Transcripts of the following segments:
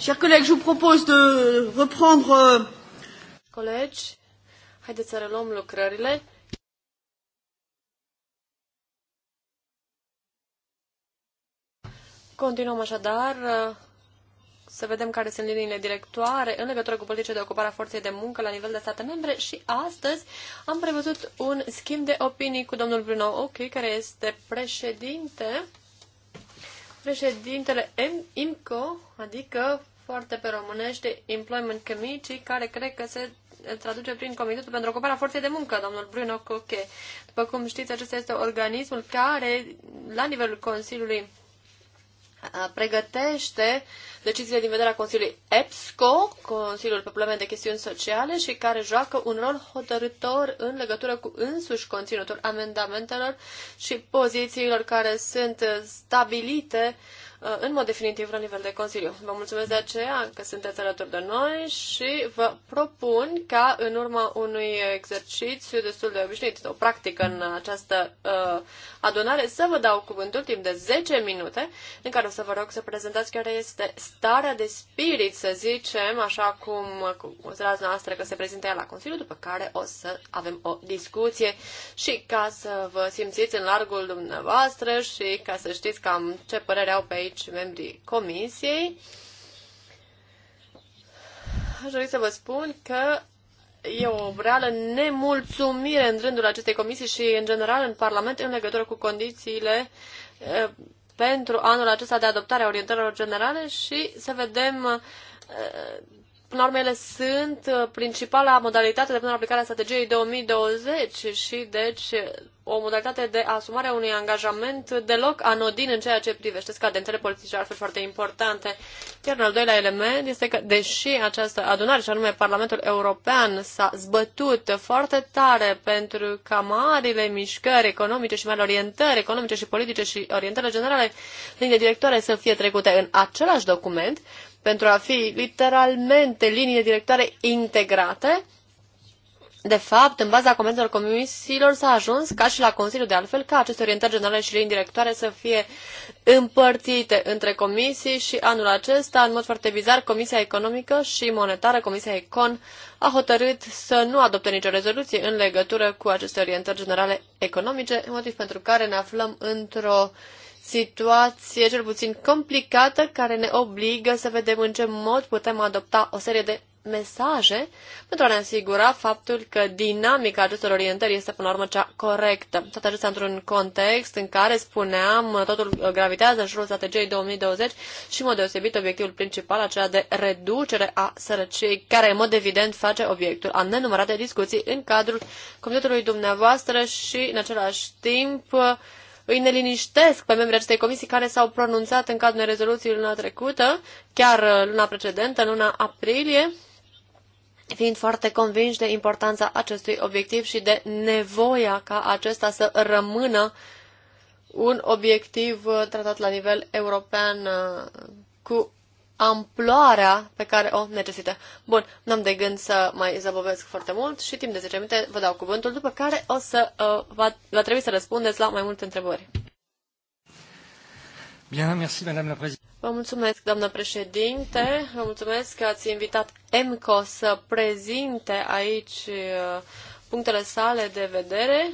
Chers collègues, je vous propose de reprendre. Euh, Colegi, haideți să reluăm lucrările. Continuăm așadar uh, să vedem care sunt liniile directoare în legătură cu politica de ocupare a forței de muncă la nivel de state membre și astăzi am prevăzut un schimb de opinii cu domnul Bruno Ochi, care este președinte președintele M IMCO, adică foarte pe românește Employment Committee, care cred că se traduce prin Comitetul pentru Ocuparea Forței de Muncă, domnul Bruno Coche. După cum știți, acesta este organismul care, la nivelul Consiliului, pregătește deciziile din vederea Consiliului EPSCO, Consiliul pe probleme de chestiuni sociale, și care joacă un rol hotărător în legătură cu însuși conținutul amendamentelor și pozițiilor care sunt stabilite Uh, în mod definitiv la nivel de Consiliu. Vă mulțumesc de aceea că sunteți alături de noi și vă propun ca în urma unui exercițiu destul de obișnuit, o practică în această uh, adunare, să vă dau cuvântul timp de 10 minute în care o să vă rog să prezentați care este starea de spirit, să zicem, așa cum considerați noastră că se prezintă ea la Consiliu, după care o să avem o discuție și ca să vă simțiți în largul dumneavoastră și ca să știți cam ce părere au pe aici aici membrii comisiei, aș dori să vă spun că e o reală nemulțumire în rândul acestei comisii și, în general, în Parlament în legătură cu condițiile pentru anul acesta de adoptare a orientărilor generale și să vedem Până la urmă, ele sunt uh, principala modalitate de până la aplicarea strategiei 2020 și, deci, o modalitate de asumare a unui angajament deloc anodin în ceea ce privește scadențele politice, ar fi foarte importante. Iar în al doilea element este că, deși această adunare, și anume Parlamentul European, s-a zbătut foarte tare pentru ca marile mișcări economice și mari orientări economice și politice și orientările generale, linie directoare, să fie trecute în același document, pentru a fi literalmente linii de directoare integrate, de fapt, în baza comentelor comisiilor s-a ajuns, ca și la Consiliu de altfel, ca aceste orientări generale și linii directoare să fie împărțite între comisii și anul acesta, în mod foarte bizar, Comisia Economică și Monetară, Comisia Econ, a hotărât să nu adopte nicio rezoluție în legătură cu aceste orientări generale economice, motiv pentru care ne aflăm într-o uh, situație cel puțin complicată care ne obligă să vedem în ce mod putem adopta o serie de mesaje pentru a ne asigura faptul că dinamica acestor orientări este până la urmă cea corectă. Toate acestea într-un context în care spuneam totul gravitează în jurul strategiei 2020 și, în mod deosebit, obiectivul principal acela de reducere a sărăciei, care, în mod evident, face obiectul a nenumărate discuții în cadrul comitetului dumneavoastră și, în același timp, îi neliniștesc pe membrii acestei comisii care s-au pronunțat în cadrul rezoluției luna trecută, chiar uh, luna precedentă, luna aprilie, fiind foarte convinși de importanța acestui obiectiv și de nevoia ca acesta să rămână un obiectiv uh, tratat la nivel european uh, cu amploarea pe care o necesită. Bun, n-am de gând să mai zăbovesc foarte mult și timp de 10 minute vă dau cuvântul, după care o să uh, va, va trebui să răspundeți la mai multe întrebări. Bien, merci, la Vă mulțumesc, doamnă președinte. Vă mulțumesc că ați invitat EMCO să prezinte aici uh, punctele sale de vedere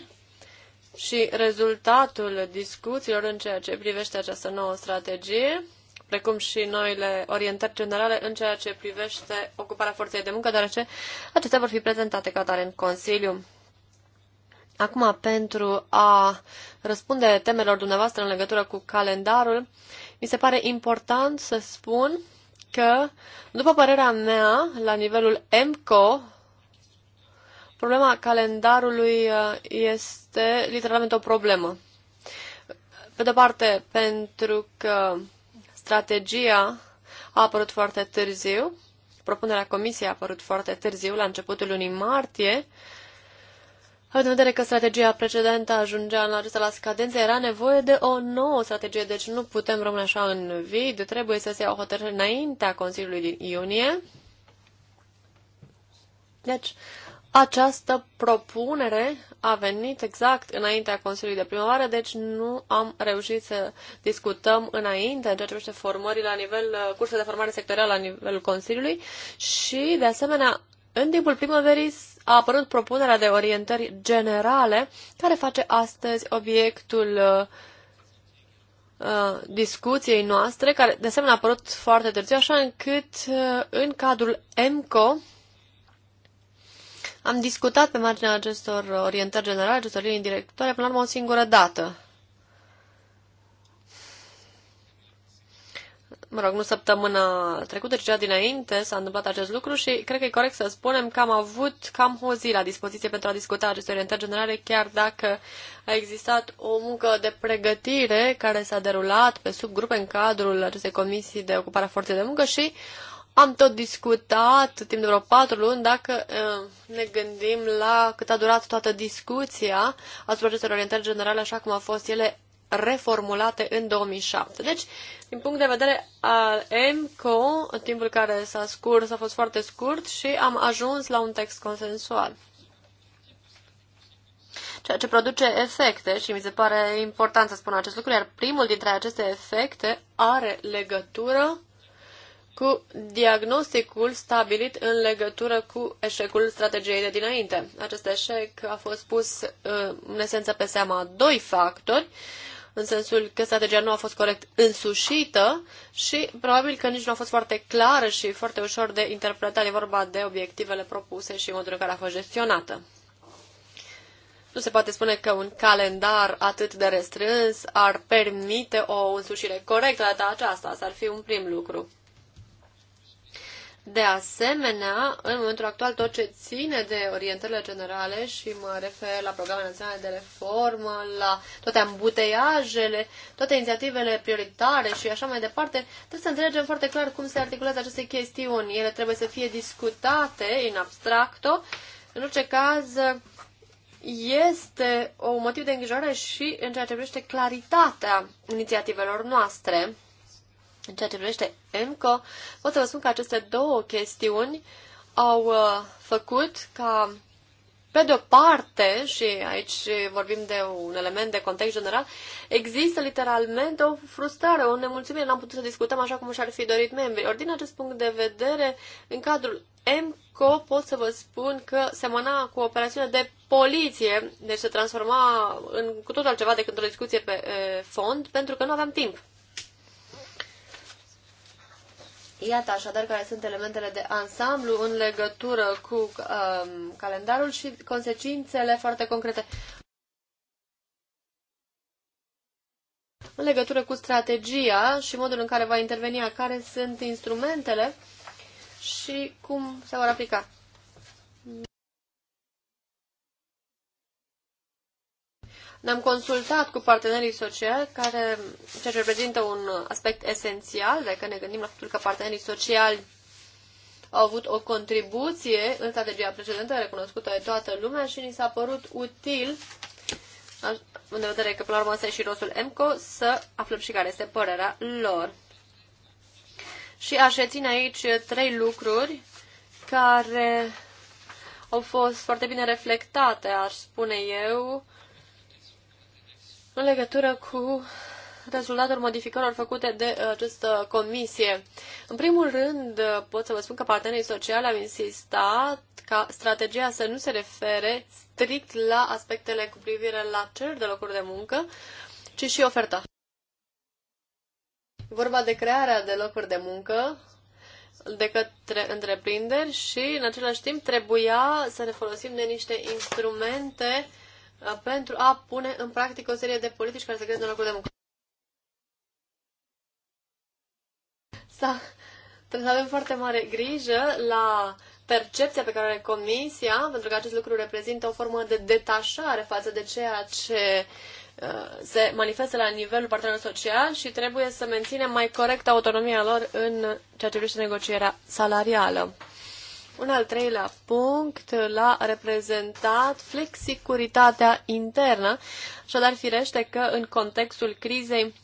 și rezultatul discuțiilor în ceea ce privește această nouă strategie precum și noile orientări generale în ceea ce privește ocuparea forței de muncă, deoarece acestea vor fi prezentate ca tare în Consiliu. Acum, pentru a răspunde temelor dumneavoastră în legătură cu calendarul, mi se pare important să spun că, după părerea mea, la nivelul MCO, problema calendarului uh, este literalmente o problemă. Pe de parte, pentru că Strategia a apărut foarte târziu, propunerea comisiei a apărut foarte târziu, la începutul lunii martie, în vedere că strategia precedentă ajungea în acesta la scadență, era nevoie de o nouă strategie, deci nu putem rămâne așa în vid, trebuie să se iau hotărâri înaintea Consiliului din iunie. Deci, această propunere a venit exact înaintea Consiliului de primăvară, deci nu am reușit să discutăm înainte în ceea ce privește formările la nivel, uh, cursul de formare sectorială la nivelul Consiliului și, de asemenea, în timpul primăverii a apărut propunerea de orientări generale care face astăzi obiectul uh, uh, discuției noastre, care de asemenea a apărut foarte târziu, așa încât în cadrul EMCO, am discutat pe marginea acestor orientări generale, acestor linii directoare, până la urmă o singură dată. Mă rog, nu săptămâna trecută, ci cea dinainte s-a întâmplat acest lucru și cred că e corect să spunem că am avut cam o zi la dispoziție pentru a discuta aceste orientări generale, chiar dacă a existat o muncă de pregătire care s-a derulat pe subgrupe în cadrul acestei comisii de ocupare a forței de muncă și am tot discutat timp de vreo patru luni, dacă ne gândim la cât a durat toată discuția asupra acestor orientări generale, așa cum au fost ele reformulate în 2007. Deci, din punct de vedere al EMCO, timpul care s-a scurs a fost foarte scurt și am ajuns la un text consensual. Ceea ce produce efecte și mi se pare important să spun acest lucru, iar primul dintre aceste efecte are legătură cu diagnosticul stabilit în legătură cu eșecul strategiei de dinainte. Acest eșec a fost pus uh, în esență pe seama doi factori, în sensul că strategia nu a fost corect însușită și probabil că nici nu a fost foarte clară și foarte ușor de interpretat. E vorba de obiectivele propuse și modul în care a fost gestionată. Nu se poate spune că un calendar atât de restrâns ar permite o însușire corectă data aceasta. Asta ar fi un prim lucru. De asemenea, în momentul actual, tot ce ține de orientările generale și mă refer la programele naționale de reformă, la toate ambuteiajele, toate inițiativele prioritare și așa mai departe, trebuie să înțelegem foarte clar cum se articulează aceste chestiuni. Ele trebuie să fie discutate în abstracto. În orice caz, este un motiv de îngrijorare și în ceea ce privește claritatea inițiativelor noastre în ceea ce privește EMCO, pot să vă spun că aceste două chestiuni au uh, făcut ca, pe de-o parte, și aici vorbim de un element de context general, există literalmente o frustrare, o nemulțumire, n-am putut să discutăm așa cum și-ar fi dorit membrii. Ori din acest punct de vedere, în cadrul EMCO pot să vă spun că semăna cu operațiunea de poliție, deci se transforma în cu totul altceva decât o discuție pe e, eh, fond, pentru că nu aveam timp. Iată așadar care sunt elementele de ansamblu în legătură cu um, calendarul și consecințele foarte concrete. În legătură cu strategia și modul în care va interveni, care sunt instrumentele și cum se vor aplica. Ne-am consultat cu partenerii sociali, care, ceea ce reprezintă un aspect esențial, dacă ne gândim la faptul că partenerii sociali au avut o contribuție în strategia precedentă, recunoscută de toată lumea și ni s-a părut util, în vedere că, până la urmă, este și rostul EMCO, să aflăm și care este părerea lor. Și aș reține aici trei lucruri care au fost foarte bine reflectate, aș spune eu, în legătură cu rezultatul modificărilor făcute de uh, această uh, comisie. În primul rând, uh, pot să vă spun că partenerii sociali au insistat ca strategia să nu se refere strict la aspectele cu privire la cer de locuri de muncă, ci și oferta. Vorba de crearea de locuri de muncă de către întreprinderi și, în același timp, trebuia să ne folosim de niște instrumente uh, Uh, pentru a pune în practică o serie de politici care să creeze un locuri de muncă. Să, trebuie să avem foarte mare grijă la percepția pe care o are Comisia, pentru că acest lucru reprezintă o formă de detașare față de ceea ce uh, se manifestă la nivelul partenerilor social și trebuie să menținem mai corect autonomia lor în ceea ce privește negocierea salarială. Un al treilea punct l-a reprezentat flexicuritatea internă, așadar firește că în contextul crizei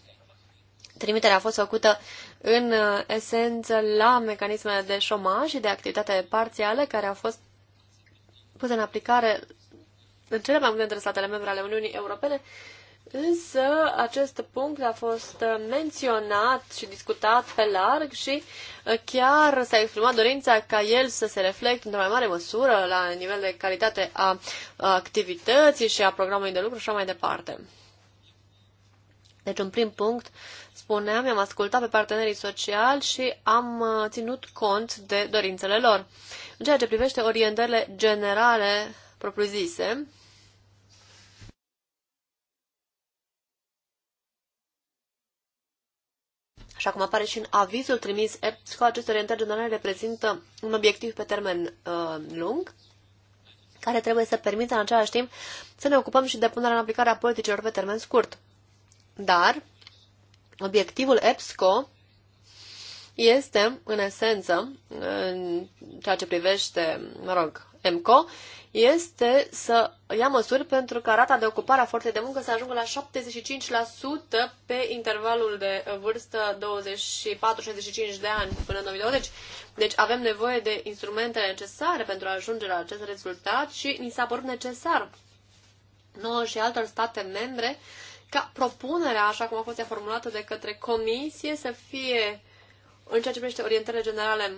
trimiterea a fost făcută în uh, esență la mecanismele de șomaj și de activitate parțială care au fost puse în aplicare în cele mai multe dintre statele membre ale Uniunii Europene Însă acest punct a fost uh, menționat și discutat pe larg și uh, chiar s-a exprimat dorința ca el să se reflecte într-o mai mare măsură la nivel de calitate a activității și a programului de lucru și așa mai departe. Deci un prim punct, spuneam, am ascultat pe partenerii sociali și am uh, ținut cont de dorințele lor. În ceea ce privește orientările generale propriu-zise, Așa cum apare și în avizul trimis EPSCO, aceste orientări generale reprezintă un obiectiv pe termen uh, lung, care trebuie să permită în același timp să ne ocupăm și de punerea în aplicare a politicilor pe termen scurt. Dar obiectivul EPSCO este, în esență, în ceea ce privește, mă rog, EMCO este să ia măsuri pentru ca rata de ocupare a forței de muncă să ajungă la 75% pe intervalul de vârstă 24-65 de ani până în 2020. Deci avem nevoie de instrumentele necesare pentru a ajunge la acest rezultat și ni s-a părut necesar nouă și altor state membre ca propunerea, așa cum a fost ea formulată de către comisie, să fie în ceea ce privește orientările generale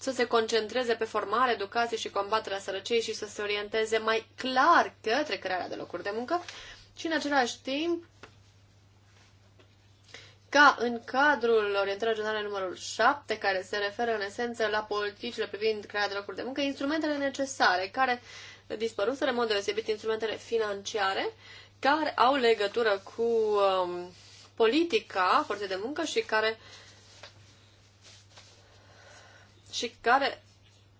să se concentreze pe formare, educație și combaterea sărăciei și să se orienteze mai clar către crearea de locuri de muncă și în același timp ca în cadrul orientării generale numărul 7, care se referă în esență la politicile privind crearea de locuri de muncă, instrumentele necesare, care dispăruseră în mod deosebit instrumentele financiare, care au legătură cu um, politica forței de muncă și care uh, și care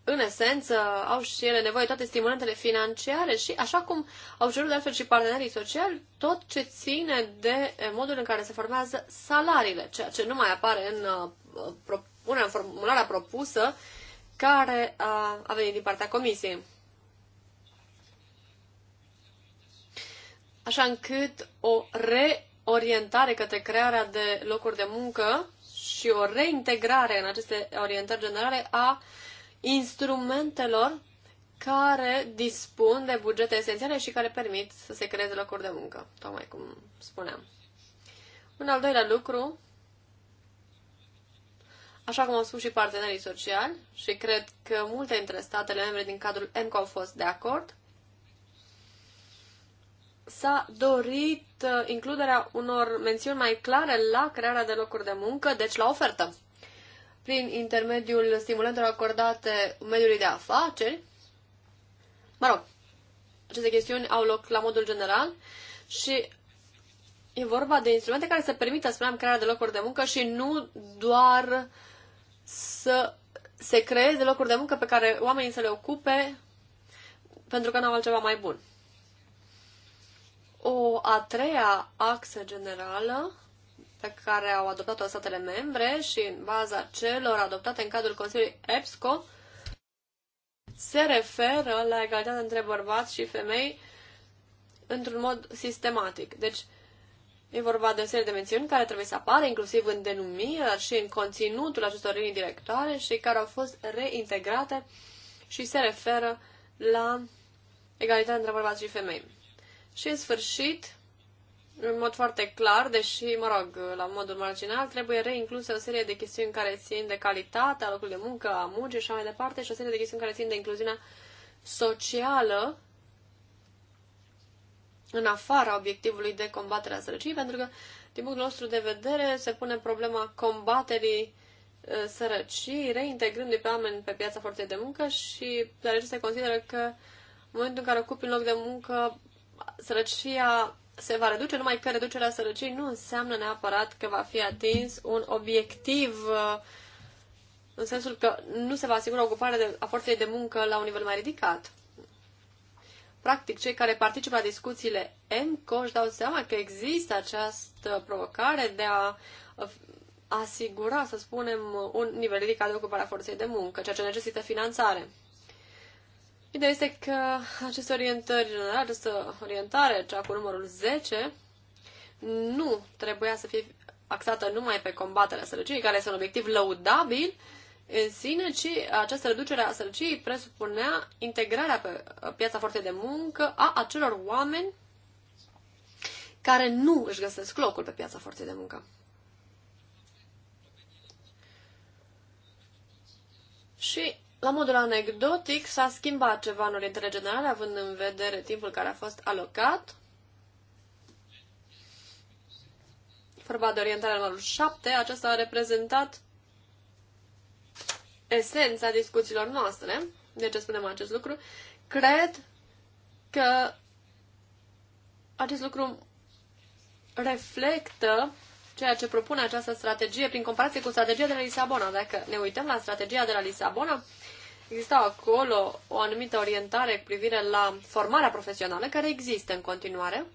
în esență, au și ele nevoie toate stimulantele financiare și, așa cum au cerut de altfel și partenerii sociali, tot ce ține de eh, modul în care se formează salariile, ceea ce nu mai apare în eh, propunerea, în formularea propusă care a, a venit din partea comisiei. Așa încât o reorientare către crearea de locuri de muncă și o reintegrare în aceste orientări generale a instrumentelor care dispun de bugete esențiale și care permit să se creeze locuri de muncă, tocmai cum spuneam. Un al doilea lucru, așa cum au spus și partenerii sociali, și cred că multe dintre statele membre din cadrul MCO au fost de acord, s-a dorit uh, includerea unor mențiuni mai clare la crearea de locuri de muncă, deci la ofertă, prin intermediul stimulentelor acordate mediului de afaceri. Mă rog, aceste chestiuni au loc la modul general și e vorba de instrumente care să permită, spuneam, crearea de locuri de muncă și nu doar să se creeze locuri de muncă pe care oamenii să le ocupe pentru că n-au altceva mai bun. O a treia axă generală pe care au adoptat-o statele membre și în baza celor adoptate în cadrul Consiliului EPSCO se referă la egalitatea între bărbați și femei într-un mod sistematic. Deci, e vorba de o serie de mențiuni care trebuie să apară, inclusiv în dar și în conținutul acestor linii directoare și care au fost reintegrate și se referă la egalitatea între bărbați și femei. Și, în sfârșit, în mod foarte clar, deși, mă rog, la modul marginal, trebuie reincluse o serie de chestiuni care țin de calitatea locului de muncă, a muncii și așa mai departe, și o serie de chestiuni care țin de incluziunea socială în afara obiectivului de combatere a sărăciei, pentru că, din punctul nostru de vedere, se pune problema combaterii uh, sărăcii, reintegrându-i pe oameni pe piața forței de muncă și deoarece se consideră că în momentul în care ocupi un loc de muncă, sărăcia se va reduce, numai că reducerea sărăciei nu înseamnă neapărat că va fi atins un obiectiv uh, în sensul că nu se va asigura ocuparea de, a forței de muncă la un nivel mai ridicat. Practic, cei care participă la discuțiile MCO își dau seama că există această provocare de a uh, asigura, să spunem, un nivel ridicat de ocupare a forței de muncă, ceea ce necesită finanțare. Ideea este că aceste orientări generale, această orientare, cea cu numărul 10, nu trebuia să fie axată numai pe combaterea sărăciei, care este un obiectiv lăudabil în sine, ci această reducere a sărăciei presupunea integrarea pe piața forței de muncă a acelor oameni care nu își găsesc locul pe piața forței de muncă. Și la modul anecdotic s-a schimbat ceva în orientele generale, având în vedere timpul care a fost alocat. Vorba de orientarea numărul 7, aceasta a reprezentat esența discuțiilor noastre. De ce spunem acest lucru? Cred că acest lucru reflectă ceea ce propune această strategie prin comparație cu strategia de la Lisabona. Dacă ne uităm la strategia de la Lisabona, exista acolo o anumită orientare cu privire la formarea profesională care există în continuare.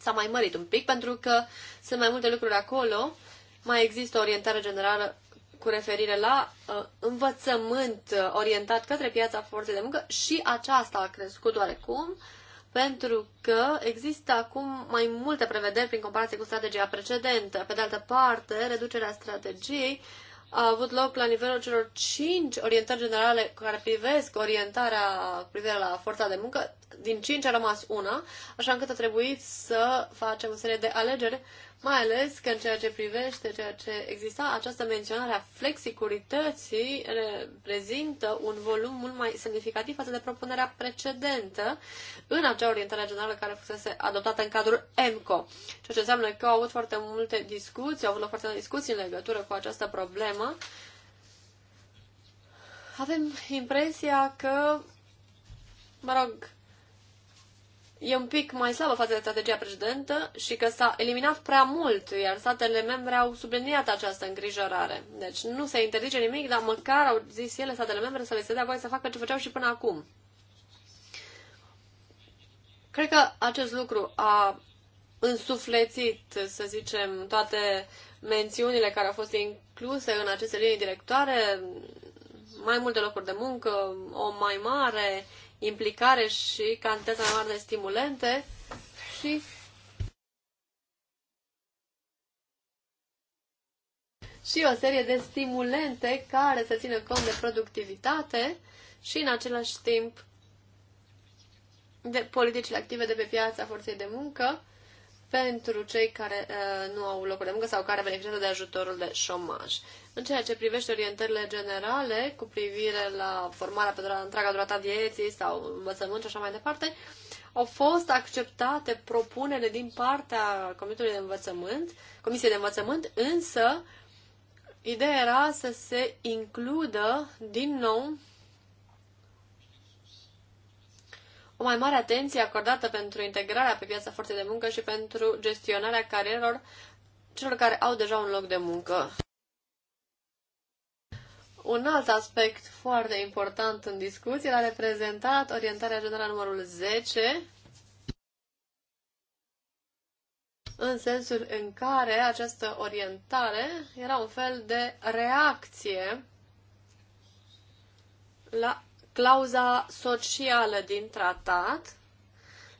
S-a mai mărit un pic pentru că sunt mai multe lucruri acolo. Mai există o orientare generală cu referire la uh, învățământ uh, orientat către piața forței de muncă și aceasta a crescut oarecum pentru că există acum mai multe prevederi prin comparație cu strategia precedentă. Pe de altă parte, reducerea strategiei uh, a avut loc la nivelul celor cinci orientări generale care privesc orientarea cu privire la forța de muncă. Din cinci a rămas una, așa încât a trebuit să facem o serie de alegeri mai ales că în ceea ce privește ceea ce exista, această menționare a flexicurității reprezintă un volum mult mai semnificativ față de propunerea precedentă în acea orientare generală care fusese adoptată în cadrul EMCO. Ceea ce înseamnă că au avut foarte multe discuții, au avut foarte multe discuții în legătură cu această problemă. Avem impresia că, mă rog, e un pic mai slabă față de strategia precedentă și că s-a eliminat prea mult, iar statele membre au subliniat această îngrijorare. Deci nu se interzice nimic, dar măcar au zis ele, statele membre, să le se dea voie să facă ce făceau și până acum. Cred că acest lucru a însuflețit, să zicem, toate mențiunile care au fost incluse în aceste linii directoare, mai multe locuri de muncă, o mai mare implicare și cantități mai mari de stimulente și și o serie de stimulente care să țină cont de productivitate și în același timp de politicile active de pe piața forței de muncă pentru cei care uh, nu au locuri de muncă sau care beneficiază de ajutorul de șomaj. În ceea ce privește orientările generale cu privire la formarea pentru întreaga durata vieții sau învățământ și așa mai departe, au fost acceptate propunele din partea Comitetului de Învățământ, Comisiei de Învățământ, însă ideea era să se includă din nou o mai mare atenție acordată pentru integrarea pe piața forței de muncă și pentru gestionarea carierelor celor care au deja un loc de muncă. Un alt aspect foarte important în discuție l-a reprezentat orientarea generală numărul 10, în sensul în care această orientare era un fel de reacție la clauza socială din tratat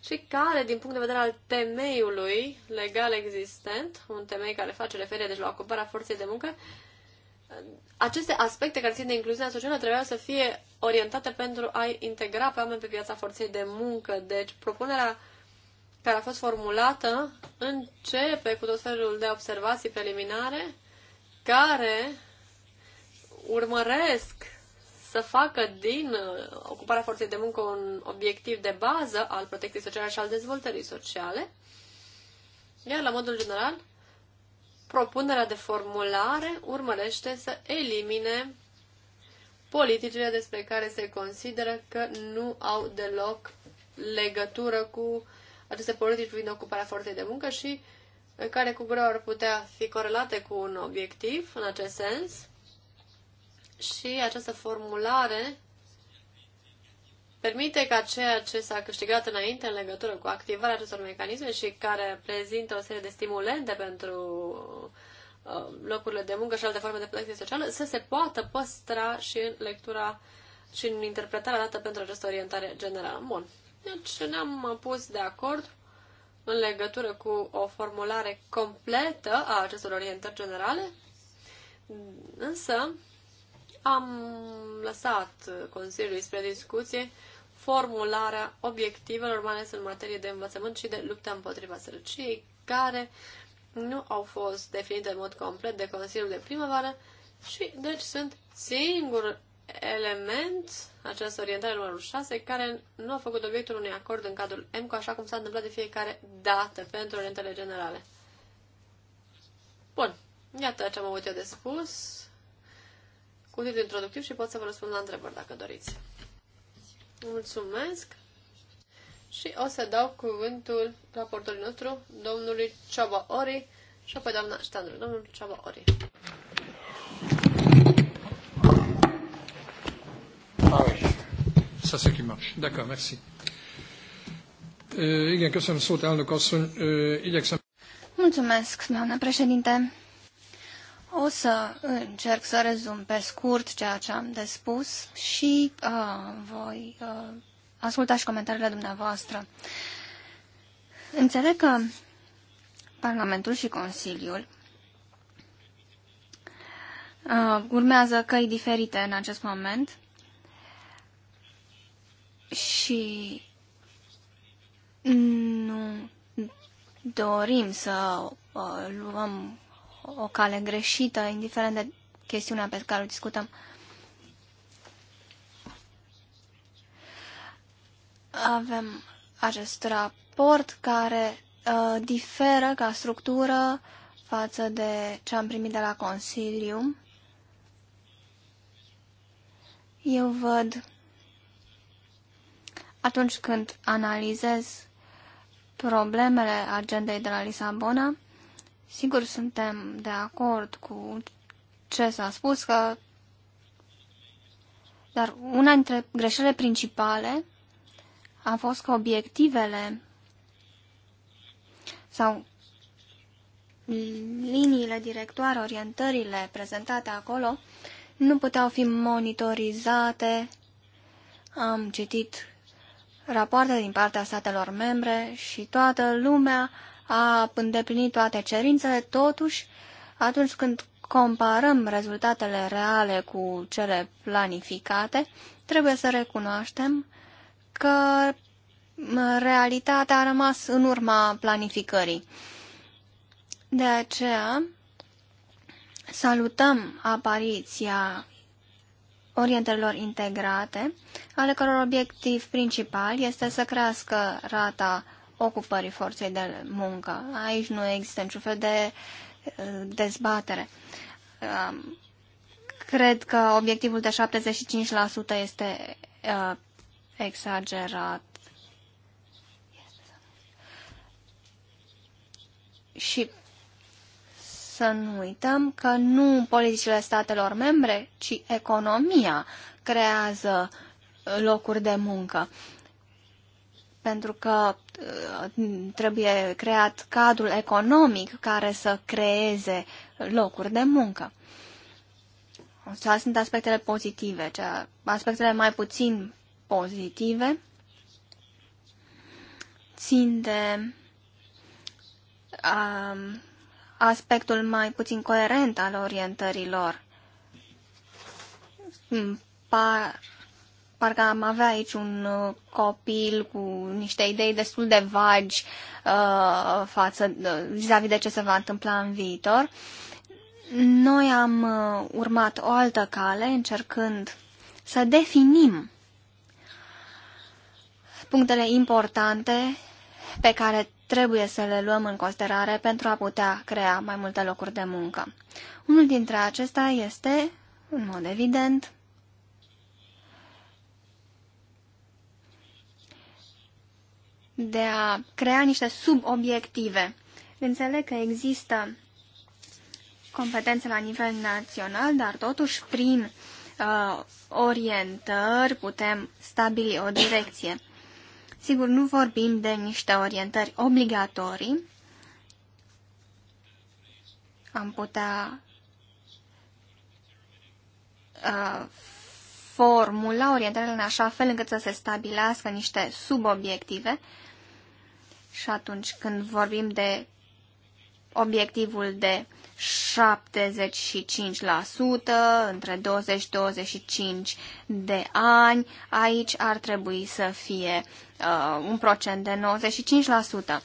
și care, din punct de vedere al temeiului legal existent, un temei care face referire deci la ocuparea forței de muncă, aceste aspecte care țin de incluziunea socială trebuiau să fie orientate pentru a integra pe oameni pe piața forței de muncă. Deci, propunerea care a fost formulată începe cu tot felul de observații preliminare care urmăresc să facă din uh, ocuparea forței de muncă un obiectiv de bază al protecției sociale și al dezvoltării sociale. Iar, la modul general, propunerea de formulare urmărește să elimine politicile despre care se consideră că nu au deloc legătură cu aceste politici privind ocuparea forței de muncă și care cu greu ar putea fi corelate cu un obiectiv în acest sens și această formulare permite ca ceea ce s-a câștigat înainte în legătură cu activarea acestor mecanisme și care prezintă o serie de stimulente pentru uh, locurile de muncă și alte forme de protecție socială să se poată păstra și în lectura și în interpretarea dată pentru această orientare generală. Bun. Deci ne-am pus de acord în legătură cu o formulare completă a acestor orientări generale, însă am lăsat Consiliului spre discuție formularea obiectivelor, mai ales în materie de învățământ și de lupta împotriva sărăciei, care nu au fost definite în mod complet de Consiliul de Primăvară și, deci, sunt singur element, această orientare numărul 6, care nu a făcut obiectul unui acord în cadrul MCO, așa cum s-a întâmplat de fiecare dată pentru orientele generale. Bun, iată ce am avut eu de spus cu titlu introductiv și pot să vă răspund la întrebări dacă doriți. Mulțumesc! Și o să dau cuvântul raportorului nostru, domnului Ciaba Ori și apoi doamna Ștandru. Domnul Ciaba Ori. Să se chimă. Dacă, mersi. Uh, igen, köszönöm szót, elnök asszony. Uh, igyekszem... Mulțumesc, doamna președinte. O să încerc să rezum pe scurt ceea ce am de spus și uh, voi uh, asculta și comentariile dumneavoastră. Înțeleg că Parlamentul și Consiliul uh, urmează căi diferite în acest moment și nu dorim să uh, luăm o cale greșită, indiferent de chestiunea pe care o discutăm. Avem acest raport care uh, diferă ca structură față de ce am primit de la Consiliu. Eu văd atunci când analizez problemele agendei de la Lisabona, Sigur, suntem de acord cu ce s-a spus, că... dar una dintre greșelile principale a fost că obiectivele sau liniile directoare, orientările prezentate acolo, nu puteau fi monitorizate. Am citit rapoarte din partea statelor membre și toată lumea a îndeplinit toate cerințele, totuși, atunci când comparăm rezultatele reale cu cele planificate, trebuie să recunoaștem că realitatea a rămas în urma planificării. De aceea, salutăm apariția orientărilor integrate, ale căror obiectiv principal este să crească rata ocupării forței de muncă. Aici nu există niciun fel de uh, dezbatere. Um, cred că obiectivul de 75% este uh, exagerat. Și să nu uităm că nu politicile statelor membre, ci economia creează locuri de muncă pentru că uh, trebuie creat cadrul economic care să creeze locuri de muncă. Asta sunt aspectele pozitive, cea, aspectele mai puțin pozitive țin de um, aspectul mai puțin coerent al orientărilor. Par parcă am avea aici un uh, copil cu niște idei destul de vagi uh, față uh, vis-a-vis de ce se va întâmpla în viitor. Noi am uh, urmat o altă cale încercând să definim punctele importante pe care trebuie să le luăm în considerare pentru a putea crea mai multe locuri de muncă. Unul dintre acestea este, în mod evident, de a crea niște subobiective. Înțeleg că există competențe la nivel național, dar totuși prin uh, orientări putem stabili o direcție. Sigur, nu vorbim de niște orientări obligatorii. Am putea uh, formula orientările în așa fel încât să se stabilească niște subobiective, și atunci când vorbim de obiectivul de 75% între 20-25 de ani, aici ar trebui să fie uh, un procent de 95%.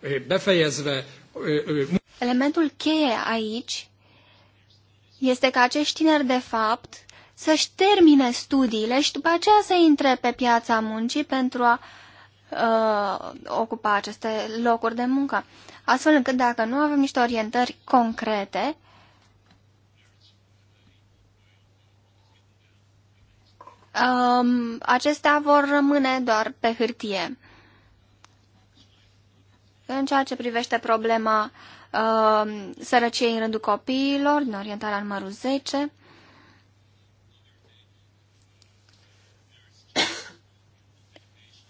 Eh, eh, eh, Elementul cheie aici este că acești tineri, de fapt, să-și termine studiile și după aceea să intre pe piața muncii pentru a uh, ocupa aceste locuri de muncă. Astfel încât dacă nu avem niște orientări concrete, um, acestea vor rămâne doar pe hârtie. În ceea ce privește problema uh, sărăciei în rândul copiilor, din orientarea numărul 10,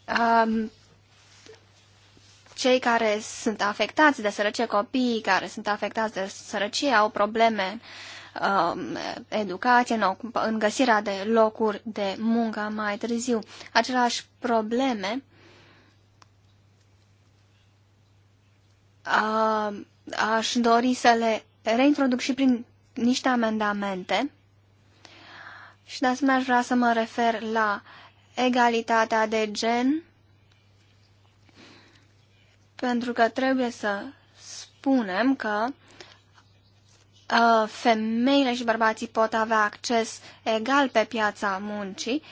um, cei care sunt afectați de sărăcie, copiii care sunt afectați de sărăcie au probleme um, educație, în, în găsirea de locuri de muncă mai târziu. Aceleași probleme uh, aș dori să le reintroduc și prin niște amendamente și de asemenea aș vrea să mă refer la uh, egalitatea de gen, pentru că trebuie să spunem că uh, femeile și bărbații pot avea acces egal pe piața muncii,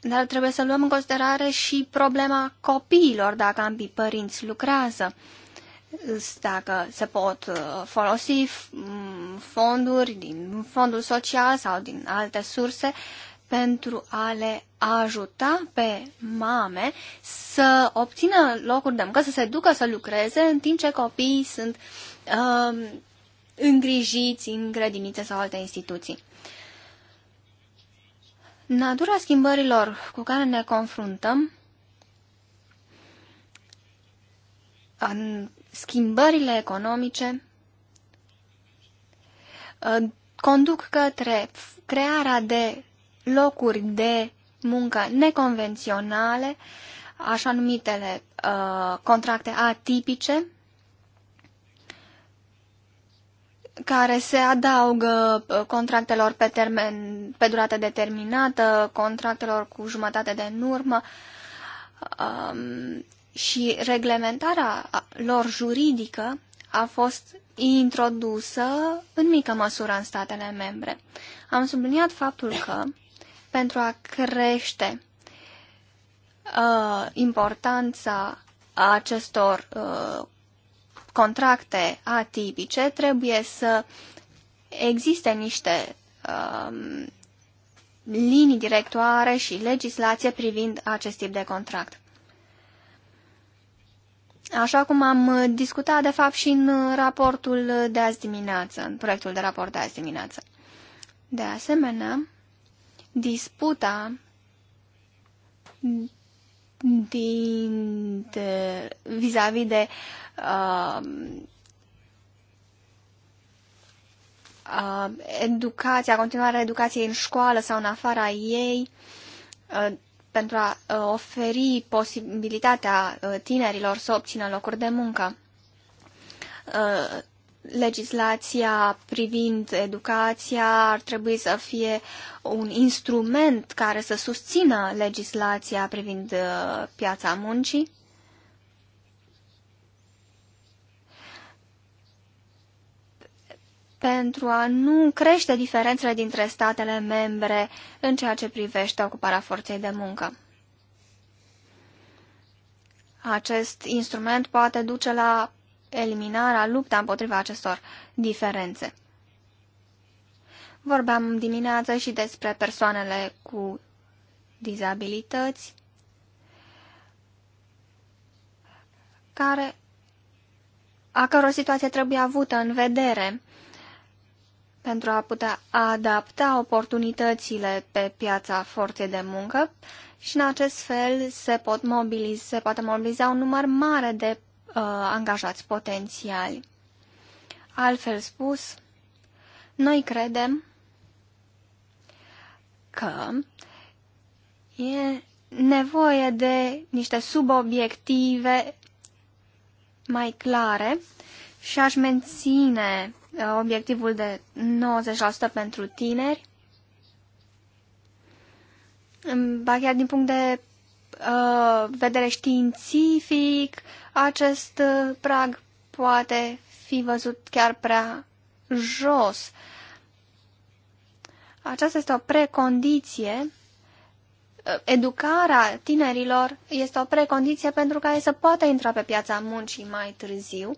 dar trebuie să luăm în considerare și problema copiilor, dacă ambii părinți lucrează, dacă se pot uh, folosi mm, fonduri din fondul social sau din alte surse pentru a le ajuta pe mame să obțină locuri de muncă, să se ducă să lucreze, în timp ce copiii sunt uh, îngrijiți în grădinițe sau alte instituții. Natura schimbărilor cu care ne confruntăm, în schimbările economice, conduc către crearea de locuri de muncă neconvenționale, așa numitele uh, contracte atipice, care se adaugă uh, contractelor pe, termen, pe durată determinată, contractelor cu jumătate de în urmă um, și reglementarea lor juridică a fost introdusă în mică măsură în statele membre. Am subliniat faptul că pentru a crește uh, importanța acestor uh, contracte atipice, trebuie să existe niște uh, linii directoare și legislație privind acest tip de contract. Așa cum am discutat, de fapt, și în raportul de azi dimineață, în proiectul de raport de azi dimineață. De asemenea, Disputa din, de, vis-a-vis -vis de uh, uh, educația, continuarea educației în școală sau în afara ei, uh, pentru a uh, oferi posibilitatea uh, tinerilor să obțină locuri de muncă. Uh, legislația privind educația ar trebui să fie un instrument care să susțină legislația privind uh, piața muncii? pentru a nu crește diferențele dintre statele membre în ceea ce privește ocuparea forței de muncă. Acest instrument poate duce la eliminarea, lupta împotriva acestor diferențe. Vorbeam dimineață și despre persoanele cu dizabilități care, a căror situație trebuie avută în vedere pentru a putea adapta oportunitățile pe piața forței de muncă și în acest fel se, pot mobiliza, se poate mobiliza un număr mare de Uh, angajați potențiali. Altfel spus, noi credem că e nevoie de niște subobiective mai clare și aș menține uh, obiectivul de 90% pentru tineri, ba chiar din punct de Uh, vedere științific, acest uh, prag poate fi văzut chiar prea jos. Aceasta este o precondiție. Uh, educarea tinerilor este o precondiție pentru ca ei să poată intra pe piața muncii mai târziu.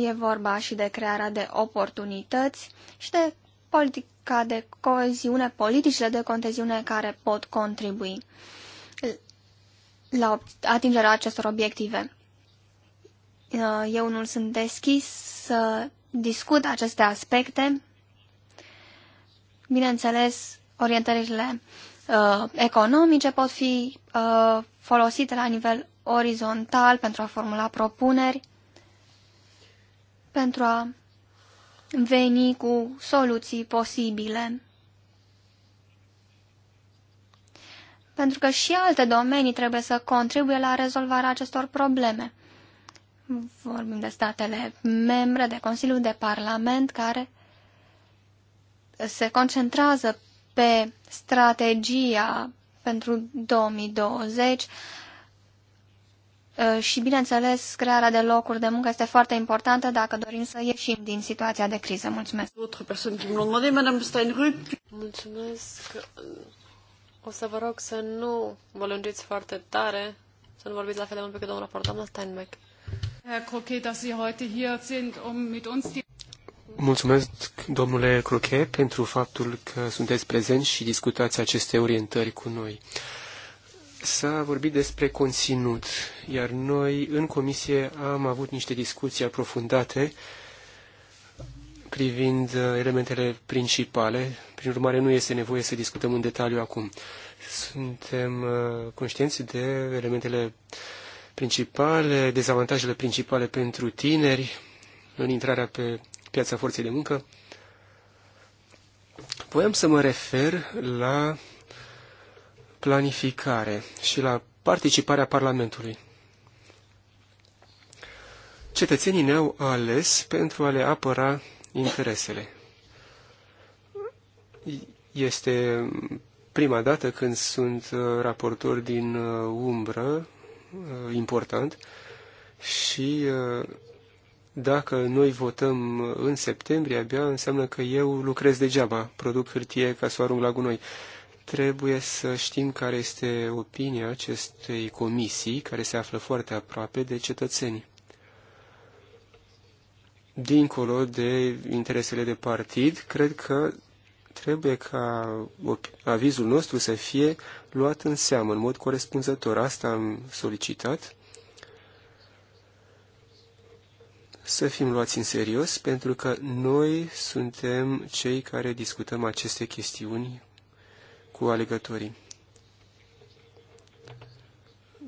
E vorba și de crearea de oportunități și de politic politica de coeziune, politicile de conteziune care pot contribui la atingerea acestor obiective. Eu nu sunt deschis să discut aceste aspecte. Bineînțeles, orientările uh, economice pot fi uh, folosite la nivel orizontal pentru a formula propuneri, pentru a veni cu soluții posibile. Pentru că și alte domenii trebuie să contribuie la rezolvarea acestor probleme. Vorbim de statele membre, de Consiliul de Parlament, care se concentrează pe strategia pentru 2020, Uh, și, bineînțeles, crearea de locuri de muncă este foarte importantă dacă dorim să ieșim din situația de criză. Mulțumesc. Mulțumesc. O să vă rog să nu vă lungiți foarte tare, să nu vorbiți la fel de mult pe cât domnul raport, doamna Steinbeck. Um Mulțumesc, domnule Croquet, pentru faptul că sunteți prezenți și discutați aceste orientări cu noi. S-a vorbit despre conținut, iar noi în comisie am avut niște discuții aprofundate privind uh, elementele principale. Prin urmare, nu este nevoie să discutăm în detaliu acum. Suntem uh, conștienți de elementele principale, dezavantajele principale pentru tineri în intrarea pe piața forței de muncă. Voiam să mă refer la planificare și la participarea Parlamentului. Cetățenii ne-au ales pentru a le apăra interesele. Este prima dată când sunt uh, raportor din uh, umbră, uh, important, și dacă noi votăm în septembrie, abia înseamnă că eu lucrez degeaba, produc hârtie ca să o arunc la gunoi. Trebuie să știm care este opinia acestei comisii, care se află foarte aproape de cetățeni. Dincolo de interesele de partid, cred că trebuie ca avizul nostru să fie luat în seamă în mod corespunzător. Asta am solicitat. Să fim luați în serios, pentru că noi suntem cei care discutăm aceste chestiuni cu alegătorii.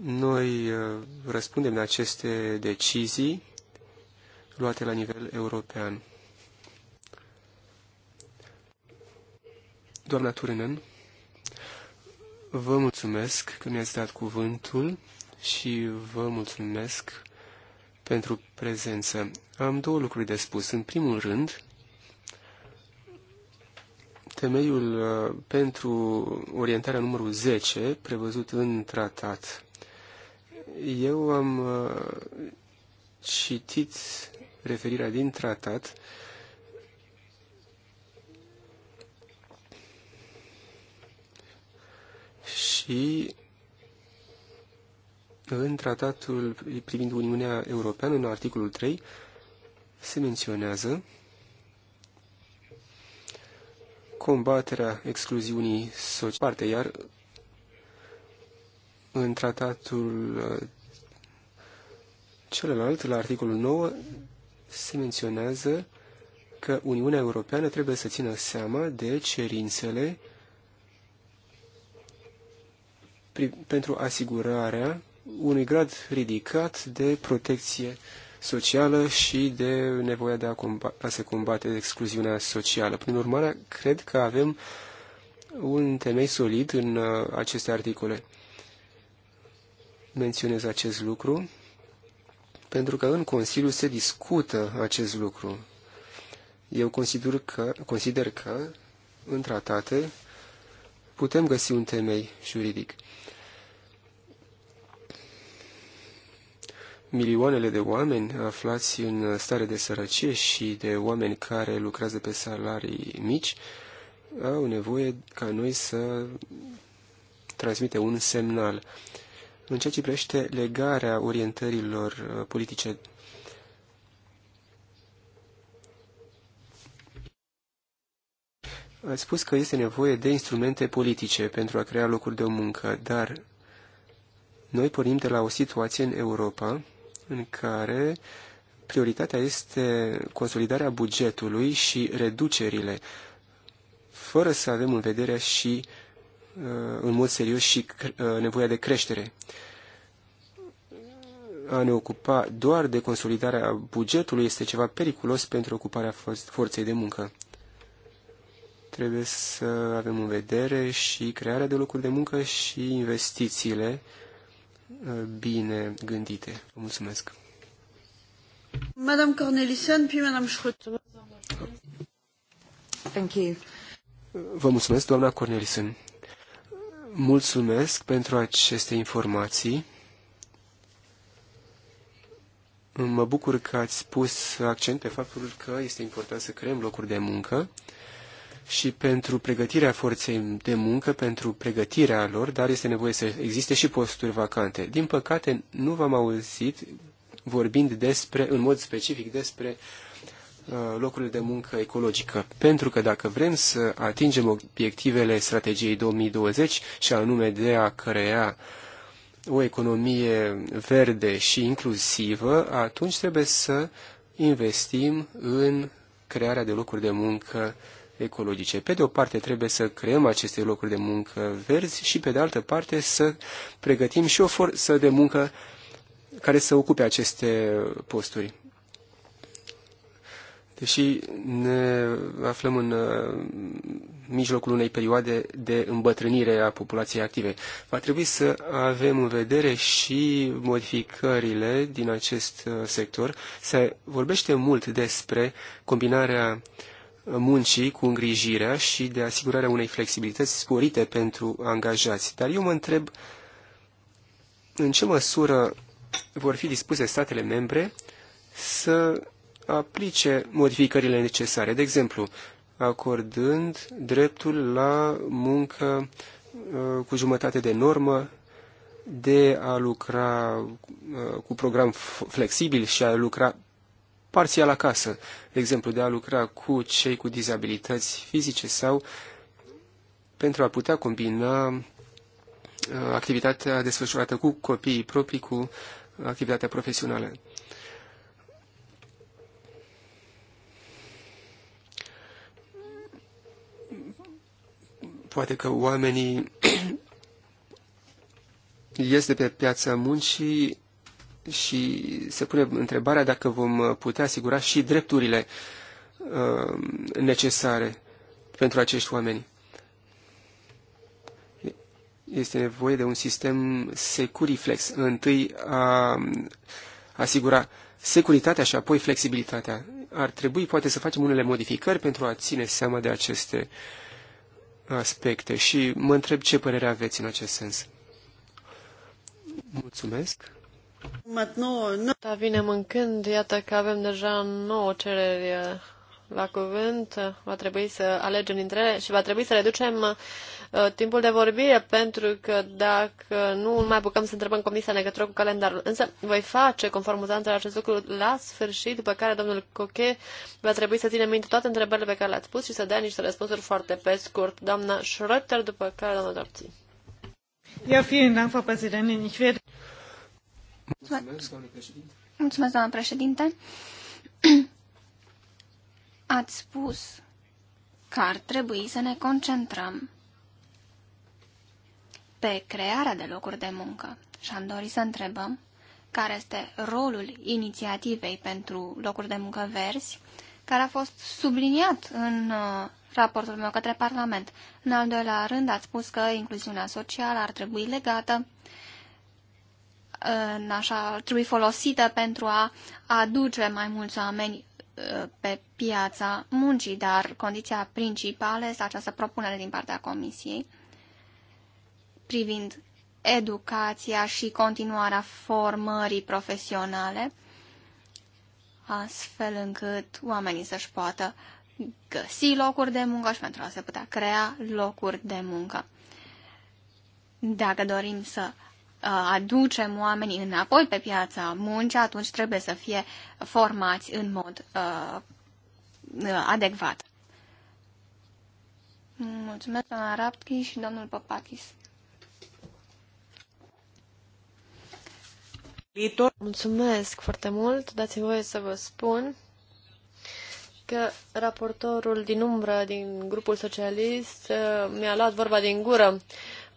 Noi uh, răspundem la aceste decizii luate la nivel european. Doamna Turinen, vă mulțumesc că mi-ați dat cuvântul și vă mulțumesc pentru prezență. Am două lucruri de spus. În primul rând, temeiul uh, pentru orientarea numărul 10 prevăzut în tratat. Eu am uh, citit referirea din tratat și în tratatul privind Uniunea Europeană, în articolul 3, se menționează combaterea excluziunii sociale, iar în tratatul uh, celălalt, la articolul 9, se menționează că Uniunea Europeană trebuie să țină seama de cerințele pentru asigurarea unui grad ridicat de protecție socială și de nevoia de a, comba a se combate excluziunea socială. Prin urmare, cred că avem un temei solid în uh, aceste articole. Menționez acest lucru pentru că în Consiliu se discută acest lucru. Eu consider că, consider că în tratate putem găsi un temei juridic. milioanele de oameni aflați în stare de sărăcie și de oameni care lucrează pe salarii mici au nevoie ca noi să transmite un semnal. În ceea ce privește legarea orientărilor uh, politice Ați spus că este nevoie de instrumente politice pentru a crea locuri de muncă, dar noi pornim de la o situație în Europa în care prioritatea este consolidarea bugetului și reducerile, fără să avem în vedere și uh, în mod serios și uh, nevoia de creștere. A ne ocupa doar de consolidarea bugetului este ceva periculos pentru ocuparea forței de muncă. Trebuie să avem în vedere și crearea de locuri de muncă și investițiile bine gândite. Vă mulțumesc. Madame Cornelison, puis Madame Schröter. Thank you. Vă mulțumesc, doamna Cornelison. Mulțumesc pentru aceste informații. Mă bucur că ați pus accent pe faptul că este important să creăm locuri de muncă și pentru pregătirea forței de muncă, pentru pregătirea lor, dar este nevoie să existe și posturi vacante. Din păcate, nu v-am auzit vorbind despre, în mod specific despre uh, locurile de muncă ecologică. Pentru că dacă vrem să atingem obiectivele strategiei 2020 și anume de a crea o economie verde și inclusivă, atunci trebuie să investim în crearea de locuri de muncă uh, ecologice. Pe de o parte trebuie să creăm aceste locuri de muncă verzi și pe de altă parte să pregătim și o forță de muncă care să ocupe aceste posturi. Deși ne aflăm în uh, mijlocul unei perioade de îmbătrânire a populației active, va trebui să avem în vedere și modificările din acest uh, sector. Se vorbește mult despre combinarea uh, muncii cu îngrijirea și de asigurarea unei flexibilități sporite pentru angajați. Dar eu mă întreb în ce măsură vor fi dispuse statele membre să aplice modificările necesare, de exemplu, acordând dreptul la muncă uh, cu jumătate de normă, de a lucra uh, cu program flexibil și a lucra parțial acasă, de exemplu, de a lucra cu cei cu dizabilități fizice sau pentru a putea combina uh, activitatea desfășurată cu copiii proprii cu activitatea profesională. Poate că oamenii ies de pe piața muncii și se pune întrebarea dacă vom putea asigura și drepturile uh, necesare pentru acești oameni. Este nevoie de un sistem Securiflex. Întâi a asigura securitatea și apoi flexibilitatea. Ar trebui poate să facem unele modificări pentru a ține seama de aceste aspecte și mă întreb ce părere aveți în acest sens. Mulțumesc. Da, vine mâncând, iată că avem deja nouă cereri uh, la cuvânt, va trebui să alegem dintre ele și va trebui să reducem uh, timpul de vorbire, pentru că dacă nu mai bucăm să întrebăm comisia în legătură cu calendarul. Însă voi face, conform uzantelor, acest lucru la sfârșit, după care domnul Coche va trebui să ține minte toate întrebările pe care le-ați pus și să dea niște răspunsuri foarte pe scurt. Doamna Schröter, după care doamna Dorții. Ja, vielen Dank, Frau Präsidentin. Ich werde Mulțumesc, doamnă președinte. Ați spus că ar trebui să ne concentrăm pe crearea de locuri de muncă și am dorit să întrebăm care este rolul inițiativei pentru locuri de muncă verzi, care a fost subliniat în uh, raportul meu către Parlament. În al doilea rând, ați spus că incluziunea socială ar trebui legată în așa, ar trebui folosită pentru a aduce mai mulți oameni uh, pe piața muncii, dar condiția principală este această propunere din partea Comisiei privind educația și continuarea formării profesionale, astfel încât oamenii să-și poată găsi locuri de muncă și pentru a se putea crea locuri de muncă. Dacă dorim să Uh, aducem oamenii înapoi pe piața muncii, atunci trebuie să fie formați în mod uh, uh adecvat. Mulțumesc, doamna Raptchi și domnul Papakis. Mulțumesc foarte mult. Dați-mi voie să vă spun că raportorul din umbră din grupul socialist uh, mi-a luat vorba din gură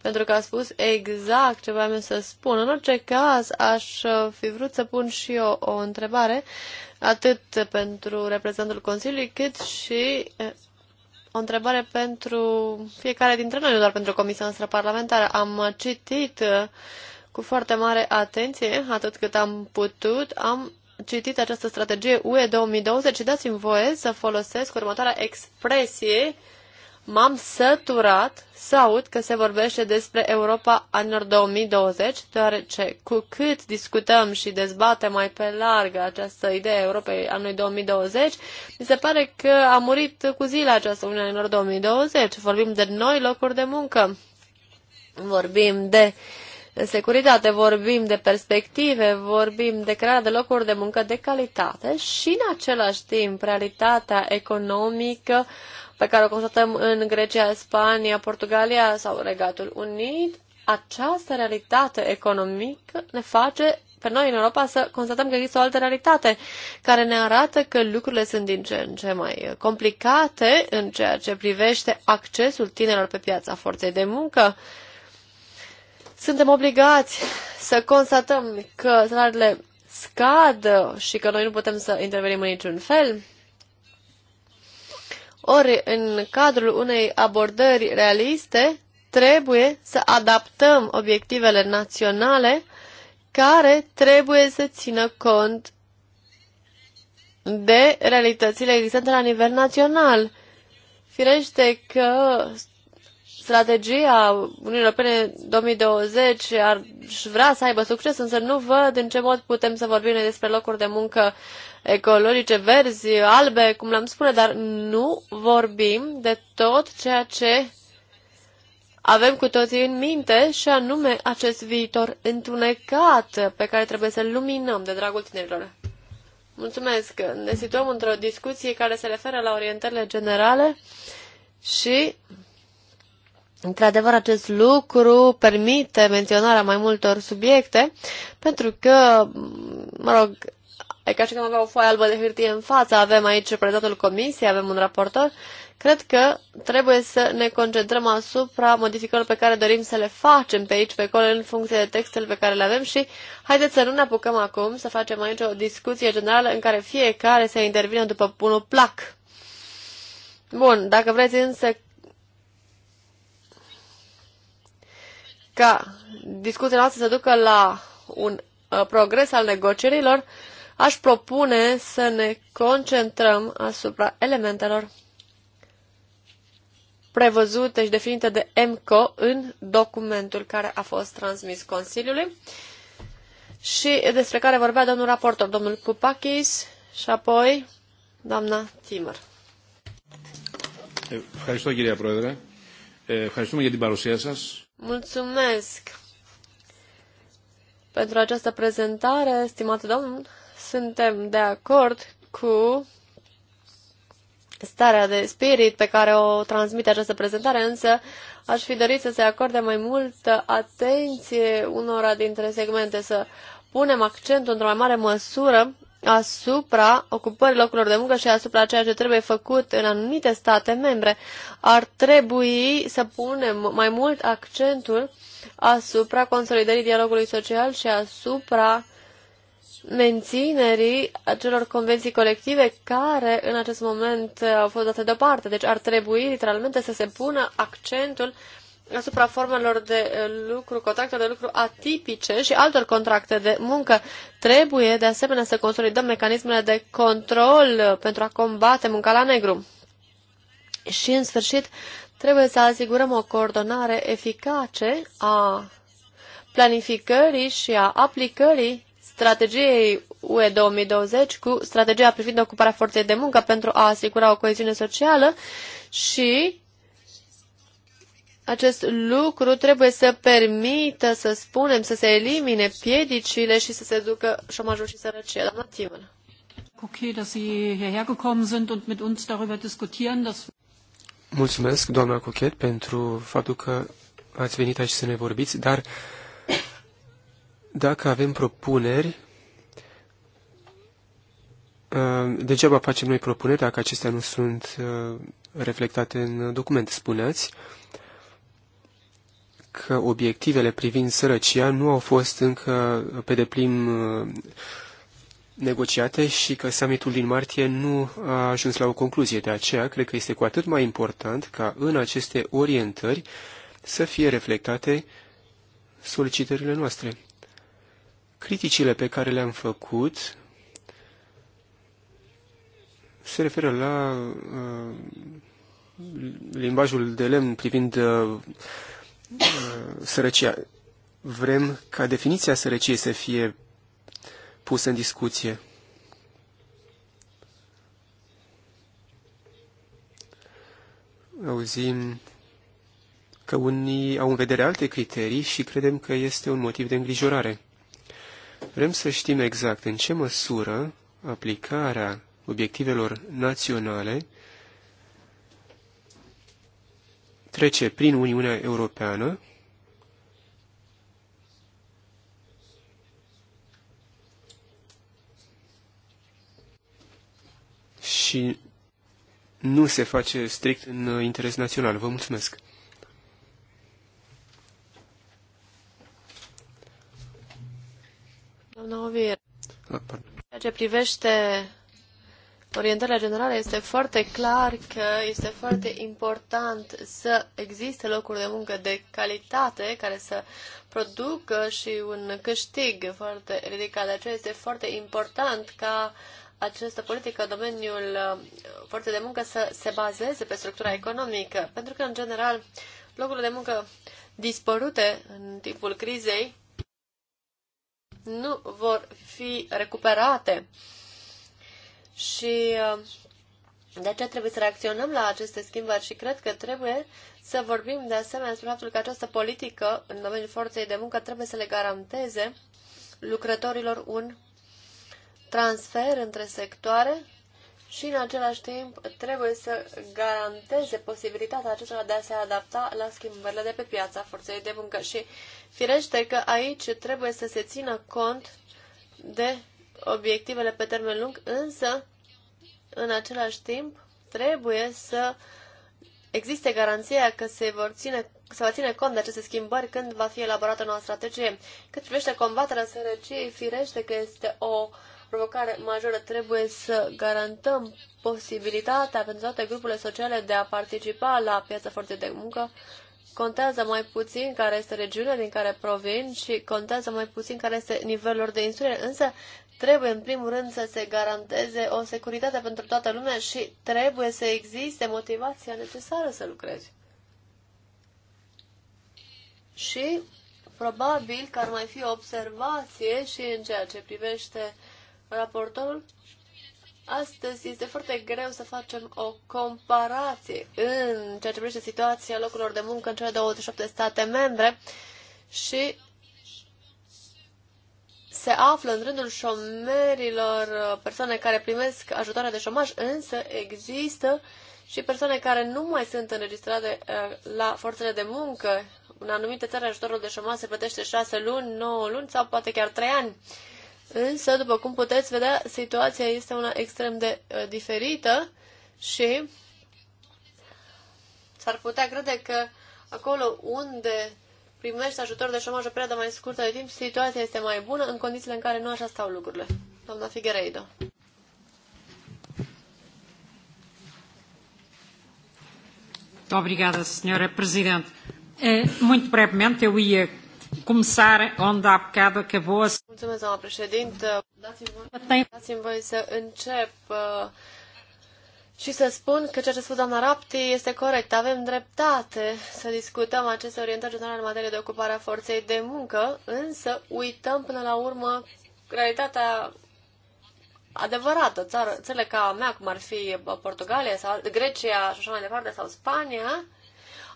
pentru că a spus exact ce voiam să spun. În orice caz, aș fi vrut să pun și eu o întrebare, atât pentru reprezentantul Consiliului, cât și o întrebare pentru fiecare dintre noi, nu doar pentru Comisia noastră parlamentară. Am citit cu foarte mare atenție, atât cât am putut, am citit această strategie UE 2020 și dați-mi voie să folosesc următoarea expresie m-am săturat să aud că se vorbește despre Europa anilor 2020, deoarece cu cât discutăm și dezbatem mai pe larg această idee a Europei anului 2020, mi se pare că a murit cu zile această Uniune anilor 2020. Vorbim de noi locuri de muncă, vorbim de securitate, vorbim de perspective, vorbim de crearea de locuri de muncă de calitate și în același timp realitatea economică pe care o constatăm în Grecia, Spania, Portugalia sau Regatul Unit, această realitate economică ne face pe noi în Europa să constatăm că există o altă realitate care ne arată că lucrurile sunt din ce în ce mai complicate în ceea ce privește accesul tinerilor pe piața forței de muncă. Suntem obligați să constatăm că salariile scad și că noi nu putem să intervenim în niciun fel. Ori, în cadrul unei abordări realiste, trebuie să adaptăm obiectivele naționale care trebuie să țină cont de realitățile existente la nivel național. Firește că strategia Uniunii Europene 2020 ar vrea să aibă succes, însă nu văd în ce mod putem să vorbim despre locuri de muncă ecologice, verzi, albe, cum le-am spune, dar nu vorbim de tot ceea ce avem cu toții în minte și anume acest viitor întunecat pe care trebuie să-l luminăm de dragul tinerilor. Mulțumesc! Ne situăm într-o discuție care se referă la orientările generale și, într-adevăr, acest lucru permite menționarea mai multor subiecte, pentru că, mă rog, E ca și când avea o foaie albă de hârtie în față, avem aici prezentul comisiei, avem un raportor. Cred că trebuie să ne concentrăm asupra modificărilor pe care dorim să le facem pe aici, pe acolo, în funcție de textul pe care le avem și haideți să nu ne apucăm acum să facem aici o discuție generală în care fiecare să intervină după bunul plac. Bun, dacă vreți însă ca discuția noastră să ducă la un uh, progres al negocierilor, aș propune să ne concentrăm asupra elementelor prevăzute și definite de MCO în documentul care a fost transmis Consiliului și despre care vorbea domnul raportor, domnul Pupakis și apoi doamna Timur. Mulțumesc pentru această prezentare, stimat domn. Suntem de acord cu starea de spirit pe care o transmite această prezentare, însă aș fi dorit să se acorde mai multă atenție unora dintre segmente, să punem accentul într-o mai mare măsură asupra ocupării locurilor de muncă și asupra ceea ce trebuie făcut în anumite state membre. Ar trebui să punem mai mult accentul asupra consolidării dialogului social și asupra menținerii acelor convenții colective care în acest moment au fost date deoparte. Deci ar trebui literalmente să se pună accentul asupra formelor de lucru, contracte de lucru atipice și altor contracte de muncă. Trebuie de asemenea să consolidăm mecanismele de control pentru a combate munca la negru. Și în sfârșit trebuie să asigurăm o coordonare eficace a planificării și a aplicării strategiei UE 2020 cu strategia privind ocuparea forței de muncă pentru a asigura o coeziune socială și acest lucru trebuie să permită, să spunem, să se elimine piedicile și să se ducă șomajul și sărăcie. Doamna Timon. Mulțumesc, doamna Cochet, pentru faptul că ați venit aici să ne vorbiți, dar dacă avem propuneri, uh, degeaba facem noi propuneri dacă acestea nu sunt uh, reflectate în document. Spuneți că obiectivele privind sărăcia nu au fost încă pe deplin uh, negociate și că summitul din martie nu a ajuns la o concluzie. De aceea, cred că este cu atât mai important ca în aceste orientări să fie reflectate solicitările noastre. Criticile pe care le-am făcut se referă la uh, limbajul de lemn privind uh, uh, sărăcia. Vrem ca definiția sărăciei să fie pusă în discuție. Auzim că unii au în vedere alte criterii și credem că este un motiv de îngrijorare. Vrem să știm exact în ce măsură aplicarea obiectivelor naționale trece prin Uniunea Europeană și nu se face strict în interes național. Vă mulțumesc! doamna ah, Ceea ce privește orientarea generală, este foarte clar că este foarte important să existe locuri de muncă de calitate care să producă și un câștig foarte ridicat. De aceea este foarte important ca această politică în domeniul forței de muncă să se bazeze pe structura economică, pentru că, în general, locurile de muncă dispărute în timpul crizei nu vor fi recuperate. Și uh, de aceea trebuie să reacționăm la aceste schimbări și cred că trebuie să vorbim de asemenea despre faptul că această politică în domeniul forței de muncă trebuie să le garanteze lucrătorilor un transfer între sectoare și în același timp trebuie să garanteze posibilitatea acestora de a se adapta la schimbările de pe piața forței de muncă. Și firește că aici trebuie să se țină cont de obiectivele pe termen lung, însă în același timp trebuie să existe garanția că se vor ține se va ține cont de aceste schimbări când va fi elaborată noua strategie. Cât privește combaterea sărăciei, firește că este o uh, provocare majoră. Trebuie să garantăm posibilitatea pentru toate grupurile sociale de a participa la piața forței de muncă. Contează mai puțin care este regiunea din care provin și contează mai puțin care este nivelul lor de instruire. Însă trebuie în primul rând să se garanteze o securitate pentru toată lumea și trebuie să existe motivația necesară să lucrezi. Și probabil că ar mai fi o observație și în ceea ce privește raportorul, astăzi este foarte greu să facem o comparație în ceea ce privește situația locurilor de muncă în cele 27 state membre și se află în rândul șomerilor persoane care primesc ajutoare de șomaj, însă există și persoane care nu mai sunt înregistrate eh, la forțele de muncă. În anumite țări ajutorul de șomaj se plătește șase luni, nouă luni sau poate chiar trei ani. Însă, după cum puteți vedea, situația este una extrem de uh, diferită și s-ar putea crede că acolo unde primești ajutor de șomaj o perioadă mai scurtă de timp, situația este mai bună în condițiile în care nu așa stau lucrurile. Doamna Figueiredo. Obrigada, Sra. Presidente. Eh, muito brevemente, eu ia começar onde há bocado acabou a... Mulțumesc, doamna președintă. Dați-mi voie, dați voie să încep uh, și să spun că ceea ce a spus doamna Rapti este corect. Avem dreptate să discutăm aceste orientări generale în materie de ocupare a forței de muncă, însă uităm până la urmă realitatea adevărată. Țară, țările ca mea, cum ar fi Portugalia sau Grecia și așa mai departe, sau Spania,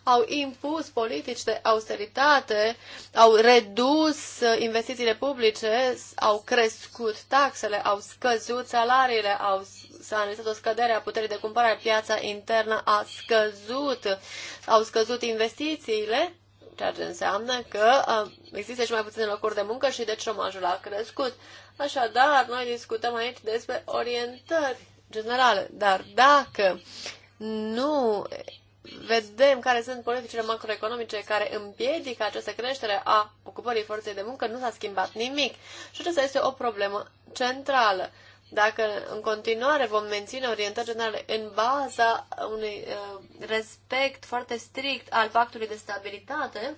au impus politici de austeritate, au redus uh, investițiile publice, au crescut taxele, au scăzut salariile, au, s-a anunțat o scădere a puterii de cumpărare, piața internă a scăzut, au scăzut investițiile, ceea ce înseamnă că uh, există și mai puține locuri de muncă și deci șomajul a crescut. Așadar, noi discutăm aici despre orientări generale, dar dacă nu vedem care sunt politicile macroeconomice care împiedică această creștere a ocupării forței de muncă, nu s-a schimbat nimic. Și aceasta este o problemă centrală. Dacă în continuare vom menține orientări generale în baza unui uh, respect foarte strict al pactului de stabilitate,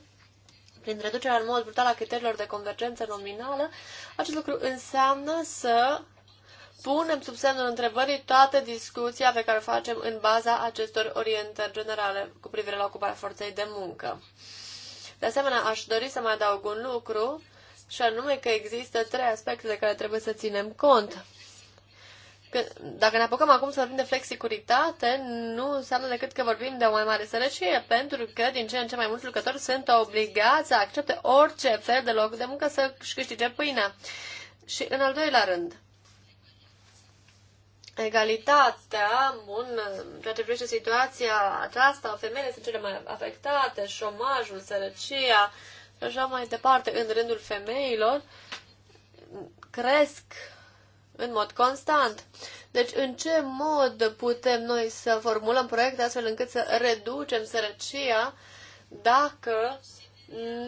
prin reducerea în mod brutal a criteriilor de convergență nominală, acest lucru înseamnă să punem sub semnul întrebării toată discuția pe care o facem în baza acestor orientări generale cu privire la ocuparea forței de muncă. De asemenea, aș dori să mai adaug un lucru, și anume că există trei aspecte de care trebuie să ținem cont. Că, dacă ne apucăm acum să vorbim de flexicuritate, nu înseamnă decât că vorbim de o mai mare sărăcie, pentru că din ce în ce mai mulți lucrători sunt obligați să accepte orice fel de loc de muncă să-și câștige pâinea. Și în al doilea rând, egalitatea, bun, ceea ce privește situația aceasta, femeile sunt cele mai afectate, șomajul, sărăcia și așa mai departe, în rândul femeilor, cresc în mod constant. Deci, în ce mod putem noi să formulăm proiecte astfel încât să reducem sărăcia dacă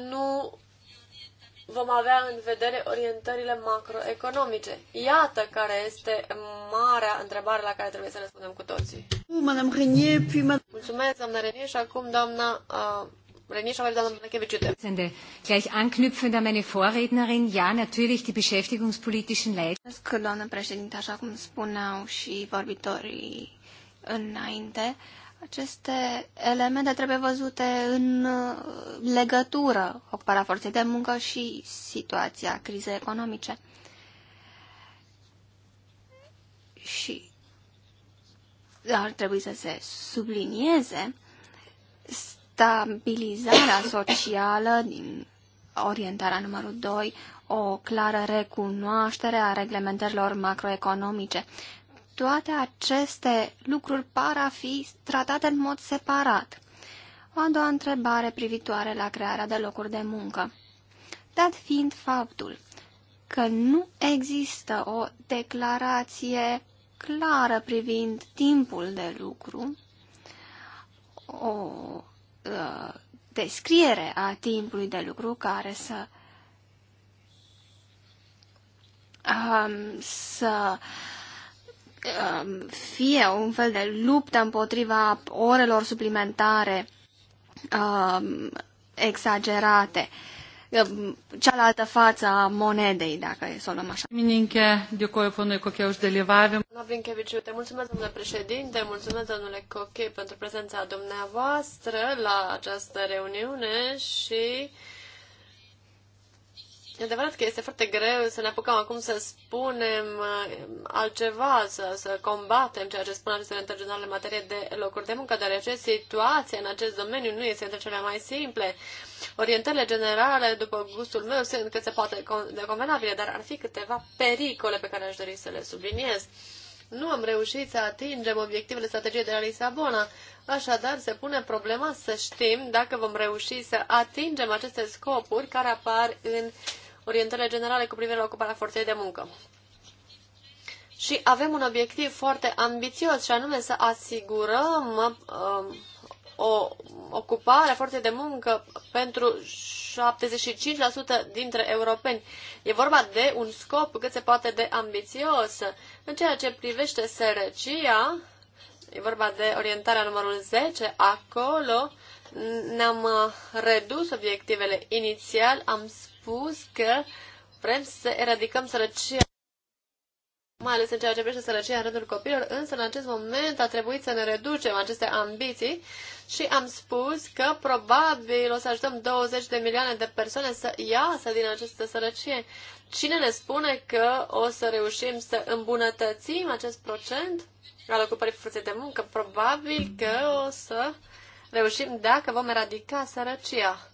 nu vom avea în vedere orientările macroeconomice. Iată care este marea întrebare la care trebuie să răspundem cu toții. Mulțumesc, doamna Renier, și acum doamna uh, Gleich anknüpfend an meine Vorrednerin, ja, natürlich die beschäftigungspolitischen Leitlinien. Doamnă președinte, așa cum spuneau și vorbitorii înainte, uh, aceste elemente trebuie văzute în uh, legătură, ocuparea forței de muncă și situația crizei economice. Și ar trebui să se sublinieze stabilizarea socială din orientarea numărul 2, o clară recunoaștere a reglementărilor macroeconomice toate aceste lucruri par a fi tratate în mod separat. O a doua întrebare privitoare la crearea de locuri de muncă. Dat fiind faptul că nu există o declarație clară privind timpul de lucru, o uh, descriere a timpului de lucru care să uh, să Um, fie un fel de luptă împotriva orelor suplimentare um, exagerate. Um, cealaltă față a monedei, dacă e să o luăm așa. Mininche, dėkoju ponui Coche už dalyvavim. Doamna Brincheviciu, te mulțumesc, domnule președinte, mulțumesc, domnule Coche, pentru prezența dumneavoastră la această reuniune și E adevărat că este foarte greu să ne apucăm acum să spunem uh, altceva, să, să combatem ceea ce spun acestele interregionale în materie de locuri de muncă, deoarece situația în acest domeniu nu este între cele mai simple. Orientările generale, după gustul meu, sunt cât se poate de convenabile, dar ar fi câteva pericole pe care aș dori să le subliniez. Nu am reușit să atingem obiectivele strategiei de la Lisabona, așadar se pune problema să știm dacă vom reuși să atingem aceste scopuri care apar în orientările generale cu privire la ocuparea forței de muncă. Și avem un obiectiv foarte ambițios și anume să asigurăm uh, o ocupare a forței de muncă pentru 75% dintre europeni. E vorba de un scop cât se poate de ambițios. În ceea ce privește sărăcia, e vorba de orientarea numărul 10, acolo ne-am redus obiectivele. Inițial am spus spus că vrem să eradicăm sărăcia mai ales în ceea ce privește sărăcia în rândul copiilor, însă în acest moment a trebuit să ne reducem aceste ambiții și am spus că probabil o să ajutăm 20 de milioane de persoane să iasă din această sărăcie. Cine ne spune că o să reușim să îmbunătățim acest procent al ocupării forței de muncă? Probabil că o să reușim dacă vom eradica sărăcia.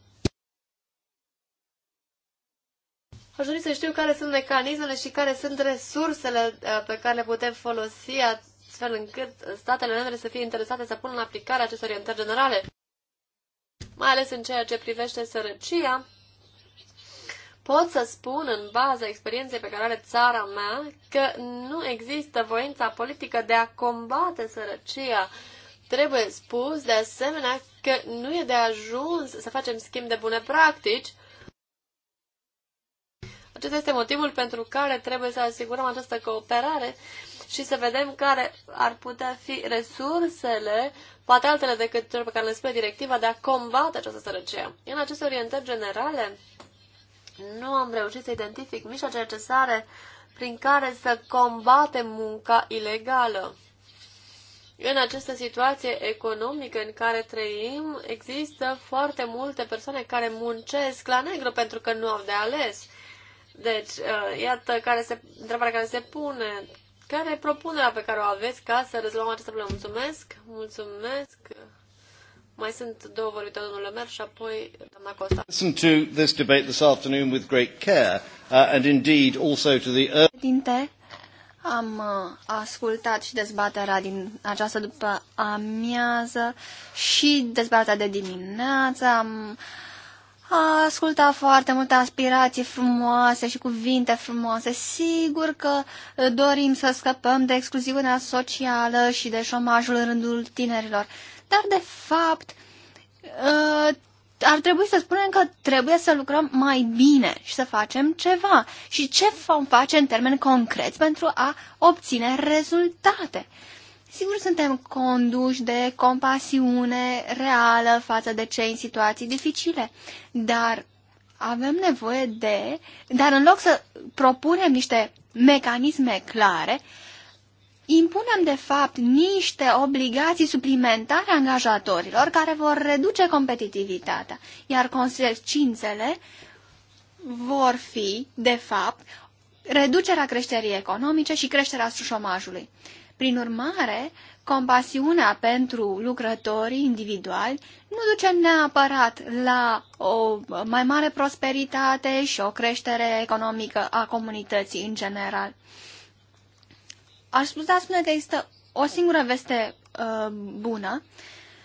Aș dori să știu care sunt mecanismele și care sunt resursele uh, pe care le putem folosi astfel încât statele membre să fie interesate să pună în aplicare aceste orientări generale, mai ales în ceea ce privește sărăcia. Pot să spun, în baza experienței pe care are țara mea, că nu există voința politică de a combate sărăcia. Trebuie spus, de asemenea, că nu e de ajuns să facem schimb de bune practici, acesta este motivul pentru care trebuie să asigurăm această cooperare și să vedem care ar putea fi resursele, poate altele decât cele pe care le spune directiva, de a combate această sărăcie. În aceste orientări generale, nu am reușit să identific mijloace necesare prin care să combate munca ilegală. În această situație economică în care trăim, există foarte multe persoane care muncesc la negru pentru că nu au de ales. Deci, uh, iată care se, întrebarea care se pune. Care e propunerea pe care o aveți ca să rezolvăm această problemă? Mulțumesc! Mulțumesc! Mai sunt două vorbite, domnule Mer și apoi doamna Costa. Listen to this debate this afternoon with great care uh, and indeed also to the... Dinte, am uh, ascultat și dezbaterea din această după amiază și dezbaterea de dimineață. Am uh, a ascultat foarte multe aspirații frumoase și cuvinte frumoase. Sigur că uh, dorim să scăpăm de excluziunea socială și de șomajul în rândul tinerilor. Dar, de fapt, uh, ar trebui să spunem că trebuie să lucrăm mai bine și să facem ceva. Și ce vom face în termeni concreți pentru a obține rezultate? Uh, Sigur, suntem conduși de compasiune reală față de cei în situații dificile, dar avem nevoie de... Dar în loc să propunem niște mecanisme clare, impunem de fapt niște obligații suplimentare angajatorilor care vor reduce competitivitatea, iar consecințele vor fi, de fapt, reducerea creșterii economice și creșterea șomajului. Prin urmare, compasiunea pentru lucrătorii individuali nu duce neapărat la o mai mare prosperitate și o creștere economică a comunității în general. Aș putea spune că există o singură veste uh, bună,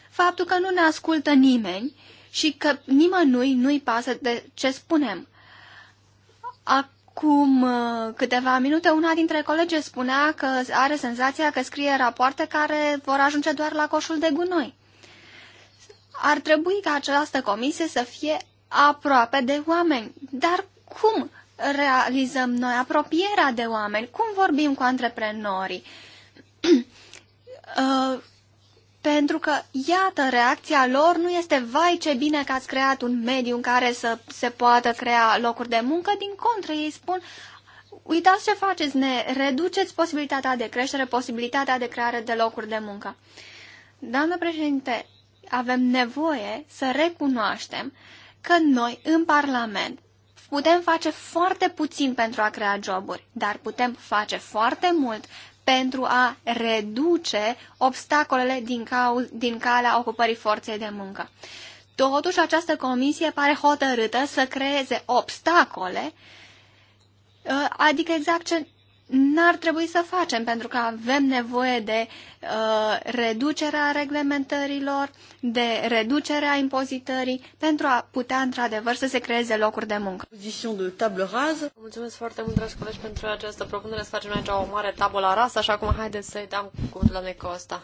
faptul că nu ne ascultă nimeni și că nimănui nu-i pasă de ce spunem. A acum uh, câteva minute, una dintre colege spunea că are senzația că scrie rapoarte care vor ajunge doar la coșul de gunoi. Ar trebui ca această comisie să fie aproape de oameni. Dar cum realizăm noi apropierea de oameni? Cum vorbim cu antreprenorii? Uh, pentru că, iată, reacția lor nu este, vai ce bine că ați creat un mediu în care să se poată crea locuri de muncă, din contră ei spun, uitați ce faceți, ne reduceți posibilitatea de creștere, posibilitatea de creare de locuri de muncă. Doamnă președinte, avem nevoie să recunoaștem că noi, în Parlament, putem face foarte puțin pentru a crea joburi, dar putem face foarte mult pentru a reduce obstacolele din, cau din calea ocupării forței de muncă. Totuși, această comisie pare hotărâtă să creeze obstacole, uh, adică exact ce n-ar trebui să facem, pentru că avem nevoie de uh, reducerea reglementărilor, de reducerea impozitării, pentru a putea, într-adevăr, să se creeze locuri de muncă. De tablă rază. Mulțumesc foarte mult, dragi colegi, pentru această propunere. Să facem aici o mare tabula rasă, așa cum haideți să-i dăm cuvântul la Costa.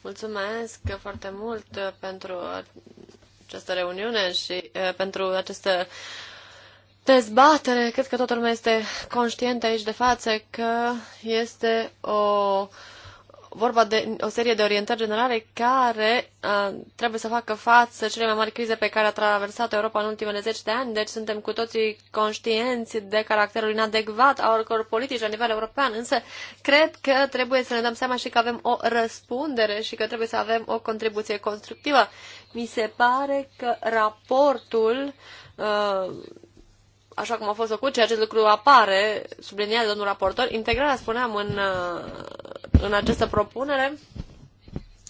Mulțumesc foarte mult uh, pentru uh, această reuniune și uh, pentru această uh, dezbatere. Cred că toată lumea este conștientă aici de față că este o vorba de o serie de orientări generale care uh, trebuie să facă față cele mai mari crize pe care a traversat Europa în ultimele zeci de ani, deci suntem cu toții conștienți de caracterul inadecvat a oricor politici la nivel european, însă cred că trebuie să ne dăm seama și că avem o răspundere și că trebuie să avem o contribuție constructivă. Mi se pare că raportul uh, așa cum a fost făcut, ceea acest lucru apare, subliniat de domnul raportor, integrarea, spuneam, în, în această propunere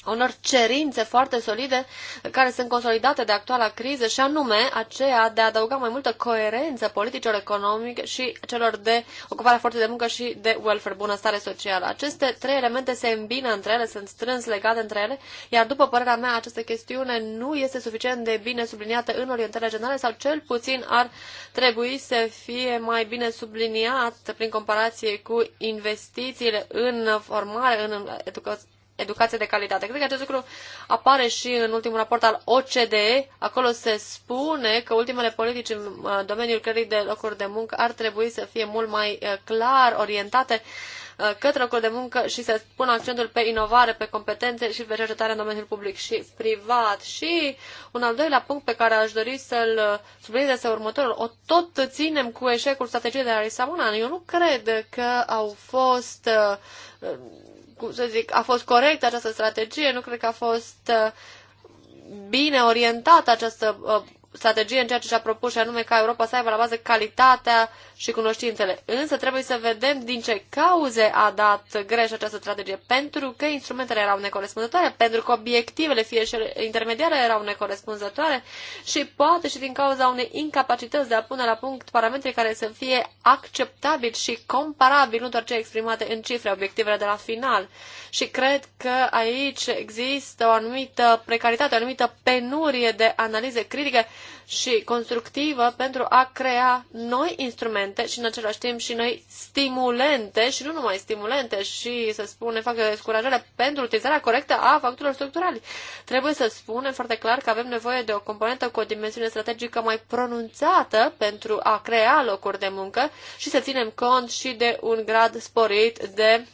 unor cerințe foarte solide care sunt consolidate de actuala criză și anume aceea de a adăuga mai multă coerență politicilor economice și celor de ocupare foarte forței de muncă și de welfare, bunăstare socială. Aceste trei elemente se îmbină între ele, sunt strâns legate între ele, iar după părerea mea această chestiune nu este suficient de bine subliniată în orientarea generală sau cel puțin ar trebui să fie mai bine subliniat prin comparație cu investițiile în formare, în educație educație de calitate. Cred că acest lucru apare și în ultimul raport al OCDE. Acolo se spune că ultimele politici în uh, domeniul creării de locuri de muncă ar trebui să fie mult mai uh, clar orientate uh, către locuri de muncă și să pună accentul pe inovare, pe competențe și pe cercetare în domeniul public și privat. Și un al doilea punct pe care aș dori să-l subliniez este următorul. O tot ținem cu eșecul strategiei de la Lisabona. Eu nu cred că au fost să zic, a fost corectă această strategie, nu cred că a fost uh, bine orientată această uh, strategie în ceea ce și-a propus și anume ca Europa să aibă la bază calitatea și cunoștințele. Însă trebuie să vedem din ce cauze a dat greș această strategie. Pentru că instrumentele erau necorespunzătoare, pentru că obiectivele, fie și intermediare, erau necorespunzătoare și poate și din cauza unei incapacități de a pune la punct parametri care să fie acceptabil și comparabil, nu doar cei exprimate în cifre, obiectivele de la final. Și cred că aici există o anumită precaritate, o anumită penurie de analize critică și constructivă pentru a crea noi instrumente și în același timp și noi stimulente și nu numai stimulente și să spune facă descurajare pentru utilizarea corectă a facturilor structurale. Trebuie să spunem foarte clar că avem nevoie de o componentă cu o dimensiune strategică mai pronunțată pentru a crea locuri de muncă și să ținem cont și de un grad sporit de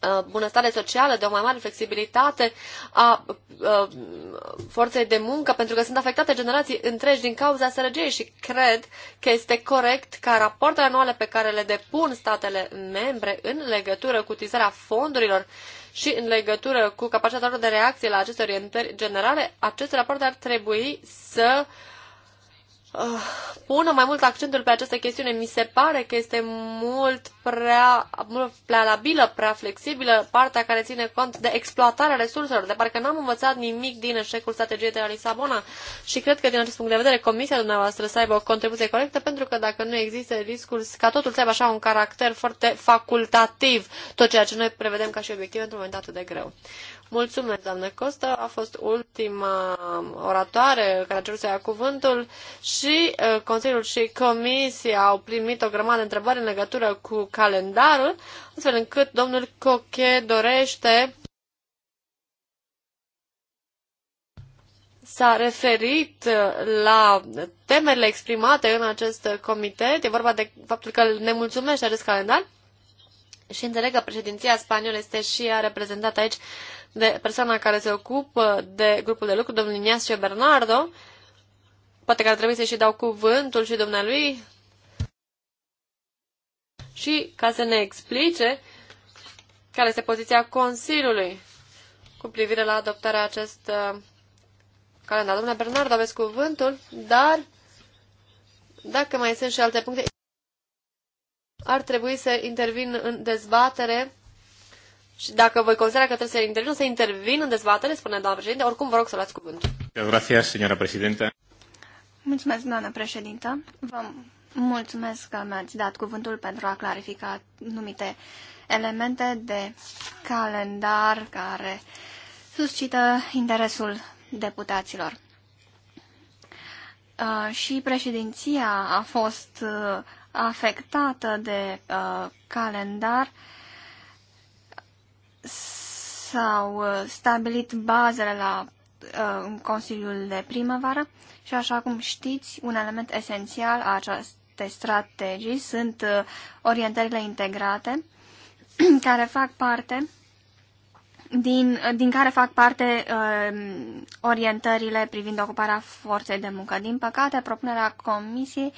Uh, bunăstare socială, de o mai mare flexibilitate a, a uh, forței de muncă, pentru că sunt afectate generații întregi din cauza sărăgiei și cred că este corect ca rapoartele anuale pe care le depun statele membre în legătură cu utilizarea fondurilor și în legătură cu capacitatea lor de reacție la aceste orientări generale, aceste rapoarte ar trebui să uh, Ah, pună mai mult accentul pe această chestiune. Mi se pare că este mult prea, mult prea labilă, prea flexibilă partea care ține cont de exploatarea resurselor. De parcă n-am învățat nimic din eșecul strategiei de la Lisabona și cred că din acest punct de vedere Comisia dumneavoastră să aibă o contribuție corectă pentru că dacă nu există riscul ca totul să aibă așa un caracter foarte facultativ, tot ceea ce noi prevedem ca și obiective într-un moment atât de greu. Mulțumesc, doamnă Costă. A fost ultima oratoare care a cerut să ia cuvântul și uh, Consiliul și Comisia au primit o grămadă de întrebări în legătură cu calendarul, astfel încât domnul Coche dorește s-a referit uh, la temerile exprimate în acest comitet. E vorba de faptul că ne mulțumește acest calendar. Și înțeleg că președinția spaniolă este și ea reprezentată aici de persoana care se ocupă de grupul de lucru, domnul Ignacio Bernardo. Poate că ar trebui să-și dau cuvântul și dumnealui și ca să ne explice care este poziția Consiliului cu privire la adoptarea acest uh, calendar. Domnule Bernard, aveți cuvântul, dar dacă mai sunt și alte puncte, ar trebui să intervin în dezbatere și dacă voi considera că trebuie să intervin, să intervin în dezbatere, spune doamna președinte, oricum vă rog să luați cuvântul. Gracias, señora Mulțumesc, doamnă președintă. Vă mulțumesc că mi-ați dat cuvântul pentru a clarifica numite elemente de calendar care suscită interesul deputaților. Uh, și președinția a fost uh, afectată de uh, calendar s-au uh, stabilit bazele la în uh, Consiliul de primăvară și, așa cum știți, un element esențial a acestei strategii sunt uh, orientările integrate, care fac parte din, din care fac parte uh, orientările privind ocuparea forței de muncă. Din păcate, propunerea Comisiei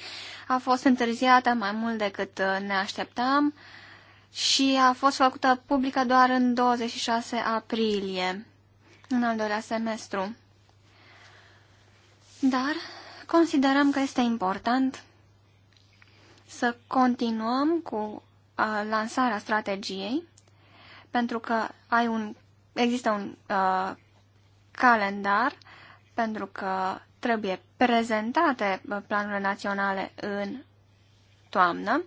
a fost întârziată mai mult decât ne așteptam. Uh, și a fost făcută publică doar în 26 aprilie, în al doilea semestru. Dar considerăm că este important să continuăm cu uh, lansarea strategiei, pentru că ai un, există un uh, calendar, pentru că trebuie prezentate planurile naționale în toamnă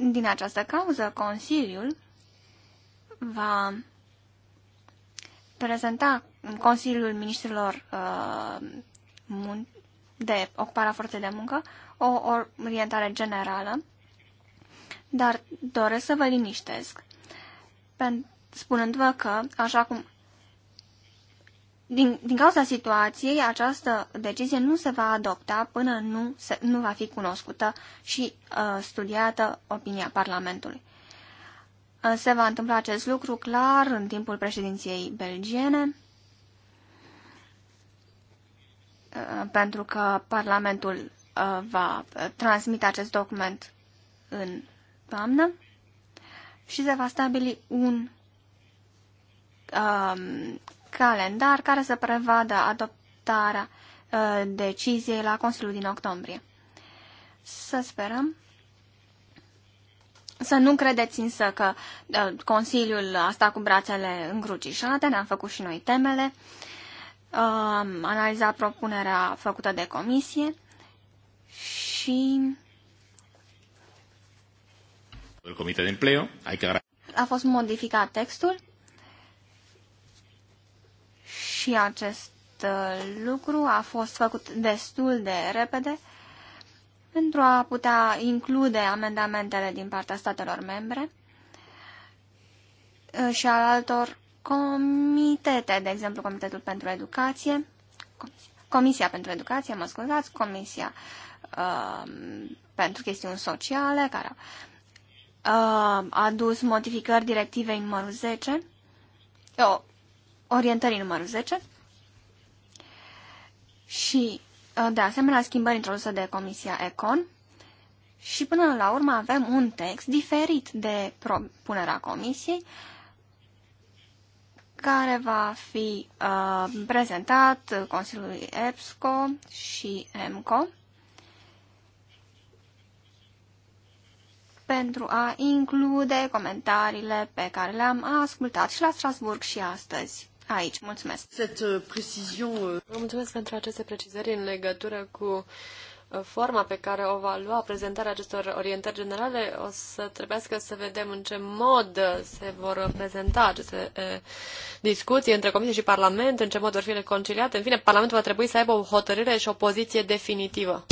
Din această cauză, Consiliul va prezenta Consiliul Ministrilor uh, de Ocuparea Forței de Muncă o orientare generală, dar doresc să vă liniștesc, spunându-vă că, așa cum din, din cauza situației, această decizie nu se va adopta până nu, se, nu va fi cunoscută și uh, studiată opinia Parlamentului. Uh, se va întâmpla acest lucru clar în timpul președinției belgiene, uh, pentru că Parlamentul uh, va transmite acest document în toamnă și se va stabili un um, calendar care să prevadă adoptarea uh, deciziei la Consiliul din octombrie. Să sperăm. Să nu credeți însă că uh, Consiliul a stat cu brațele îngrucișate, ne-am făcut și noi temele, uh, am analizat propunerea făcută de comisie și... de A fost modificat textul și acest uh, lucru a fost făcut destul de repede pentru a putea include amendamentele din partea statelor membre uh, și al altor comitete, de exemplu Comitetul pentru Educație, Comisia, pentru Educație, mă scuzați, Comisia uh, pentru Chestiuni Sociale, care uh, a adus modificări directivei numărul 10, orientării numărul 10 și, uh, de asemenea, schimbări introduse de Comisia Econ și, până la urmă, avem un text diferit de propunerea Comisiei care va fi uh, prezentat Consiliului EPSCO și EMCO pentru a include comentariile pe care le-am ascultat și la Strasburg și astăzi aici. Mulțumesc! Uh, uh, Vă mulțumesc pentru aceste precizări în legătură cu uh, forma pe care o va lua prezentarea acestor orientări generale, o să trebuiască să vedem în ce mod se vor prezenta aceste discuții între Comisie și Parlament, în ce mod vor fi reconciliate. În fine, Parlamentul va trebui să aibă o hotărâre și o poziție definitivă.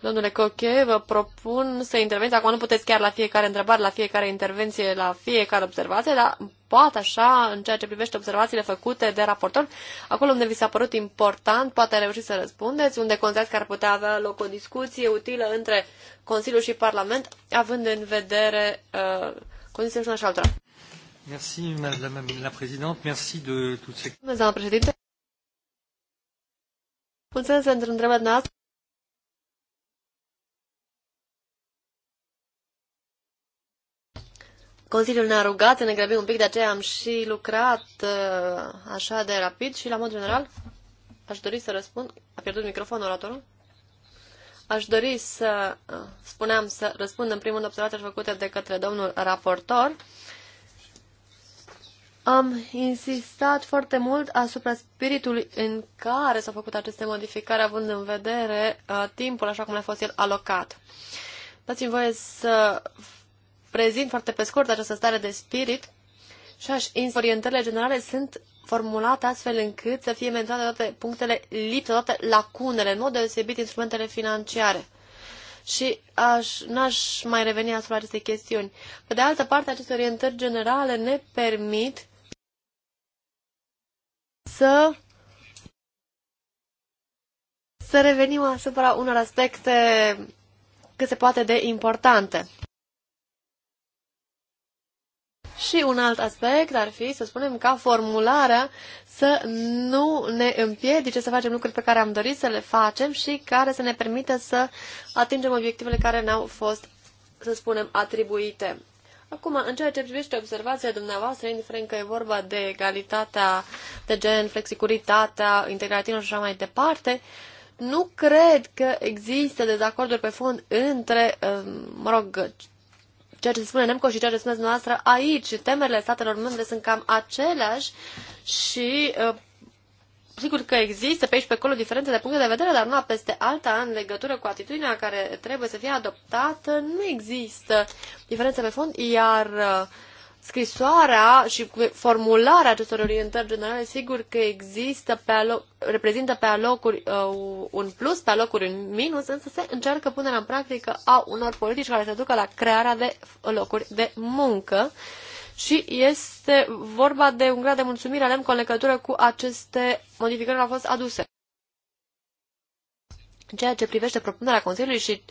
Domnule Coche, vă propun să interveniți. Acum nu puteți chiar la fiecare întrebare, la fiecare intervenție, la fiecare observație, dar poate așa, în ceea ce privește observațiile făcute de raportor, acolo unde vi s-a părut important, poate reușiți să răspundeți, unde considerați că ar putea avea loc o discuție utilă între Consiliu și Parlament, având în vedere uh, condițiile și una și altora. Merci, madame la présidente. Merci de toutes ces... Mulțumesc, doamna președinte. Mulțumesc pentru întrebarea noastră. Consiliul ne-a rugat să ne grăbim un pic, de aceea am și lucrat uh, așa de rapid și la mod general aș dori să răspund. A pierdut microfonul oratorul? Aș dori să uh, spuneam să răspund în primul observație făcute de către domnul raportor. Am insistat foarte mult asupra spiritului în care s-au făcut aceste modificări, având în vedere uh, timpul așa cum le-a fost el alocat. Dați-mi voie să prezint foarte pe scurt această stare de spirit și aș orientările generale sunt formulate astfel încât să fie menționate toate punctele lipse, toate lacunele, în mod deosebit instrumentele financiare. Și aș, n-aș mai reveni asupra acestei chestiuni. Pe de altă parte, aceste orientări generale ne permit să să revenim asupra unor aspecte cât se poate de importante. Și un alt aspect ar fi, să spunem, ca formularea să nu ne împiedice să facem lucruri pe care am dorit să le facem și care să ne permită să atingem obiectivele care ne-au fost, să spunem, atribuite. Acum, în ceea ce privește observația dumneavoastră, indiferent că e vorba de egalitatea de gen, flexicuritatea, integrativă și așa mai departe, nu cred că există dezacorduri pe fond între, uh, mă rog, ceea ce spune NEMCO și ceea ce spuneți noastră aici. Temerile statelor membre sunt cam aceleași și uh, sigur că există pe aici pe acolo diferențe de puncte de vedere, dar nu peste alta în legătură cu atitudinea care trebuie să fie adoptată, nu există diferențe pe fond, iar uh, scrisoarea și formularea acestor orientări generale, sigur că există pe aloc, reprezintă pe alocuri uh, un plus, pe alocuri un minus, însă se încearcă punerea în practică a unor politici care se ducă la crearea de locuri de muncă și este vorba de un grad de mulțumire al EMCO în legătură cu aceste modificări care au fost aduse în ceea ce privește propunerea Consiliului și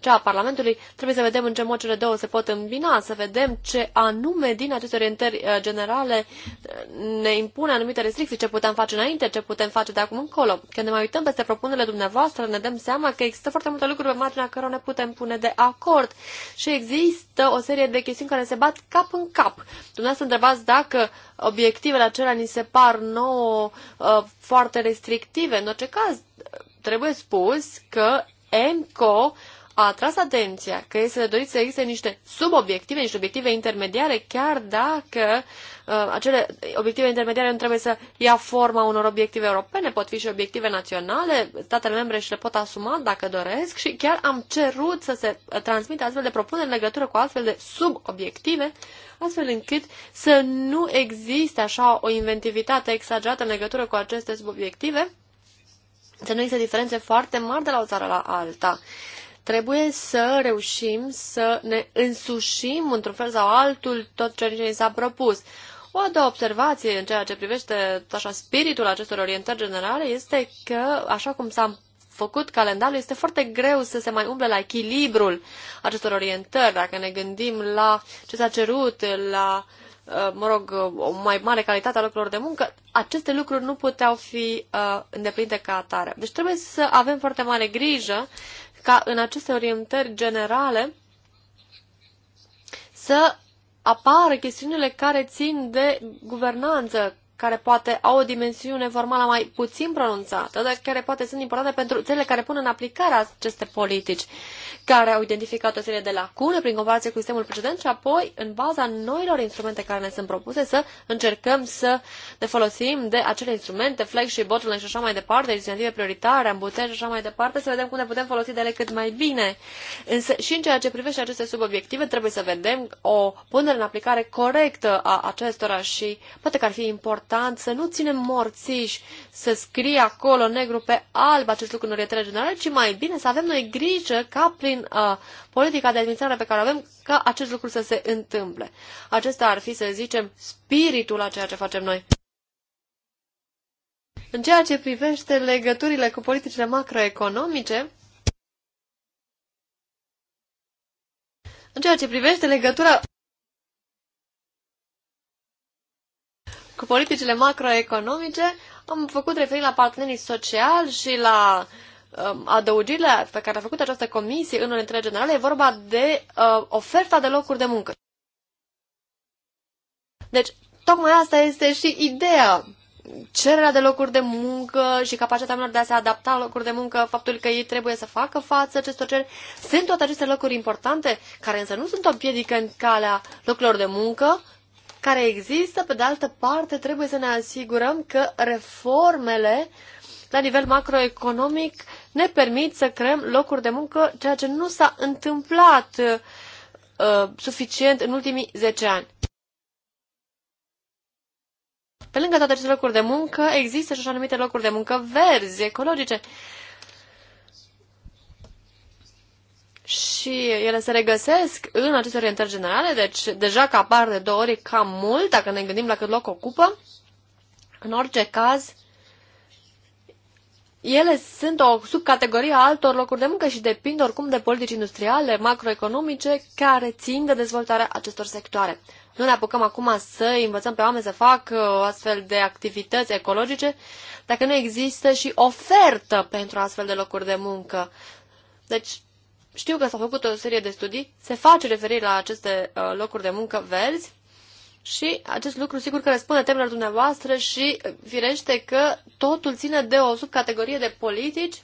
cea a Parlamentului, trebuie să vedem în ce mod cele două se pot îmbina, să vedem ce anume din aceste orientări uh, generale uh, ne impune anumite restricții, ce putem face înainte, ce putem face de acum încolo. Când ne mai uităm peste propunerile dumneavoastră, ne dăm seama că există foarte multe lucruri pe marginea cărora ne putem pune de acord și există o serie de chestiuni care se bat cap în cap. Dumneavoastră întrebați dacă obiectivele acelea ni se par nouă uh, foarte restrictive. În orice caz, trebuie spus că EMCO a atras atenția că este de dorit să existe niște subobiective, niște obiective intermediare, chiar dacă uh, acele obiective intermediare nu trebuie să ia forma unor obiective europene, pot fi și obiective naționale, statele membre și le pot asuma dacă doresc și chiar am cerut să se transmită astfel de propuneri în legătură cu astfel de subobiective, astfel încât să nu existe așa o inventivitate exagerată în legătură cu aceste subobiective, să nu există diferențe foarte mari de la o țară la alta. Trebuie să reușim să ne însușim într-un fel sau altul tot ce ni s-a propus. O a doua observație în ceea ce privește așa, spiritul acestor orientări generale este că, așa cum s-a făcut calendarul, este foarte greu să se mai umble la echilibrul acestor orientări. Dacă ne gândim la ce s-a cerut, la uh, Uh, mă rog, uh, o mai mare calitate a locurilor de muncă, aceste lucruri nu puteau fi uh, îndeplinite ca atare. Deci trebuie să avem foarte mare grijă ca în aceste orientări generale să apară chestiunile care țin de guvernanță, care poate au o dimensiune formală mai puțin pronunțată, dar care poate sunt importante pentru țările care pun în aplicare aceste politici, care au identificat o serie de lacune prin comparație cu sistemul precedent și apoi, în baza noilor instrumente care ne sunt propuse, să încercăm să ne folosim de acele instrumente, flag și bottleneck și așa mai departe, inițiative prioritare, îmbuteri și așa mai departe, să vedem cum ne putem folosi de ele cât mai bine. Însă și în ceea ce privește aceste subobiective, trebuie să vedem o punere în aplicare corectă a acestora și poate că ar fi important important să nu ținem morțiși, să scrie acolo negru pe alb acest lucru în orientare generală, ci mai bine să avem noi grijă ca prin uh, politica de administrare pe care o avem, ca acest lucru să se întâmple. Acesta ar fi, să zicem, spiritul a ceea ce facem noi. În ceea ce privește legăturile cu politicile macroeconomice, în ceea ce privește legătura cu politicile macroeconomice, am făcut referire la partenerii sociali și la um, adăugirile pe care a făcut această comisie în orientările generale. E vorba de uh, oferta de locuri de muncă. Deci, tocmai asta este și ideea cererea de locuri de muncă și capacitatea lor de a se adapta la locuri de muncă, faptul că ei trebuie să facă față acestor cereri. Sunt toate aceste locuri importante, care însă nu sunt o piedică în calea locurilor de muncă, care există, pe de altă parte trebuie să ne asigurăm că reformele la nivel macroeconomic ne permit să creăm locuri de muncă, ceea ce nu s-a întâmplat uh, suficient în ultimii 10 ani. Pe lângă toate aceste locuri de muncă, există și așa numite locuri de muncă verzi, ecologice. Uh, și ele se regăsesc în aceste orientări generale, deci deja că apar de două ori cam mult, dacă ne gândim la cât loc ocupă. În orice caz, ele sunt o subcategorie a altor locuri de muncă și depind oricum de politici industriale, macroeconomice, care țin de dezvoltarea acestor sectoare. Nu ne apucăm acum să învățăm pe oameni să facă astfel de activități ecologice dacă nu există și ofertă pentru astfel de locuri de muncă. Deci, știu că s au făcut o serie de studii, se face referire la aceste uh, locuri de muncă verzi și acest lucru sigur că răspunde temelor dumneavoastră și firește că totul ține de o subcategorie de politici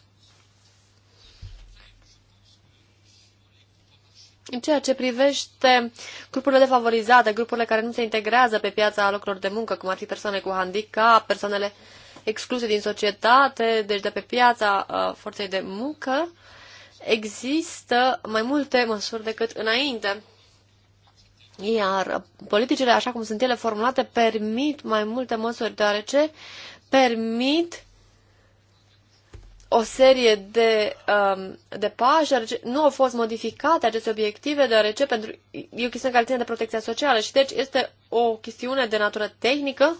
În ceea ce privește grupurile defavorizate, grupurile care nu se integrează pe piața locurilor de muncă, cum ar fi persoane cu handicap, persoanele excluse din societate, deci de pe piața uh, forței de muncă, există mai multe măsuri decât înainte. Iar politicile, așa cum sunt ele formulate, permit mai multe măsuri, deoarece permit o serie de, um, de pași, deoarece nu au fost modificate aceste obiective, deoarece pentru, e o chestiune care ține de protecția socială și deci este o chestiune de natură tehnică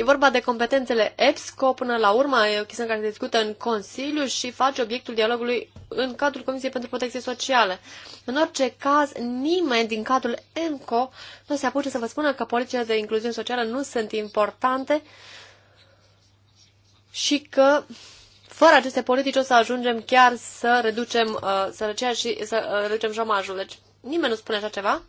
E vorba de competențele EPSCO până la urmă, e o chestiune care se discută în Consiliu și face obiectul dialogului în cadrul Comisiei pentru Protecție Socială. În orice caz, nimeni din cadrul ENCo nu se apuce să vă spună că politicile de incluziune socială nu sunt importante și că fără aceste politici o să ajungem chiar să reducem uh, sărăcia și să uh, reducem șomajul. Deci nimeni nu spune așa ceva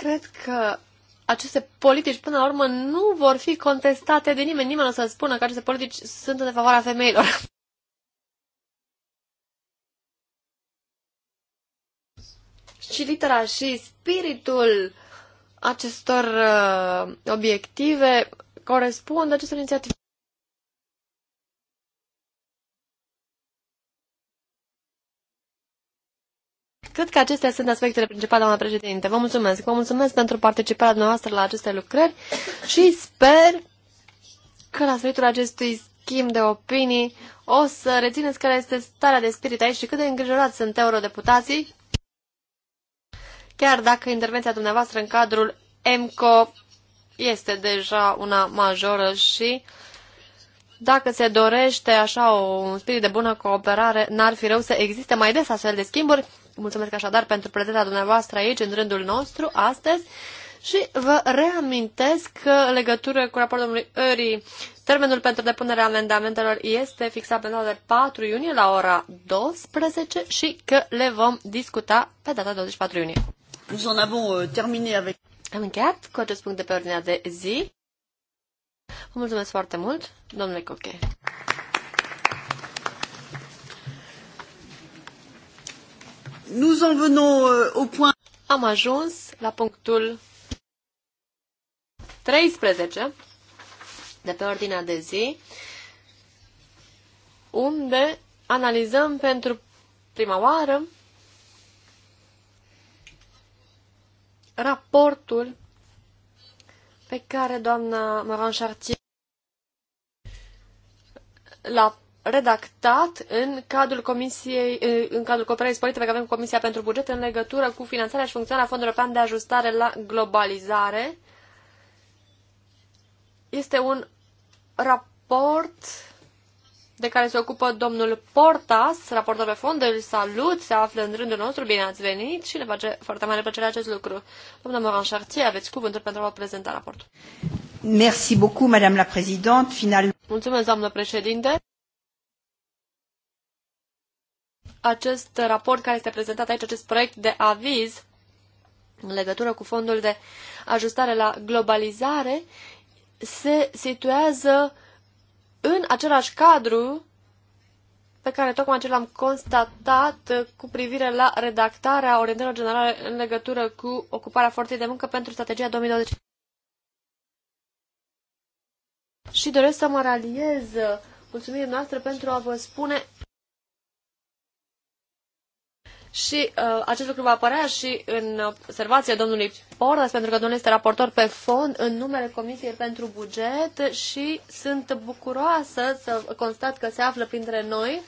cred că aceste politici, până la urmă, nu vor fi contestate de nimeni. Nimeni o să spună că aceste politici sunt în favoarea femeilor. și litera și spiritul acestor uh, obiective corespund acestor inițiative. Cred că acestea sunt aspectele principale, doamna președinte. Vă mulțumesc. Vă mulțumesc pentru participarea noastră la aceste lucrări și sper că la sfârșitul acestui schimb de opinii o să rețineți care este starea de spirit aici și cât de îngrijorați sunt eurodeputații, chiar dacă intervenția dumneavoastră în cadrul EMCO este deja una majoră și dacă se dorește așa un spirit de bună cooperare, n-ar fi rău să existe mai des astfel de schimburi mulțumesc așadar pentru prezența dumneavoastră aici, în rândul nostru, astăzi. Și vă reamintesc că în legătură cu raportul domnului Öri, termenul pentru depunerea amendamentelor este fixat pe data de 4 iunie la ora 12 și că le vom discuta pe data 24 iunie. Nous en avons euh, terminé avec... Am încheiat cu acest punct de pe ordinea de zi. Vă mulțumesc foarte mult, domnule Coche. Nous en venons euh, au point... Am ajuns la punctul 13 de pe ordinea de zi, unde analizăm pentru prima oară raportul pe care doamna Moran Chartier l-a redactat în cadrul Comisiei, în cadrul cooperării sporite pe care avem cu Comisia pentru Buget în legătură cu finanțarea și funcționarea Fondului European de Ajustare la Globalizare. Este un raport de care se ocupă domnul Portas, raportor pe fond, îl salut, se află în rândul nostru, bine ați venit și ne face foarte mare plăcere acest lucru. Domnul Moran Chartier, aveți cuvântul pentru a vă prezenta raportul. Merci beaucoup, Madame la Présidente. Final... Mulțumesc, doamnă președinte. acest raport care este prezentat aici, acest proiect de aviz în legătură cu fondul de ajustare la globalizare, se situează în același cadru pe care tocmai ce l-am constatat cu privire la redactarea orientărilor generale în legătură cu ocuparea forței de muncă pentru strategia 2020. Și doresc să mă raliez mulțumirea noastre pentru a vă spune și uh, acest lucru va apărea și în observația domnului Porras, pentru că domnul este raportor pe fond în numele Comisiei pentru Buget și sunt bucuroasă să constat că se află printre noi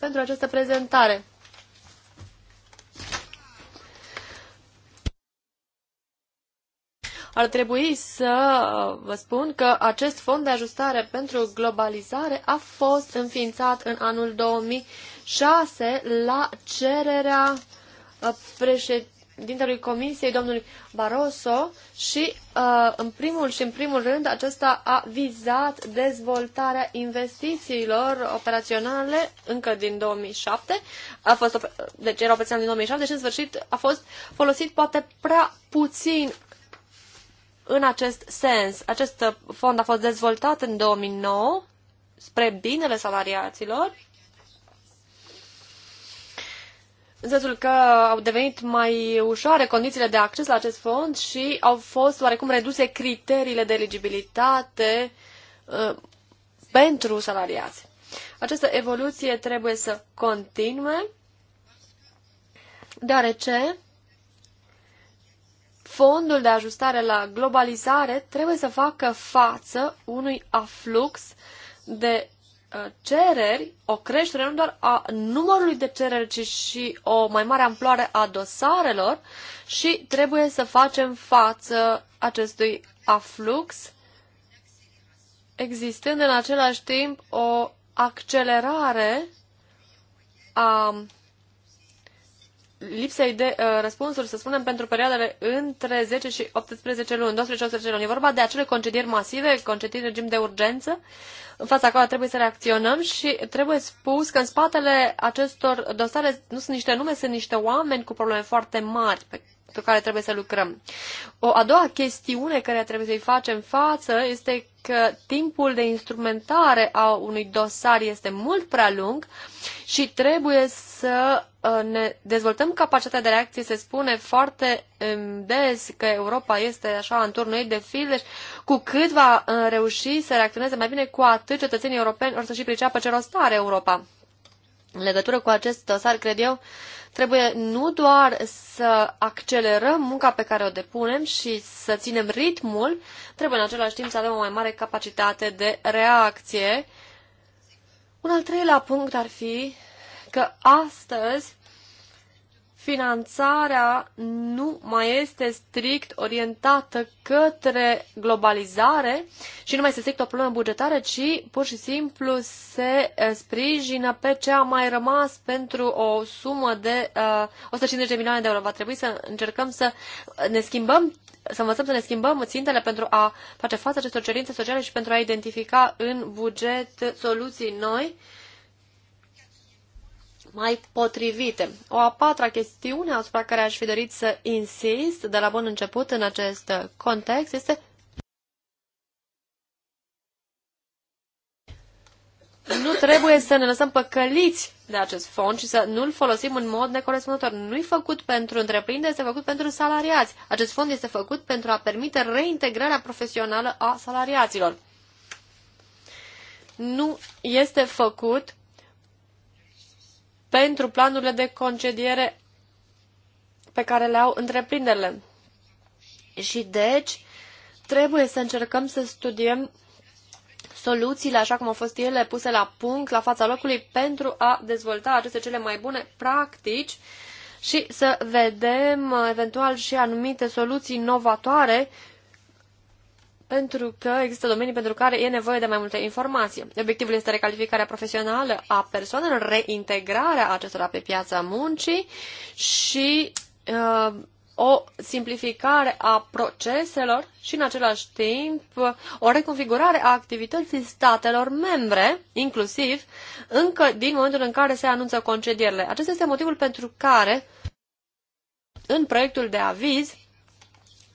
pentru această prezentare. Ar trebui să vă spun că acest fond de ajustare pentru globalizare a fost înființat în anul 2000 6 la cererea uh, președintelui Comisiei, domnului Barroso, și uh, în primul și în primul rând acesta a vizat dezvoltarea investițiilor operaționale încă din 2007. A fost, deci era operațional din 2007, deci în sfârșit a fost folosit poate prea puțin în acest sens. Acest uh, fond a fost dezvoltat în 2009 spre binele salariaților în sensul că au devenit mai ușoare condițiile de acces la acest fond și au fost oarecum reduse criteriile de eligibilitate uh, pentru salariați. Această evoluție trebuie să continue, deoarece fondul de ajustare la globalizare trebuie să facă față unui aflux de Uh, cereri, o creștere nu doar a numărului de cereri, ci și o mai mare amploare a dosarelor și trebuie să facem față acestui aflux, existând în același timp o accelerare a lipsei de uh, răspunsuri, să spunem, pentru perioadele între 10 și 18 luni, 12-18 luni. E vorba de acele concedieri masive, concedieri în regim de urgență, în fața care trebuie să reacționăm și trebuie spus că în spatele acestor dosare nu sunt niște nume, sunt niște oameni cu probleme foarte mari pe pe care trebuie să lucrăm. O a doua chestiune care trebuie să-i facem față este că timpul de instrumentare a unui dosar este mult prea lung și trebuie să uh, ne dezvoltăm capacitatea de reacție. Se spune foarte um, des că Europa este așa în turnul ei de fildeș. Deci cu cât va uh, reuși să reacționeze mai bine, cu atât cetățenii europeni or să și priceapă ce rost are Europa. În legătură cu acest dosar, cred eu, Trebuie nu doar să accelerăm munca pe care o depunem și să ținem ritmul, trebuie în același timp să avem o mai mare capacitate de reacție. Un al treilea punct ar fi că astăzi finanțarea nu mai este strict orientată către globalizare și nu mai este strict o problemă bugetară, ci pur și simplu se eh, sprijină pe ce a mai rămas pentru o sumă de uh, eh, 150 de milioane de euro. Va trebui să încercăm să ne schimbăm să învățăm să ne schimbăm țintele pentru a face față acestor cerințe sociale și pentru a identifica în buget soluții noi mai potrivite. O a patra chestiune asupra care aș fi dorit să insist de la bun început în acest context este nu trebuie să ne lăsăm păcăliți de acest fond și să nu-l folosim în mod necorespunzător. Nu-i făcut pentru întreprindere, este făcut pentru salariați. Acest fond este făcut pentru a permite reintegrarea profesională a salariaților. Nu este făcut pentru planurile de concediere pe care le au întreprinderile. Și deci trebuie să încercăm să studiem soluțiile așa cum au fost ele puse la punct, la fața locului, pentru a dezvolta aceste cele mai bune practici și să vedem eventual și anumite soluții novatoare pentru că există domenii pentru care e nevoie de mai multe informații. Obiectivul este recalificarea profesională a persoanelor, reintegrarea acestora pe piața muncii și uh, o simplificare a proceselor și, în același timp, o reconfigurare a activității statelor membre, inclusiv încă din momentul în care se anunță concedierile. Acesta este motivul pentru care, în proiectul de aviz,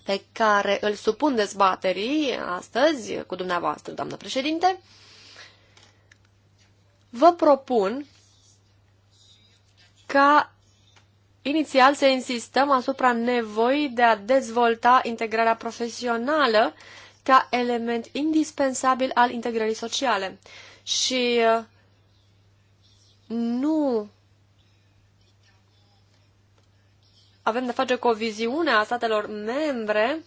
pe care îl supun dezbaterii astăzi cu dumneavoastră, doamnă președinte, vă propun ca inițial să insistăm asupra nevoii de a dezvolta integrarea profesională ca element indispensabil al integrării sociale. Și uh, nu avem de face cu o viziune a statelor membre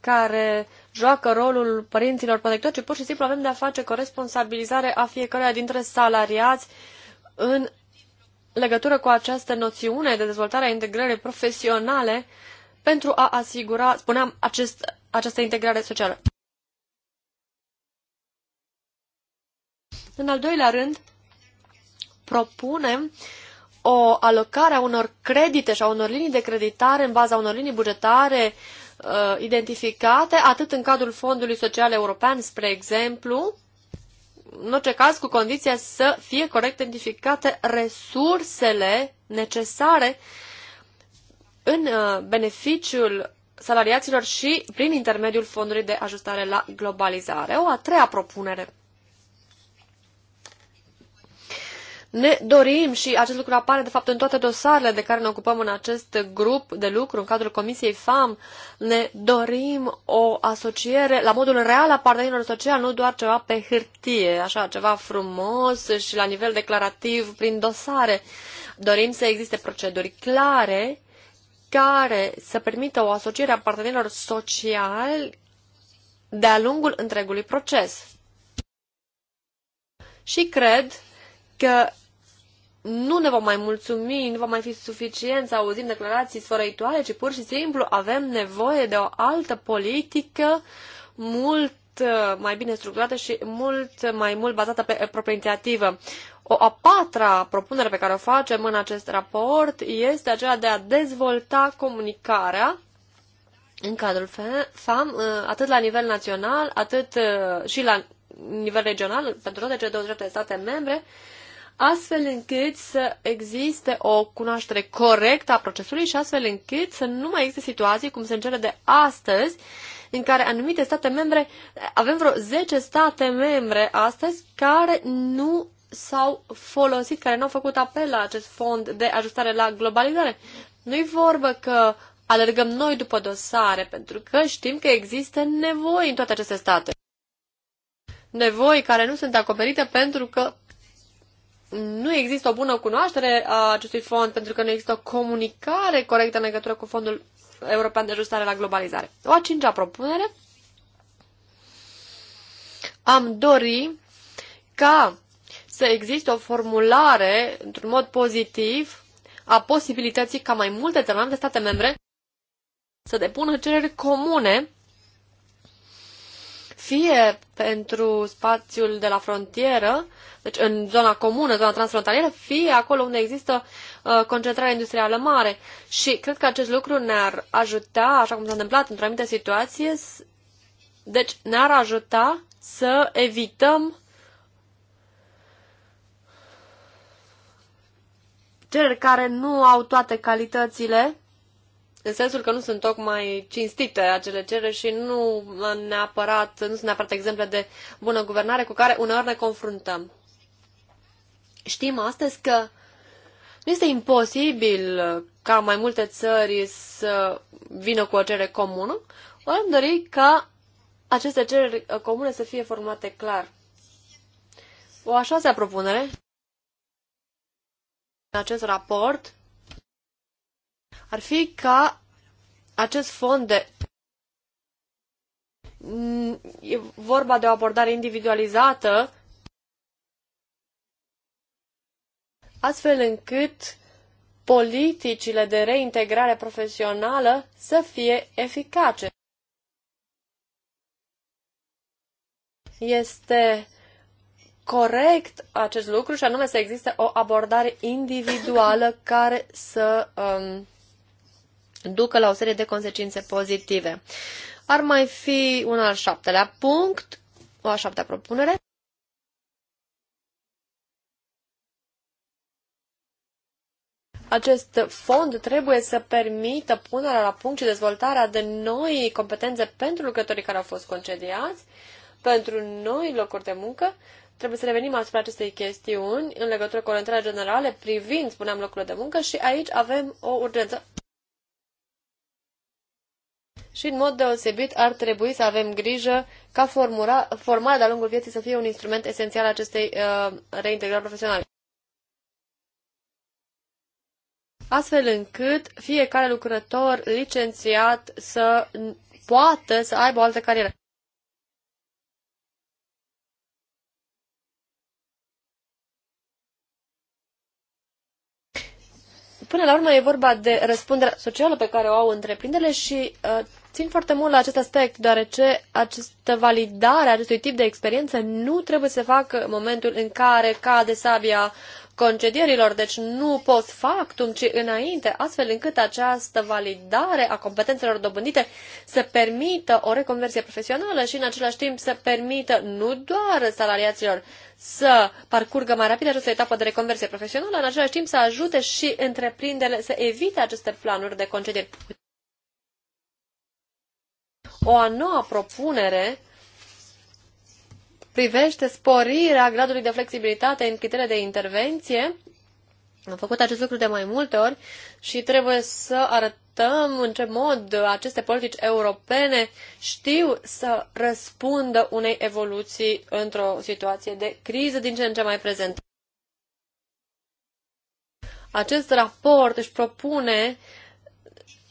care joacă rolul părinților protectori, ci pur și simplu avem de a face cu o responsabilizare a fiecăruia dintre salariați în legătură cu această noțiune de dezvoltare a integrării profesionale pentru a asigura, spuneam, acest, această integrare socială. În al doilea rând, propunem uh, o alocare a unor credite și a unor linii de creditare în baza unor linii bugetare uh, identificate, atât în cadrul Fondului Social European, spre exemplu, în orice caz cu condiția să fie corect identificate resursele necesare în uh, beneficiul salariaților și prin intermediul Fondului de Ajustare la Globalizare. O a treia propunere ne dorim și acest lucru apare de fapt în toate dosarele de care ne ocupăm în acest grup de lucru, în cadrul Comisiei FAM, ne dorim o asociere la modul real a partenerilor social, nu doar ceva pe hârtie, așa ceva frumos și la nivel declarativ prin dosare. Dorim să existe proceduri clare care să permită o asociere a partenerilor sociali de-a lungul întregului proces. Și cred că nu ne vom mai mulțumi, nu va mai fi suficient să auzim declarații sfărăitoare, ci pur și simplu avem nevoie de o altă politică mult uh, mai bine structurată și mult mai mult bazată pe propria inițiativă. O a patra propunere pe care o facem în acest raport este aceea de a dezvolta comunicarea în cadrul FAM, uh, atât la nivel național, atât uh, și la nivel regional, pentru toate cele 27 de state membre, astfel încât să existe o cunoaștere corectă a procesului și astfel încât să nu mai existe situații cum se cele de astăzi, în care anumite state membre, avem vreo 10 state membre astăzi care nu s-au folosit, care nu au făcut apel la acest fond de ajustare la globalizare. Nu-i vorbă că alergăm noi după dosare, pentru că știm că există nevoi în toate aceste state nevoi care nu sunt acoperite pentru că nu există o bună cunoaștere a acestui fond pentru că nu există o comunicare corectă în legătură cu Fondul European de Ajustare la Globalizare. O a cincea propunere. Am dori ca să existe o formulare într-un mod pozitiv a posibilității ca mai multe țări, de state membre să depună cereri comune fie pentru spațiul de la frontieră, deci în zona comună, zona transfrontalieră, fie acolo unde există uh, concentrare industrială mare. Și cred că acest lucru ne-ar ajuta, așa cum s-a întâmplat într-o anumită situație, deci ne-ar ajuta să evităm cereri care nu au toate calitățile în sensul că nu sunt tocmai cinstite acele cereri și nu, neapărat, nu sunt neapărat exemple de bună guvernare cu care uneori ne confruntăm. Știm astăzi că nu este imposibil ca mai multe țări să vină cu o cerere comună, ori am dori ca aceste cereri uh, comune să fie formate clar. O așa se propunere în acest raport ar fi ca acest fond de e vorba de o abordare individualizată, astfel încât politicile de reintegrare profesională să fie eficace. Este corect acest lucru și anume să existe o abordare individuală care să um, ducă la o serie de consecințe pozitive. Ar mai fi un al șaptelea punct, o a șaptea propunere. Acest fond trebuie să permită punerea la punct și dezvoltarea de noi competențe pentru lucrătorii care au fost concediați, pentru noi locuri de muncă. Trebuie să revenim asupra acestei chestiuni în legătură cu orientarea generale privind, spuneam, locurile de muncă și aici avem o urgență și, în mod deosebit, ar trebui să avem grijă ca formura, formarea de-a lungul vieții să fie un instrument esențial acestei uh, reintegrări profesionale. Astfel încât fiecare lucrător licențiat să poată să aibă o altă carieră. Până la urmă e vorba de răspunderea socială pe care o au întreprinderile și uh, țin foarte mult la acest aspect, deoarece această validare a acestui tip de experiență nu trebuie să facă momentul în care cade sabia concedierilor, deci nu post factum, ci înainte, astfel încât această validare a competențelor dobândite să permită o reconversie profesională și în același timp să permită nu doar salariaților să parcurgă mai rapid această etapă de reconversie profesională, în același timp să ajute și întreprinderile să evite aceste planuri de concedieri. O a noua propunere privește sporirea gradului de flexibilitate în criteriile de intervenție. Am făcut acest lucru de mai multe ori și trebuie să arătăm în ce mod aceste politici europene știu să răspundă unei evoluții într-o situație de criză din ce în ce mai prezentă. Acest raport își propune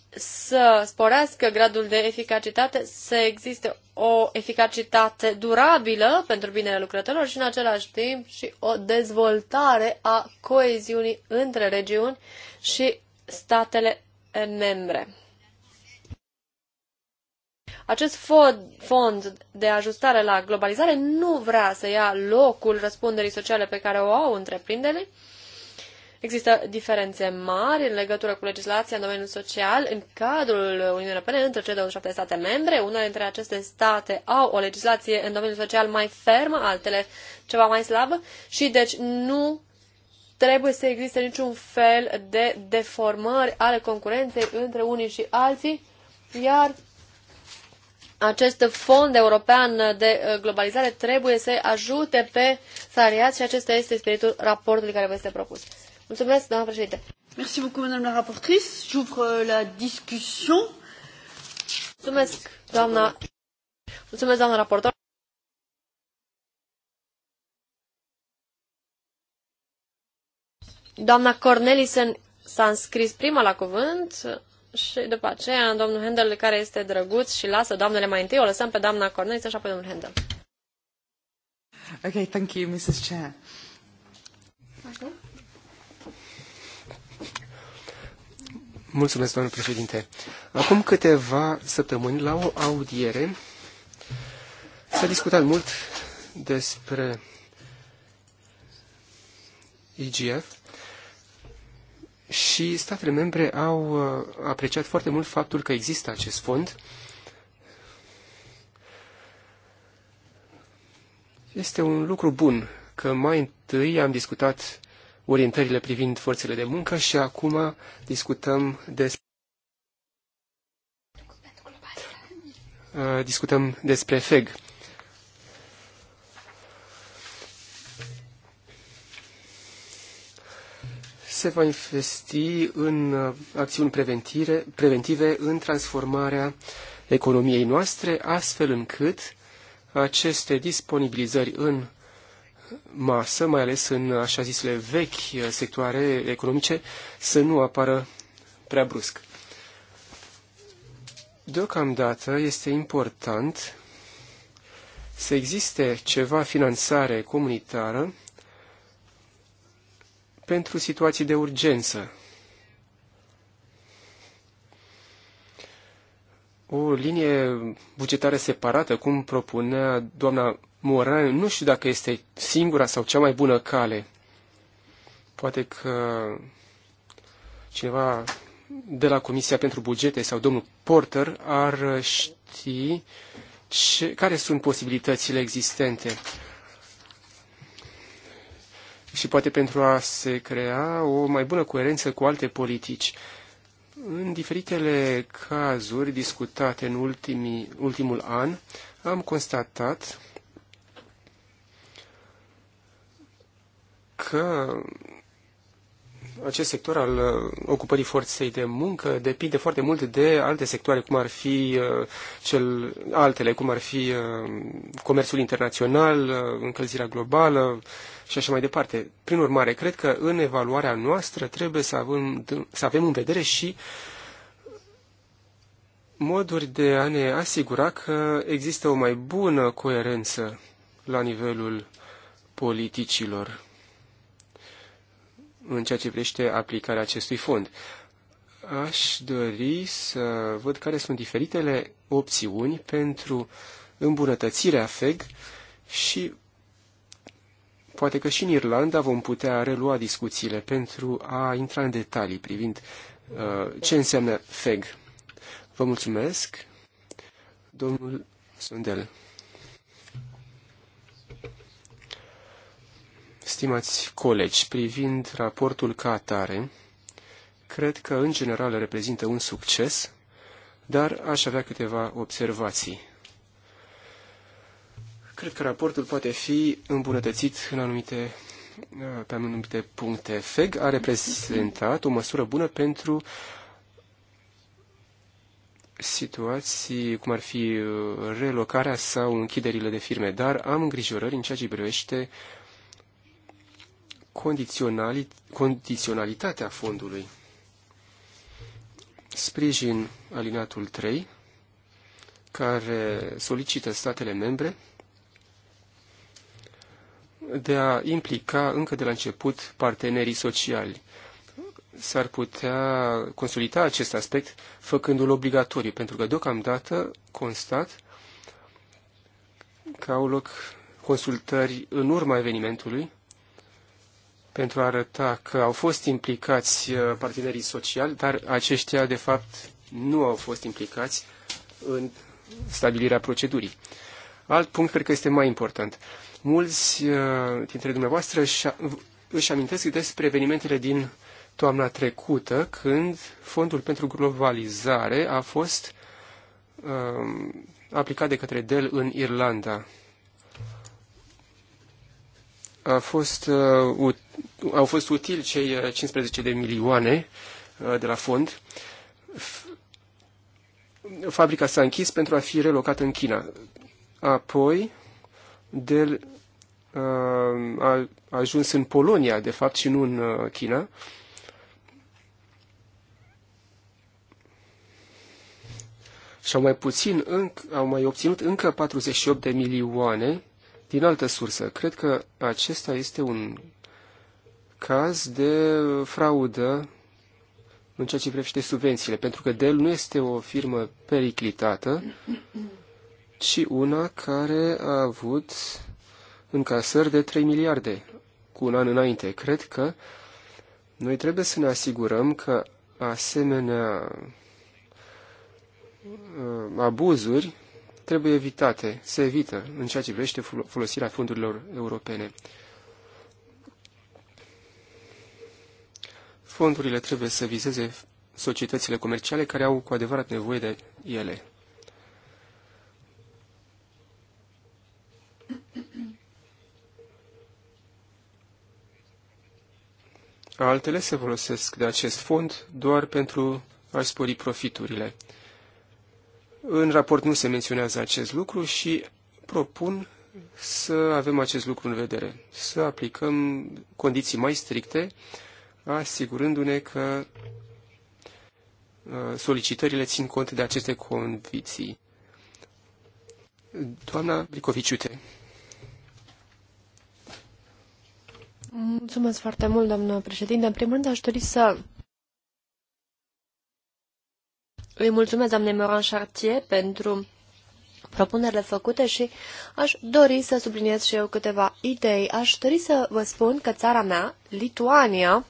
să sporească gradul de eficacitate, să existe o eficacitate durabilă pentru binele lucrătorilor și în același timp și o dezvoltare a coeziunii între regiuni și statele membre. Acest fond de ajustare la globalizare nu vrea să ia locul răspunderii sociale pe care o au întreprinderile, Există diferențe mari în legătură cu legislația în domeniul social în cadrul Uniunii Europene între cele 27 state membre. Unele dintre aceste state au o legislație în domeniul social mai fermă, altele ceva mai slabă și deci nu trebuie să existe niciun fel de deformări ale concurenței între unii și alții, iar acest fond european de uh, globalizare trebuie să ajute pe salariați și acesta este spiritul raportului care vă este propus. Mulțumesc, doamna președinte. Merci beaucoup, madame la rapportrice. J'ouvre euh, la discussion. Mulțumesc, doamna. Mulțumesc, doamna raportor. Doamna Cornelisen s-a înscris prima la cuvânt și după aceea domnul Handel, care este drăguț și lasă doamnele mai întâi, o lăsăm pe doamna Cornelisen și apoi domnul Handel. Ok, thank you, Mrs. Chair. Mulțumesc, domnul președinte. Acum câteva săptămâni, la o audiere, s-a discutat mult despre IGF și statele membre au uh, apreciat foarte mult faptul că există acest fond. Este un lucru bun că mai întâi am discutat orientările privind forțele de muncă și acum discutăm despre uh, discutăm despre FEG. Se va investi în uh, acțiuni preventive, preventive în transformarea economiei noastre, astfel încât aceste disponibilizări în masă, mai ales în așa zisele vechi sectoare economice, să nu apară prea brusc. Deocamdată este important să existe ceva finanțare comunitară pentru situații de urgență, o linie bugetară separată, cum propunea doamna Moran, nu știu dacă este singura sau cea mai bună cale. Poate că cineva de la Comisia pentru Bugete sau domnul Porter ar ști ce, care sunt posibilitățile existente. Și poate pentru a se crea o mai bună coerență cu alte politici. În diferitele cazuri discutate în ultimii, ultimul an, am constatat că acest sector al uh, ocupării forței de muncă depinde foarte mult de alte sectoare, cum ar fi uh, cel, altele, cum ar fi uh, comerțul internațional, încălzirea globală și așa mai departe. Prin urmare, cred că în evaluarea noastră trebuie să avem, să avem în vedere și moduri de a ne asigura că există o mai bună coerență la nivelul politicilor în ceea ce privește aplicarea acestui fond. Aș dori să văd care sunt diferitele opțiuni pentru îmbunătățirea FEG și poate că și în Irlanda vom putea relua discuțiile pentru a intra în detalii privind uh, ce înseamnă FEG. Vă mulțumesc, domnul Sundel. Stimați colegi, privind raportul ca atare, cred că în general reprezintă un succes, dar aș avea câteva observații. Cred că raportul poate fi îmbunătățit în anumite, pe anumite puncte. FEG a reprezentat o măsură bună pentru situații cum ar fi uh, relocarea sau închiderile de firme, dar am îngrijorări în ceea ce privește condiționalitatea fondului. Sprijin alinatul 3, care solicită statele membre de a implica încă de la început partenerii sociali. S-ar putea consolida acest aspect făcându-l obligatoriu, pentru că deocamdată constat că au loc consultări în urma evenimentului pentru a arăta că au fost implicați uh, partenerii sociali, dar aceștia, de fapt, nu au fost implicați în stabilirea procedurii. Alt punct, cred că este mai important. Mulți uh, dintre dumneavoastră își amintesc despre evenimentele din toamna trecută, când Fondul pentru Globalizare a fost um, aplicat de către Dell în Irlanda a fost, uh, au fost utili cei 15 uh, de milioane uh, de la fond. Fabrica s-a închis pentru a fi relocată în China. Apoi, Dell uh, a ajuns în Polonia, de fapt, și nu în uh, China. Și au mai puțin, au mai obținut încă 48 de milioane din altă sursă. Cred că acesta este un caz de fraudă în ceea ce privește subvențiile, pentru că Dell nu este o firmă periclitată, ci una care a avut încasări de 3 miliarde cu un an înainte. Cred că noi trebuie să ne asigurăm că asemenea uh, abuzuri trebuie evitate, se evită în ceea ce privește folosirea fondurilor europene. Fondurile trebuie să vizeze societățile comerciale care au cu adevărat nevoie de ele. Altele se folosesc de acest fond doar pentru a spori profiturile. În raport nu se menționează acest lucru și propun să avem acest lucru în vedere, să aplicăm condiții mai stricte, asigurându-ne că uh, solicitările țin cont de aceste condiții. Doamna Bricoviciute. Mulțumesc foarte mult, doamnă președinte. În primul rând, aș dori să îi mulțumesc, doamne Moran Chartier, pentru propunerile făcute și aș dori să subliniez și eu câteva idei. Aș dori să vă spun că țara mea, Lituania,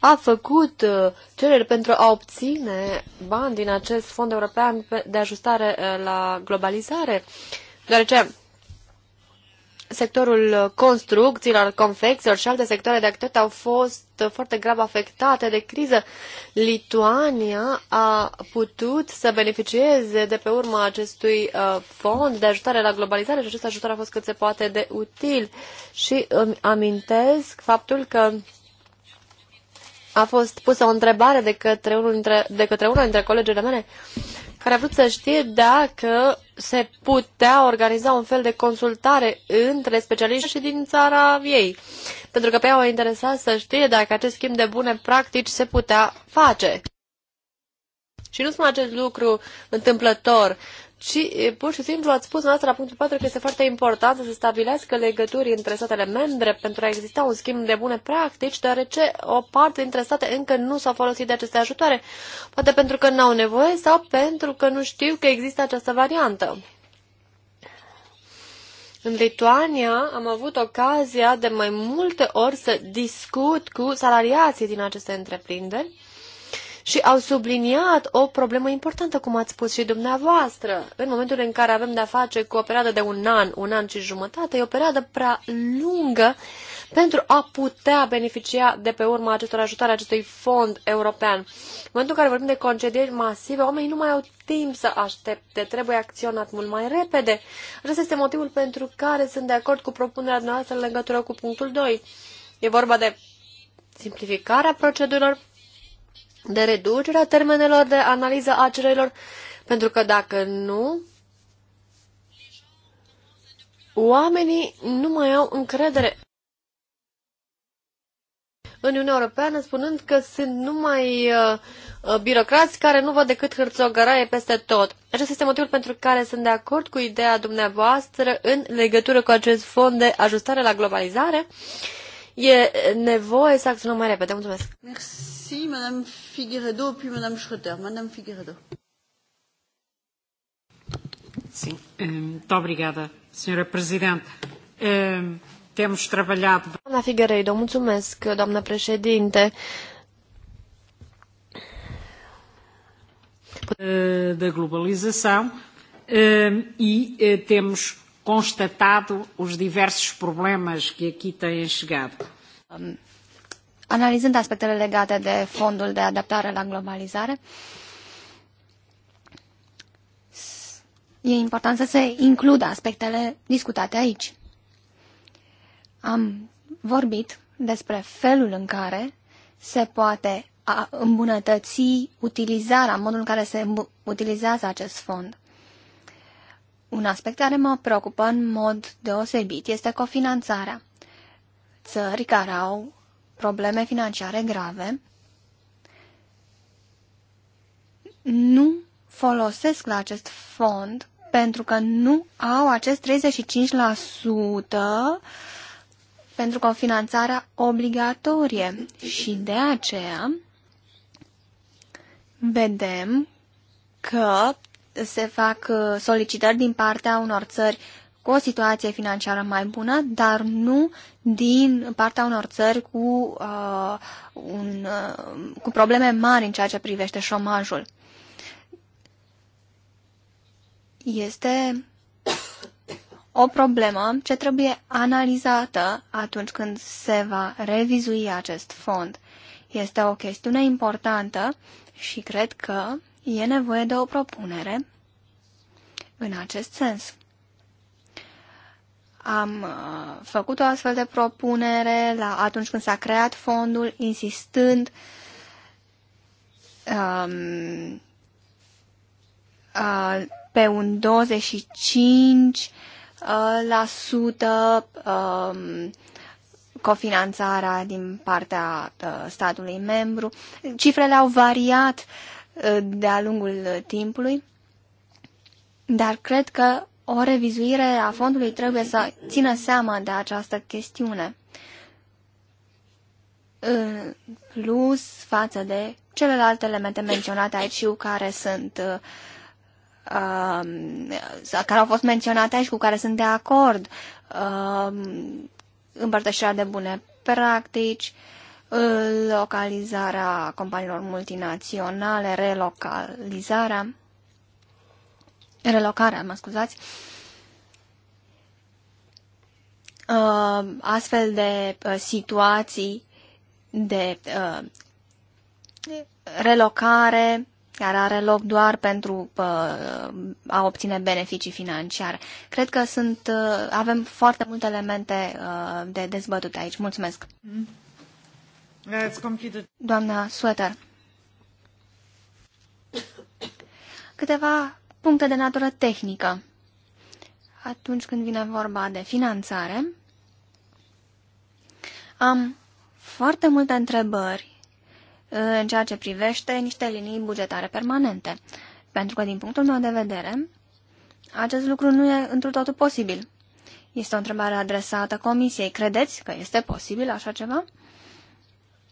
a făcut uh, cereri pentru a obține bani din acest fond european de ajustare uh, la globalizare, deoarece sectorul construcțiilor, confecțiilor și alte sectoare de activitate au fost foarte grav afectate de criză. Lituania a putut să beneficieze de pe urma acestui uh, fond de ajutare la globalizare și acest ajutor a fost cât se poate de util. Și îmi amintesc faptul că a fost pusă o întrebare de către unul dintre, de către dintre colegele mele care a vrut să știe dacă se putea organiza un fel de consultare între specialiști și din țara ei, pentru că pe ea o interesa să știe dacă acest schimb de bune practici se putea face. Și nu spun acest lucru întâmplător ci pur și simplu ați spus noastră la punctul 4 că este foarte important să se stabilească legături între statele membre pentru a exista un schimb de bune practici, deoarece o parte dintre state încă nu s-au folosit de aceste ajutoare, poate pentru că n-au nevoie sau pentru că nu știu că există această variantă. În Lituania am avut ocazia de mai multe ori să discut cu salariații din aceste întreprinderi și au subliniat o problemă importantă, cum ați spus și dumneavoastră. În momentul în care avem de-a face cu o perioadă de un an, un an și jumătate, e o perioadă prea lungă pentru a putea beneficia de pe urma acestor ajutoare, acestui fond european. În momentul în care vorbim de concedieri masive, oamenii nu mai au timp să aștepte, trebuie acționat mult mai repede. Acesta este motivul pentru care sunt de acord cu propunerea noastră în legătură cu punctul 2. E vorba de simplificarea procedurilor, de reducerea termenelor de analiză a cererilor, pentru că dacă nu, oamenii nu mai au încredere în Uniunea Europeană, spunând că sunt numai uh, uh, birocrați care nu văd decât hârțogăraie peste tot. Acesta este motivul pentru care sunt de acord cu ideea dumneavoastră în legătură cu acest fond de ajustare la globalizare. E nevoie să acționăm mai repede. Mulțumesc! Merci. Merci, Madame Figueredo, puis Madame Schroeter. Madame Figueredo. Sim, eh, muito obrigada, Senhora Presidente. Eh, temos trabalhado... Doamna Figueiredo, mulțumesc, doamnă președinte. Eh, da globalização e temos constatado os diversos problemas que aqui têm chegado analizând aspectele legate de fondul de adaptare la globalizare, e important să se includă aspectele discutate aici. Am vorbit despre felul în care se poate îmbunătăți utilizarea, modul în care se utilizează acest fond. Un aspect care mă preocupă în mod deosebit este cofinanțarea. Țări care au probleme financiare grave, nu folosesc la acest fond pentru că nu au acest 35% pentru cofinanțarea obligatorie și de aceea vedem că se fac uh, solicitări din partea unor țări cu o situație financiară mai bună, dar nu din partea unor țări cu, uh, un, uh, cu probleme mari în ceea ce privește șomajul. Este o problemă ce trebuie analizată atunci când se va revizui acest fond. Este o chestiune importantă și cred că e nevoie de o propunere în acest sens. Am uh, făcut o astfel de propunere la atunci când s-a creat fondul, insistând um, uh, pe un 25 uh, la sută um, cofinanțarea din partea uh, statului membru. Cifrele au variat de-a lungul timpului, dar cred că o revizuire a fondului trebuie să țină seama de această chestiune. În plus față de celelalte elemente menționate aici și care sunt uh, care au fost menționate și cu care sunt de acord, uh, împărtășirea de bune practici, localizarea companiilor multinaționale, relocalizarea relocarea, mă scuzați, uh, astfel de uh, situații de uh, relocare care are loc doar pentru a obține beneficii financiare. Cred că sunt, avem foarte multe elemente de dezbătut aici. Mulțumesc! Doamna Sweater. Câteva puncte de natură tehnică. Atunci când vine vorba de finanțare, am foarte multe întrebări uh, în ceea ce privește niște linii bugetare permanente, pentru că, din punctul meu de vedere, acest lucru nu e într totul posibil. Este o întrebare adresată Comisiei. Credeți că este posibil așa ceva?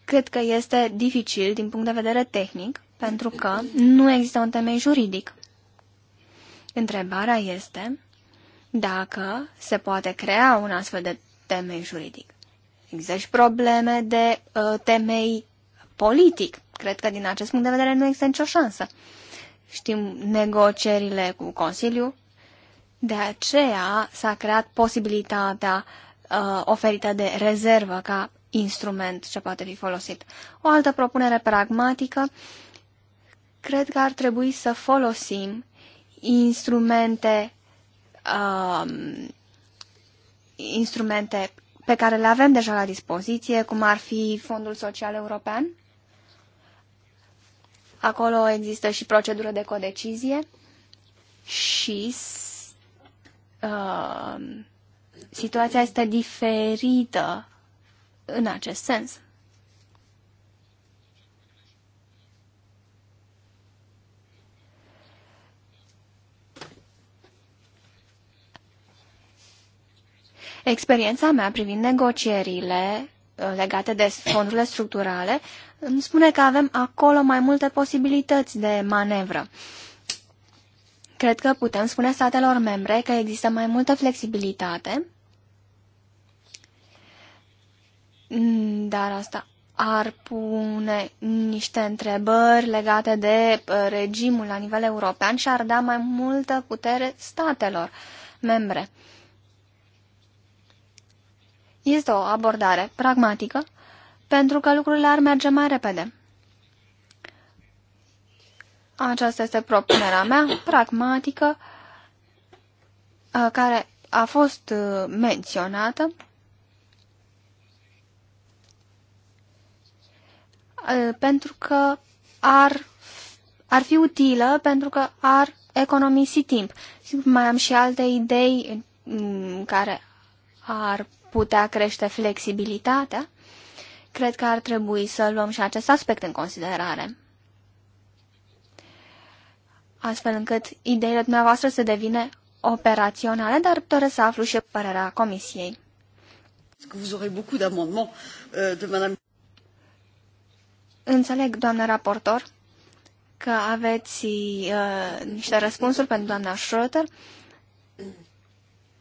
Cred că este dificil din punct de vedere tehnic, pentru că nu există un temei juridic. Întrebarea este dacă se poate crea un astfel de temei juridic. Există și probleme de uh, temei politic. Cred că din acest punct de vedere nu există nicio șansă. Știm negocierile cu Consiliu, de aceea s-a creat posibilitatea uh, oferită de rezervă ca instrument ce poate fi folosit. O altă propunere pragmatică, cred că ar trebui să folosim instrumente, uh, instrumente pe care le avem deja la dispoziție, cum ar fi Fondul Social European. Acolo există și procedură de codecizie și uh, situația este diferită în acest sens. Experiența mea privind negocierile uh, legate de fondurile structurale îmi spune că avem acolo mai multe posibilități de manevră. Cred că putem spune statelor membre că există mai multă flexibilitate, dar asta ar pune niște întrebări legate de uh, regimul la nivel european și ar da mai multă putere statelor membre. Este o abordare pragmatică, pentru că lucrurile ar merge mai repede. Aceasta este propunerea mea, pragmatică, care a fost menționată. Pentru că ar, ar fi utilă, pentru că ar economisi timp. Mai am și alte idei care ar putea crește flexibilitatea, cred că ar trebui să luăm și acest aspect în considerare. Astfel încât ideile dumneavoastră să devină operaționale, dar doresc să aflu și părerea Comisiei. Euh, Înțeleg, doamnă raportor, că aveți uh, niște răspunsuri pentru doamna Schroeter.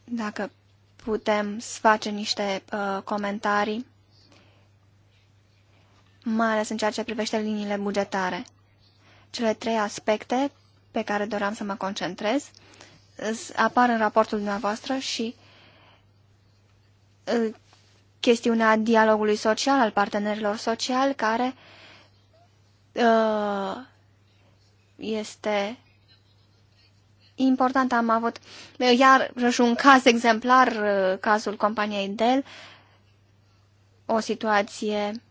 Dacă putem face niște uh, comentarii, mai ales în ceea ce privește liniile bugetare. Cele trei aspecte pe care doream să mă concentrez apar în raportul dumneavoastră și uh, chestiunea dialogului social, al partenerilor sociali, care uh, este important am avut, iar un caz exemplar, uh, cazul companiei Dell, o situație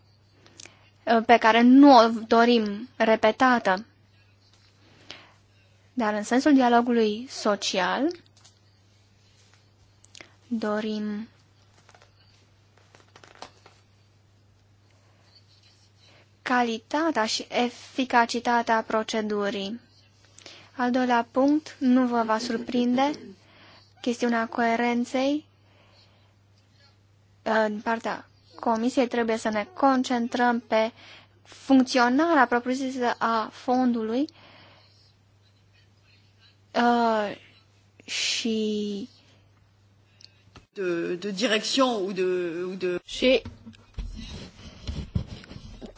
uh, pe care nu o dorim repetată. Dar în sensul dialogului social, dorim calitatea și eficacitatea procedurii. Al doilea punct, nu vă va surprinde, chestiunea coerenței. În partea comisiei trebuie să ne concentrăm pe funcționarea propriu-zisă a fondului uh, și de, de direcție ou de, ou de... Și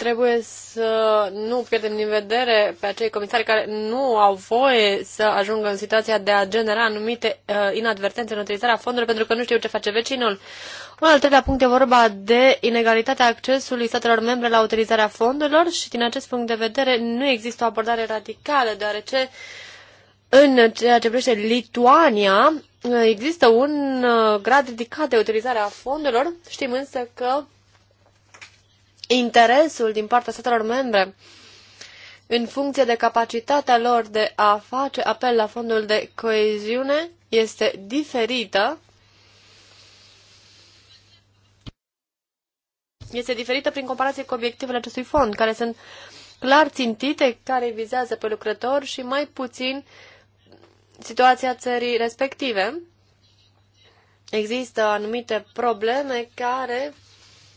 trebuie să nu pierdem din vedere pe acei comisari care nu au voie să ajungă în situația de a genera anumite uh, inadvertențe în utilizarea fondurilor pentru că nu știu ce face vecinul. Un al treilea punct e vorba de inegalitatea accesului statelor membre la utilizarea fondurilor și din acest punct de vedere nu există o abordare radicală, deoarece în ceea ce privește Lituania uh, există un uh, grad ridicat de utilizare a fondurilor. Știm însă că interesul din partea statelor membre în funcție de capacitatea lor de a face apel la fondul de coeziune este diferită. Este diferită prin comparație cu obiectivele acestui fond, care sunt clar țintite, care vizează pe lucrător și mai puțin situația țării respective. Există anumite probleme care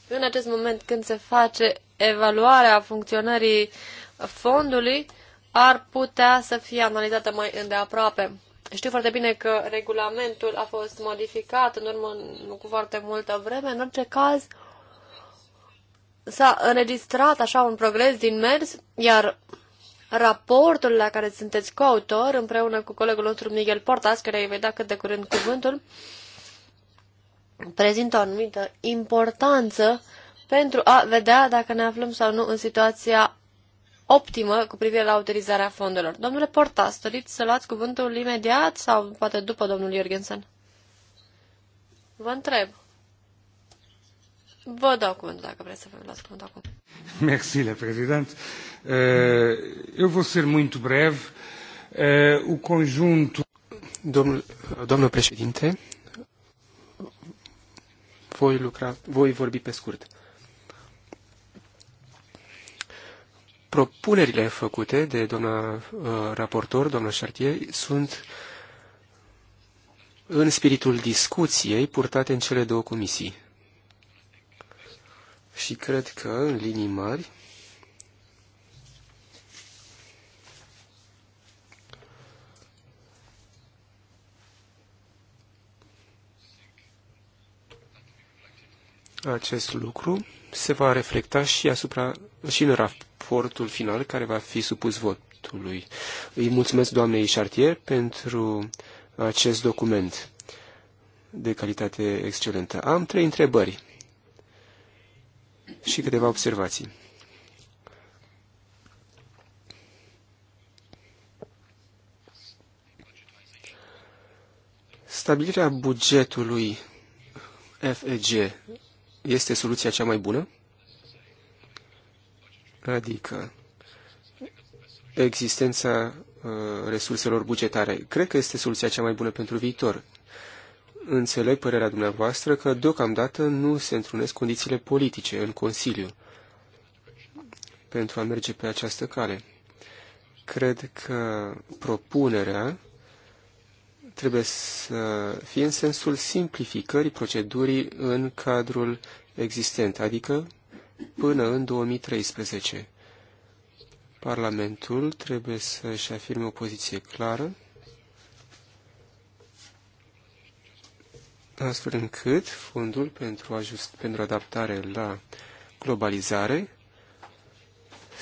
în acest moment când se face evaluarea funcționării fondului, ar putea să fie analizată mai îndeaproape. Știu foarte bine că regulamentul a fost modificat în urmă cu foarte multă vreme. În orice caz, s-a înregistrat așa un progres din mers, iar raportul la care sunteți coautor, împreună cu colegul nostru Miguel Portas, care îi vei da cât de curând cuvântul, prezintă o anumită importanță pentru a vedea dacă ne aflăm sau nu în situația optimă cu privire la utilizarea fondurilor. Domnule Portas, stăriți să luați cuvântul imediat sau poate după domnul Jorgensen? Vă întreb. Vă dau cuvântul dacă vreți să vă luați cuvântul acum. Mersi, le prezident. Eh, eu vă ser muito brev. Eh, o conjunto... Domnul, domnul președinte, voi, lucra, voi vorbi pe scurt. Propunerile făcute de doamna uh, raportor, doamna Chartier, sunt în spiritul discuției purtate în cele două comisii. Și cred că, în linii mari, Acest lucru se va reflecta și, asupra, și în raportul final care va fi supus votului. Îi mulțumesc doamnei Chartier pentru acest document de calitate excelentă. Am trei întrebări și câteva observații. Stabilirea bugetului FEG este soluția cea mai bună? Adică existența uh, resurselor bugetare. Cred că este soluția cea mai bună pentru viitor. Înțeleg părerea dumneavoastră că deocamdată nu se întrunesc condițiile politice în Consiliu pentru a merge pe această cale. Cred că propunerea trebuie să fie în sensul simplificării procedurii în cadrul existent, adică până în 2013. Parlamentul trebuie să-și afirme o poziție clară, astfel încât fondul pentru, ajust, pentru adaptare la globalizare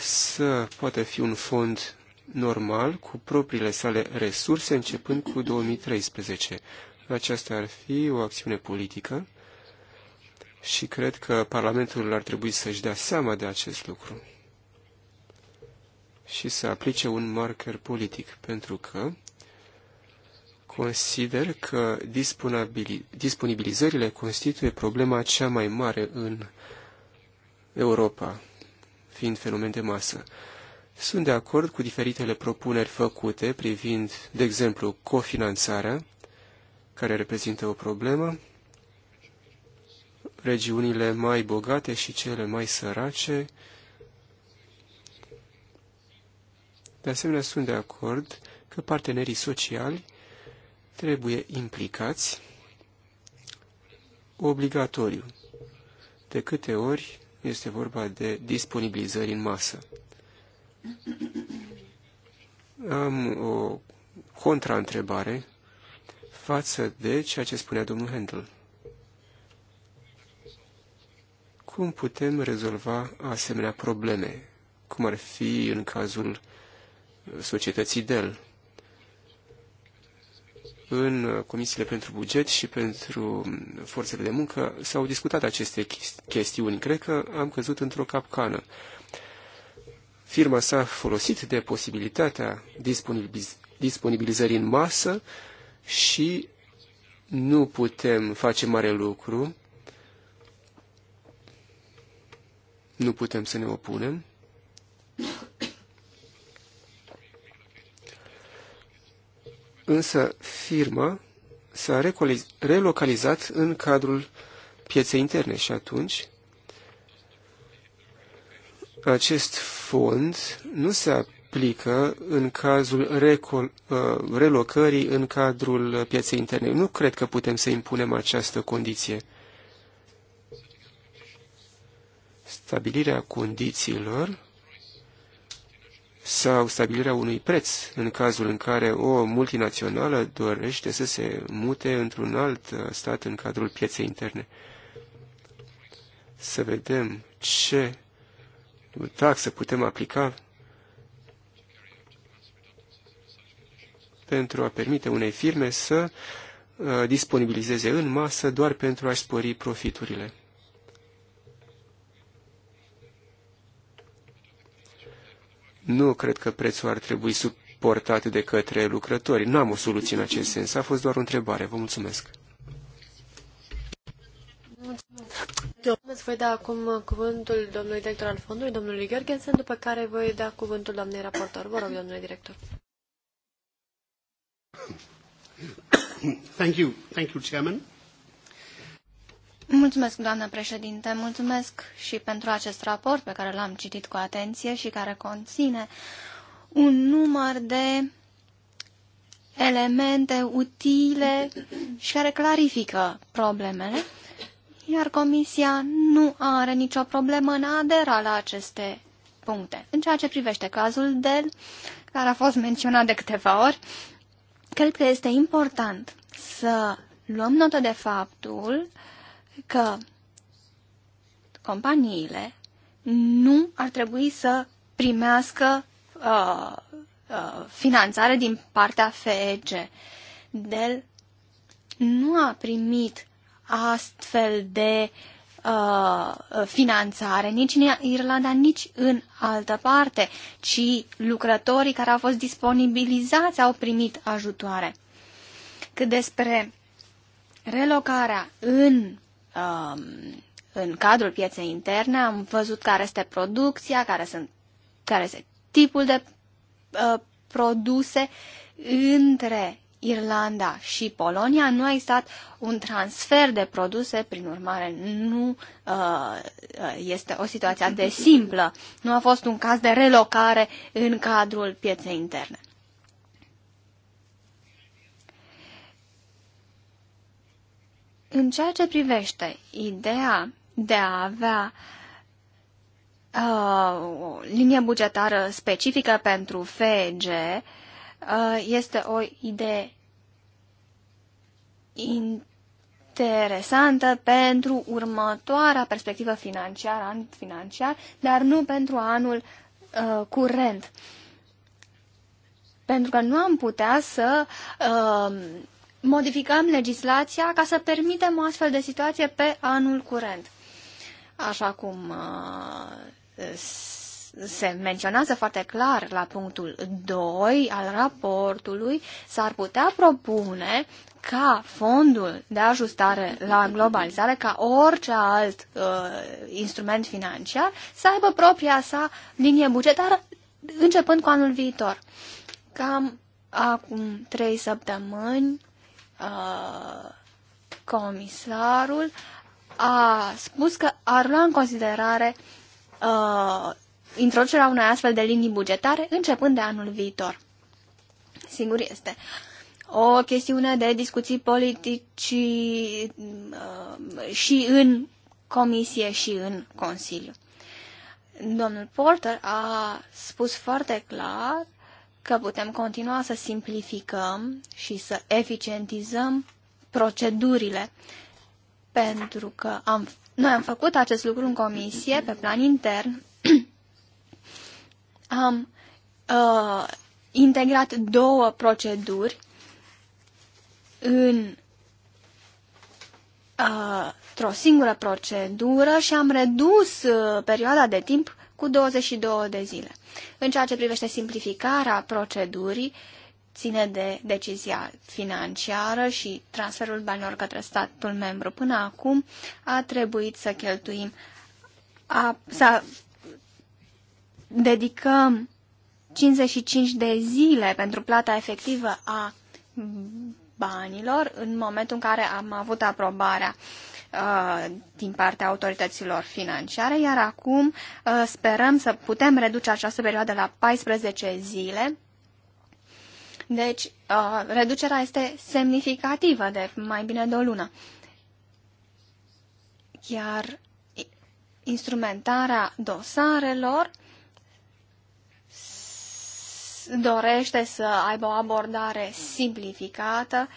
să poată fi un fond normal cu propriile sale resurse începând cu 2013. Aceasta ar fi o acțiune politică și cred că Parlamentul ar trebui să-și dea seama de acest lucru și să aplice un marker politic, pentru că consider că disponibilizările constituie problema cea mai mare în Europa, fiind fenomen de masă. Sunt de acord cu diferitele propuneri făcute privind, de exemplu, cofinanțarea, care reprezintă o problemă, regiunile mai bogate și cele mai sărace. De asemenea, sunt de acord că partenerii sociali trebuie implicați obligatoriu, de câte ori este vorba de disponibilizări în masă. Am o contraîntrebare față de ceea ce spunea domnul Handel. Cum putem rezolva asemenea probleme, cum ar fi în cazul societății Dell? În comisiile pentru buget și pentru forțele de muncă s-au discutat aceste chestiuni. Cred că am căzut într-o capcană firma s-a folosit de posibilitatea disponibiliz disponibilizării în masă și nu putem face mare lucru, nu putem să ne opunem. Însă firma s-a relocalizat în cadrul pieței interne și atunci acest fond nu se aplică în cazul uh, relocării în cadrul pieței interne. Nu cred că putem să impunem această condiție. Stabilirea condițiilor sau stabilirea unui preț în cazul în care o multinațională dorește să se mute într-un alt uh, stat în cadrul pieței interne. Să vedem ce taxe putem aplica pentru a permite unei firme să uh, disponibilizeze în masă doar pentru a-și spori profiturile. Nu cred că prețul ar trebui suportat de către lucrători. Nu am o soluție în acest sens. A fost doar o întrebare. Vă mulțumesc director. Îți voi da acum cuvântul domnului director al fondului, domnului Gheorghensen, după care voi da cuvântul doamnei raportor. Vă rog, domnule director. Thank you. Thank you, Chairman. Mulțumesc, doamnă președinte, mulțumesc și pentru acest raport pe care l-am citit cu atenție și care conține un număr de elemente utile și care clarifică problemele iar Comisia nu are nicio problemă în a adera la aceste puncte. În ceea ce privește cazul DEL, care a fost menționat de câteva ori, cred că este important să luăm notă de faptul că companiile nu ar trebui să primească uh, uh, finanțare din partea FEG. DEL nu a primit astfel de uh, finanțare nici în Irlanda, nici în altă parte, ci lucrătorii care au fost disponibilizați au primit ajutoare. Cât despre relocarea în uh, în cadrul pieței interne, am văzut care este producția, care, sunt, care este tipul de uh, produse între Irlanda și Polonia nu a existat un transfer de produse, prin urmare nu uh, este o situație de simplă, nu a fost un caz de relocare în cadrul pieței interne. În ceea ce privește ideea de a avea uh, o linie bugetară specifică pentru FG, uh, este o idee interesantă pentru următoarea perspectivă financiară, an financiar, dar nu pentru anul uh, curent. Pentru că nu am putea să uh, modificăm legislația ca să permitem o astfel de situație pe anul curent. Așa cum uh, se menționează foarte clar la punctul 2 al raportului, s-ar putea propune ca fondul de ajustare la globalizare, ca orice alt uh, instrument financiar, să aibă propria sa linie bugetară începând cu anul viitor. Cam acum trei săptămâni, uh, comisarul a spus că ar lua în considerare uh, introducerea unei astfel de linii bugetare începând de anul viitor. Sigur este o chestiune de discuții politici uh, și în Comisie și în Consiliu. Domnul Porter a spus foarte clar că putem continua să simplificăm și să eficientizăm procedurile, pentru că am, noi am făcut acest lucru în comisie pe plan intern am uh, integrat două proceduri în uh, o singură procedură și am redus uh, perioada de timp cu 22 de zile. În ceea ce privește simplificarea procedurii, ține de decizia financiară și transferul banilor către statul membru. Până acum a trebuit să cheltuim, a, să dedicăm 55 de zile pentru plata efectivă a banilor în momentul în care am avut aprobarea uh, din partea autorităților financiare, iar acum uh, sperăm să putem reduce această perioadă la 14 zile. Deci, uh, reducerea este semnificativă de mai bine de o lună. Iar instrumentarea dosarelor dorește să aibă o abordare simplificată.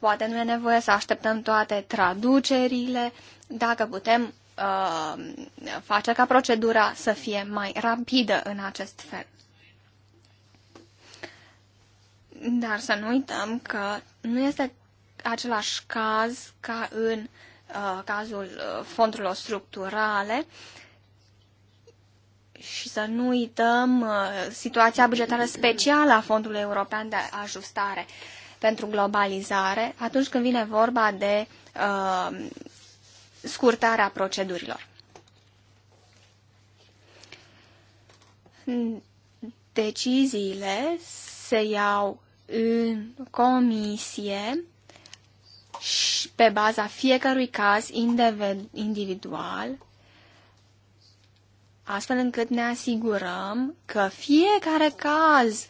Poate nu e nevoie să așteptăm toate traducerile, dacă putem uh, face ca procedura să fie mai rapidă în acest fel. Dar să nu uităm că nu este același caz ca în uh, cazul uh, fondurilor structurale, uh, și să nu uităm uh, situația bugetară specială a Fondului European de Ajustare pentru Globalizare atunci când vine vorba de uh, scurtarea procedurilor. Deciziile se iau în comisie și pe baza fiecărui caz individual astfel încât ne asigurăm că fiecare caz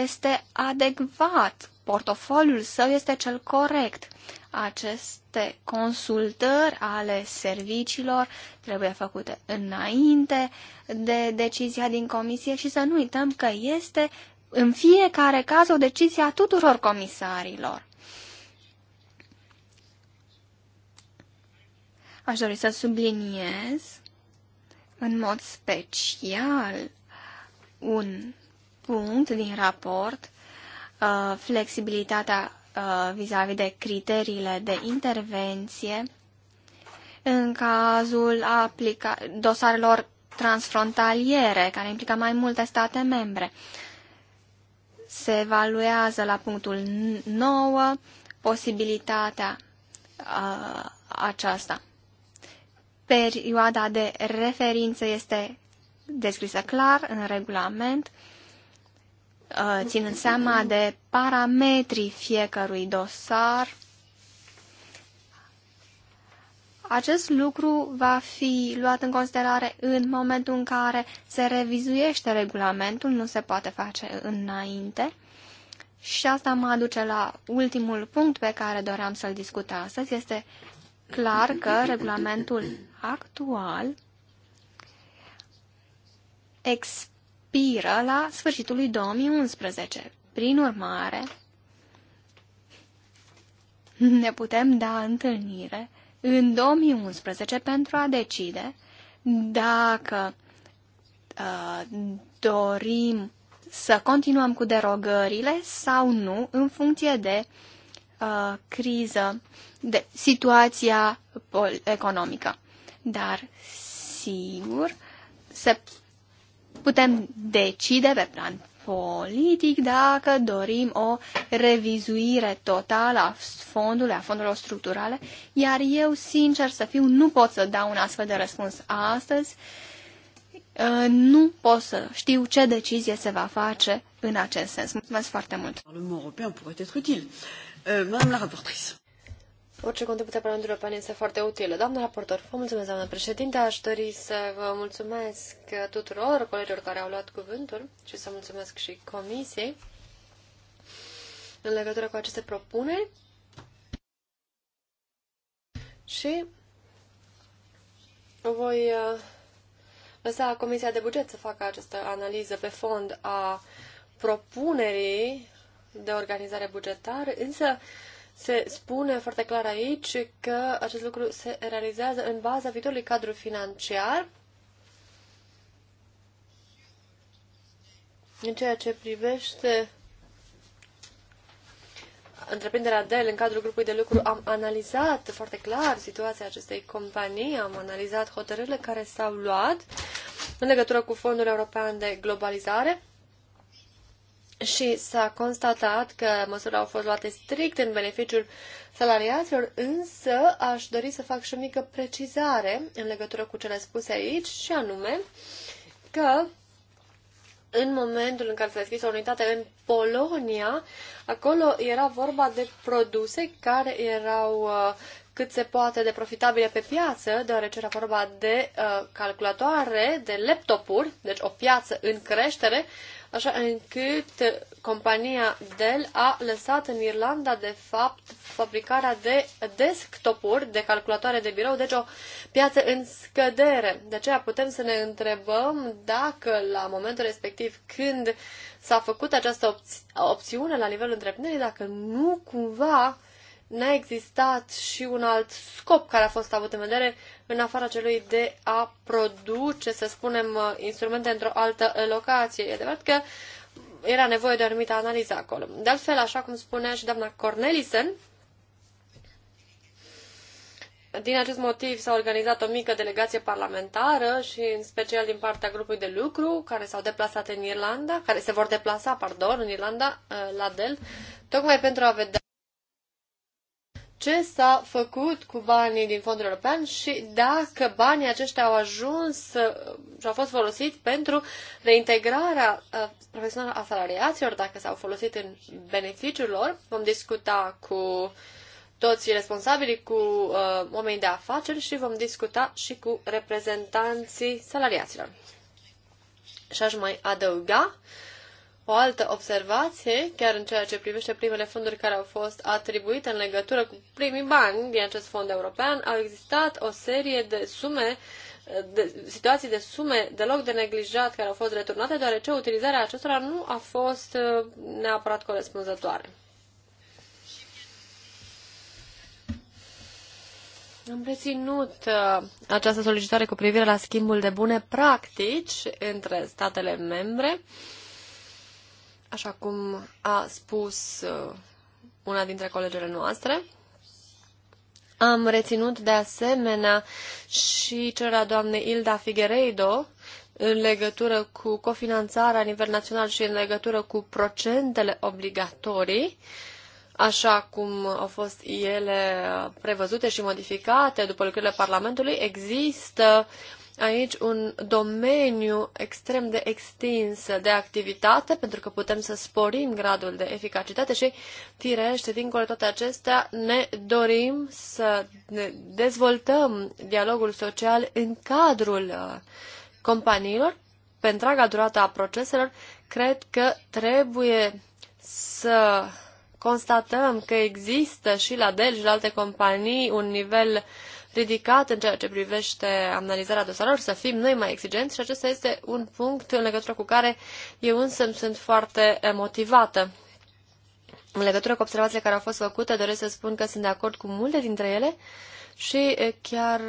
este adecvat, portofoliul său este cel corect. Aceste consultări ale serviciilor trebuie făcute înainte de decizia din comisie și să nu uităm că este în fiecare caz o decizie a tuturor comisarilor. Aș dori să subliniez în mod special un punct din raport, uh, flexibilitatea uh, vis-a-vis -vis de criteriile de intervenție în cazul aplica- dosarelor transfrontaliere, care implică mai multe state membre. Se evaluează la punctul 9 posibilitatea uh, aceasta. Perioada de referință este descrisă clar în regulament, uh, ținând seama de parametrii fiecărui dosar. Acest lucru va fi luat în considerare în momentul în care se revizuiește regulamentul, nu se poate face înainte. Și asta mă aduce la ultimul punct pe care doream să-l discut astăzi. Este clar că regulamentul actual expiră la sfârșitul lui 2011. Prin urmare, ne putem da întâlnire în 2011 pentru a decide dacă uh, dorim să continuăm cu derogările sau nu în funcție de uh, criză, de situația economică dar sigur se putem decide pe plan politic dacă dorim o revizuire totală a fondului, a fondurilor structurale, iar eu, sincer să fiu, nu pot să dau un astfel de răspuns astăzi. Ă, nu pot să știu ce decizie se va face în acest sens. Mulțumesc foarte mult. Parlamentul European poate fi util. Euh, Madame la Orice contribuție Parlamentului European este foarte utilă. Doamna raportor, vă mulțumesc, doamna președinte. Aș dori să vă mulțumesc tuturor colegilor care au luat cuvântul și să mulțumesc și comisiei în legătură cu aceste propuneri. Și voi uh, lăsa Comisia de Buget să facă această analiză pe fond a propunerii de organizare bugetară, însă se spune foarte clar aici că acest lucru se realizează în baza viitorului cadru financiar în ceea ce privește întreprinderea Dell în cadrul grupului de lucru am analizat foarte clar situația acestei companii, am analizat hotărârile care s-au luat în legătură cu Fondul European de Globalizare și s-a constatat că măsurile au fost luate strict în beneficiul salariaților, însă aș dori să fac și o mică precizare în legătură cu cele spuse aici, și anume că în momentul în care s-a deschis o unitate în Polonia, acolo era vorba de produse care erau uh, cât se poate de profitabile pe piață, deoarece era vorba de uh, calculatoare, de laptopuri, deci o piață în creștere, așa încât uh, compania Dell a lăsat în Irlanda, de fapt, fabricarea de desktopuri, de calculatoare de birou, deci o piață în scădere. De aceea putem să ne întrebăm dacă la momentul respectiv când s-a făcut această opți- opțiune la nivelul întreprinderii, dacă nu cumva n-a existat și un alt scop care a fost avut în vedere în afara celui de a produce, să spunem, instrumente într-o altă locație. E adevărat că era nevoie de o anumită analiză acolo. De altfel, așa cum spunea și doamna Cornelisen, din acest motiv s-a organizat o mică delegație parlamentară și în special din partea grupului de lucru care s-au deplasat în Irlanda, care se vor deplasa, pardon, în Irlanda, la Del, tocmai pentru a vedea ce s-a făcut cu banii din fondul european și dacă banii aceștia au ajuns uh, și au fost folosiți pentru reintegrarea uh, profesională a salariaților, dacă s-au folosit în beneficiul lor. Vom discuta cu toți responsabili, cu uh, oamenii de afaceri și vom discuta și cu reprezentanții salariaților. Și aș mai adăuga o altă observație, chiar în ceea ce privește primele fonduri care au fost atribuite în legătură cu primii bani din acest fond european, au existat o serie de sume de, situații de sume deloc de neglijat care au fost returnate, deoarece utilizarea acestora nu a fost uh, neapărat corespunzătoare. Am reținut uh, această solicitare cu privire la schimbul de bune practici între statele membre așa cum a spus uh, una dintre colegele noastre. Am reținut de asemenea și cererea doamnei Ilda Figueiredo în legătură cu cofinanțarea la nivel național și în legătură cu procentele obligatorii, așa cum au fost ele prevăzute și modificate după lucrările Parlamentului, există uh, aici un domeniu extrem de extins de activitate, pentru că putem să sporim gradul de eficacitate și, firește, dincolo toate acestea, ne dorim să ne dezvoltăm dialogul social în cadrul uh, companiilor, pe întreaga durată a proceselor, cred că trebuie să constatăm că există și la Dell și la alte companii un nivel uh, ridicat în ceea ce privește analizarea dosarelor, să fim noi mai exigenți și acesta este un punct în legătură cu care eu însă sunt foarte motivată. În legătură cu observațiile care au fost făcute, doresc să spun că sunt de acord cu multe dintre ele și chiar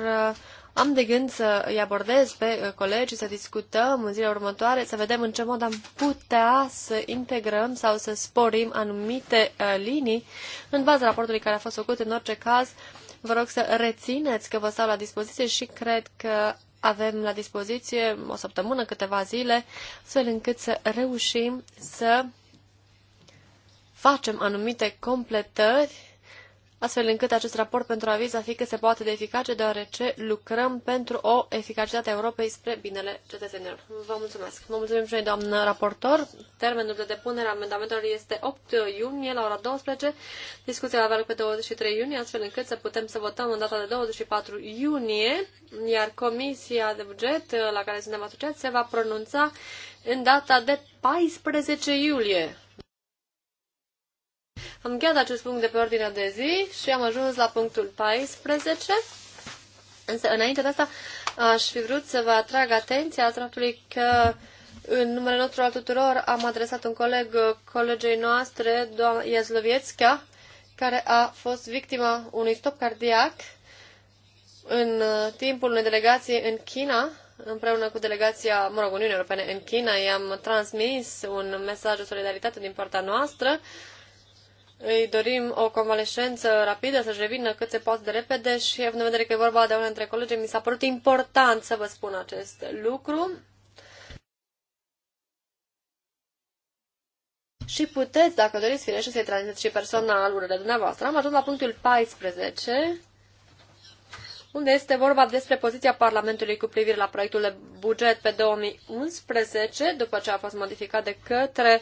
am de gând să îi abordez pe colegi, să discutăm în zilele următoare, să vedem în ce mod am putea să integrăm sau să sporim anumite linii în baza raportului care a fost făcut. În orice caz, Vă rog să rețineți că vă stau la dispoziție și cred că avem la dispoziție o săptămână, câteva zile, astfel încât să reușim să facem anumite completări astfel încât acest raport pentru aviz a fi cât se poate de eficace, deoarece lucrăm pentru o eficacitate a Europei spre binele cetățenilor. Vă mulțumesc! Vă mulțumim și noi, doamnă raportor. Termenul de depunere a amendamentelor este 8 iunie la ora 12. Discuția va avea loc pe 23 iunie, astfel încât să putem să votăm în data de 24 iunie, iar Comisia de Buget, la care suntem asociați, se va pronunța în data de 14 iulie. Am încheiat acest punct de pe ordinea de zi și am ajuns la punctul 14. Însă, înainte de asta, aș fi vrut să vă atrag atenția al faptului că în numele nostru al tuturor am adresat un coleg colegei noastre, doamna Iazloviețca, care a fost victima unui stop cardiac în uh, timpul unei delegații în China, împreună cu delegația, mă rog, Uniunii Europene în China, i-am transmis un mesaj de solidaritate din partea noastră îi dorim o convalescență rapidă, să-și revină cât se poate de repede și, având în vedere că e vorba de una dintre colegi, mi s-a părut important să vă spun acest lucru. Și puteți, dacă doriți, firește, să-i transmiteți și personal urele dumneavoastră. Am ajuns la punctul 14, unde este vorba despre poziția Parlamentului cu privire la proiectul de buget pe 2011, după ce a fost modificat de către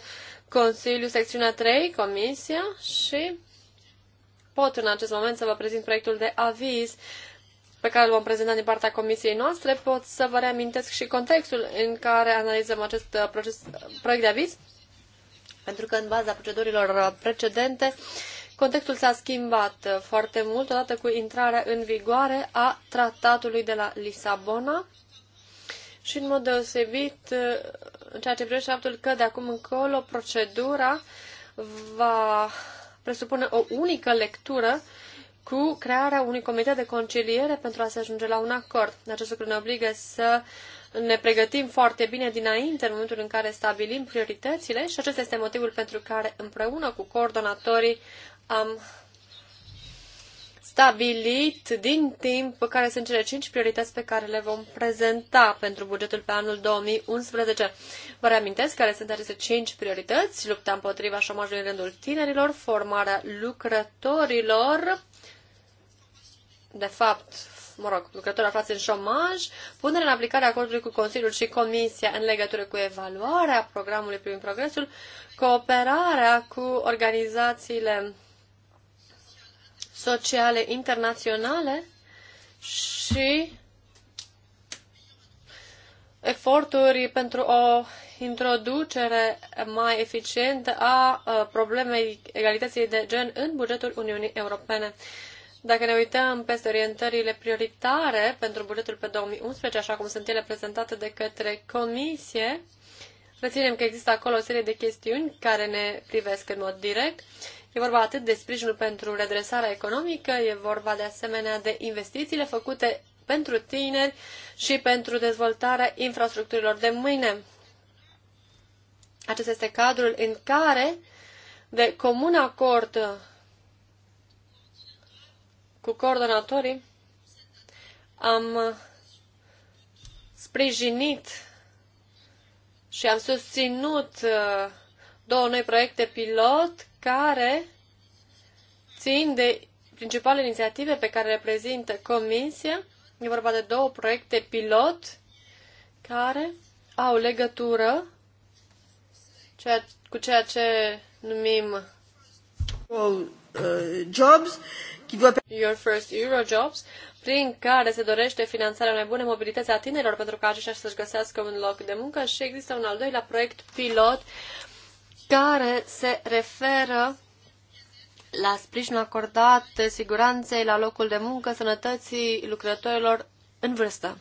Consiliu, secțiunea 3, Comisia și pot în acest moment să vă prezint proiectul de aviz pe care îl vom prezenta din partea comisiei noastre. Pot să vă reamintesc și contextul în care analizăm acest uh, proces, proiect de aviz, pentru că în baza procedurilor uh, precedente contextul s-a schimbat uh, foarte mult odată cu intrarea în vigoare a tratatului de la Lisabona și în mod deosebit în ceea ce privește faptul că de acum încolo procedura va presupune o unică lectură cu crearea unui comitet de conciliere pentru a se ajunge la un acord. Acest lucru ne obligă să ne pregătim foarte bine dinainte, în momentul în care stabilim prioritățile și acesta este motivul pentru care împreună cu coordonatorii am stabilit din timp care sunt cele cinci priorități pe care le vom prezenta pentru bugetul pe anul 2011. Vă reamintesc care sunt aceste cinci priorități? Lupta împotriva șomajului în rândul tinerilor, formarea lucrătorilor, de fapt, mă rog, lucrători aflați în șomaj, punerea în aplicare a acordului cu Consiliul și Comisia în legătură cu evaluarea programului prin progresul, cooperarea cu organizațiile sociale internaționale și eforturi pentru o introducere mai eficientă a problemei egalității de gen în bugetul Uniunii Europene. Dacă ne uităm peste orientările prioritare pentru bugetul pe 2011, așa cum sunt ele prezentate de către Comisie, reținem că există acolo o serie de chestiuni care ne privesc în mod direct E vorba atât de sprijinul pentru redresarea economică, e vorba de asemenea de investițiile făcute pentru tineri și pentru dezvoltarea infrastructurilor de mâine. Acesta este cadrul în care, de comun acord cu coordonatorii, am sprijinit și am susținut uh, două noi proiecte pilot care țin de principalele inițiative pe care le prezintă Comisia. E vorba de două proiecte pilot care au legătură cu ceea ce numim uh, Jobs, Your First Euro Jobs, prin care se dorește finanțarea mai bună mobilității a tinerilor pentru ca aceștia să-și găsească un loc de muncă și există un al doilea proiect pilot care se referă la sprijinul acordat siguranței la locul de muncă, sănătății lucrătorilor în vârstă.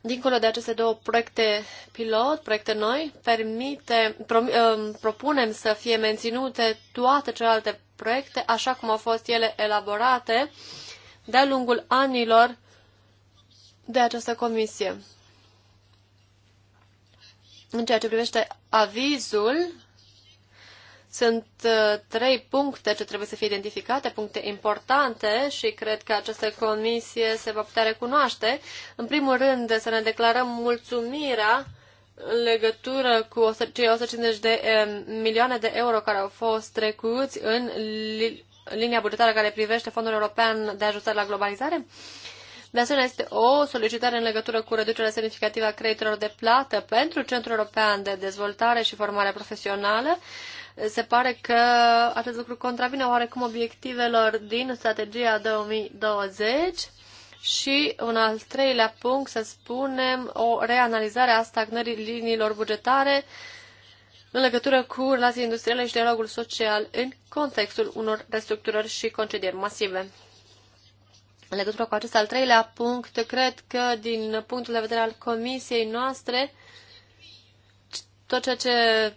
Dincolo de aceste două proiecte pilot, proiecte noi, permite, pro, um, propunem să fie menținute toate celelalte proiecte așa cum au fost ele elaborate de-a lungul anilor de această comisie. În ceea ce privește avizul, sunt uh, trei puncte ce trebuie să fie identificate, puncte importante și cred că această comisie se va putea recunoaște. În primul rând, să ne declarăm mulțumirea în legătură cu cei 150 de eh, milioane de euro care au fost trecuți în linia bugetară care privește Fondul European de Ajustare la Globalizare. De asemenea, este o solicitare în legătură cu reducerea semnificativă a creditelor de plată pentru Centrul European de Dezvoltare și Formare Profesională. Se pare că acest lucru contravine oarecum obiectivelor din strategia 2020. Și un al treilea punct, să spunem, o reanalizare a stagnării liniilor bugetare în legătură cu relații industriale și dialogul social în contextul unor restructurări și concedieri masive. În legătură cu acest al treilea punct, cred că din punctul de vedere al comisiei noastre, tot ceea ce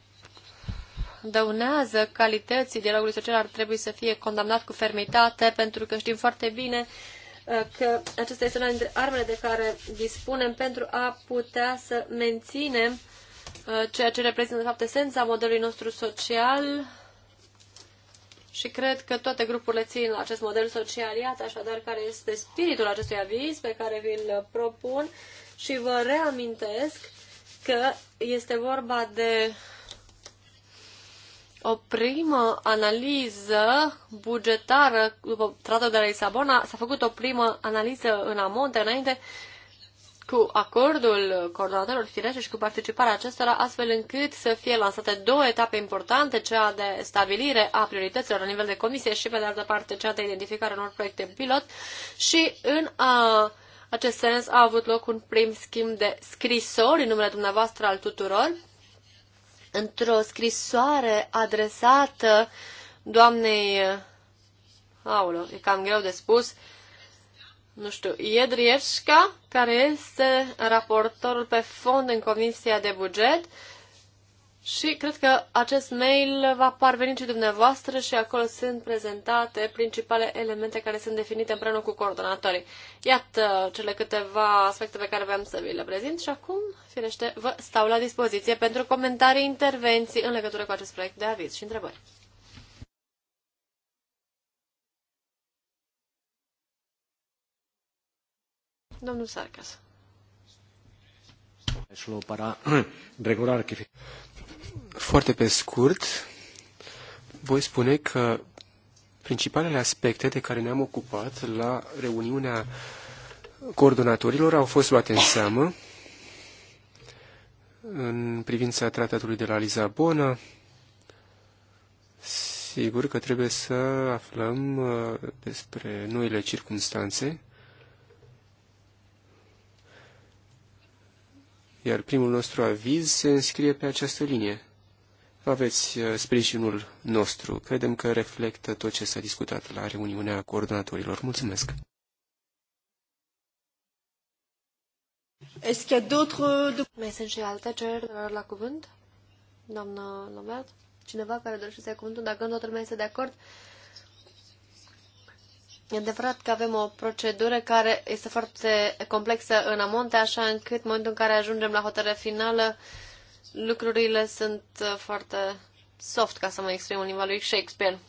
dăunează calității dialogului social ar trebui să fie condamnat cu fermitate, pentru că știm foarte bine uh, că acesta este una dintre armele de care dispunem pentru a putea să menținem uh, ceea ce reprezintă, de fapt, esența modelului nostru social, și cred că toate grupurile țin la acest model social. Iată așadar care este spiritul acestui aviz pe care vi-l propun și vă reamintesc că este vorba de o primă analiză bugetară după tratatul de la Lisabona. S-a făcut o primă analiză în amonte înainte cu acordul coordonatorilor firește și cu participarea acestora, astfel încât să fie lansate două etape importante, cea de stabilire a priorităților la nivel de comisie și, pe de altă parte, cea de identificare a unor proiecte pilot și în a, acest sens a avut loc un prim schimb de scrisori în numele dumneavoastră al tuturor, într-o scrisoare adresată doamnei, aulă, e cam greu de spus, uh, nu știu, Iedrievska, care este raportorul pe fond în Comisia de Buget. Și cred că acest mail va parveni și dumneavoastră și acolo sunt prezentate principale elemente care sunt definite împreună cu coordonatorii. Iată cele câteva aspecte pe care vreau să vi le prezint și acum, firește, vă stau la dispoziție pentru comentarii, intervenții în legătură cu acest proiect de aviz și întrebări. Domnul Sarcas. Foarte pe scurt, voi spune că principalele aspecte de care ne-am ocupat la reuniunea coordonatorilor au fost luate în seamă în privința tratatului de la Lisabona. Sigur că trebuie să aflăm uh, despre noile circunstanțe iar primul nostru aviz se înscrie pe această linie. Aveți uh, sprijinul nostru. Credem că reflectă tot ce s-a discutat la reuniunea coordonatorilor. Mulțumesc! este că d'autres... Mai sunt și alte ceri la cuvânt? Doamna Lambert? Cineva care dorește să ia cuvântul? Dacă nu, toată lumea este de acord, E adevărat că avem o procedură care este foarte complexă în amonte, așa încât în momentul în care ajungem la hotărâre finală, lucrurile sunt uh, foarte soft, ca să mă exprim în limba lui Shakespeare.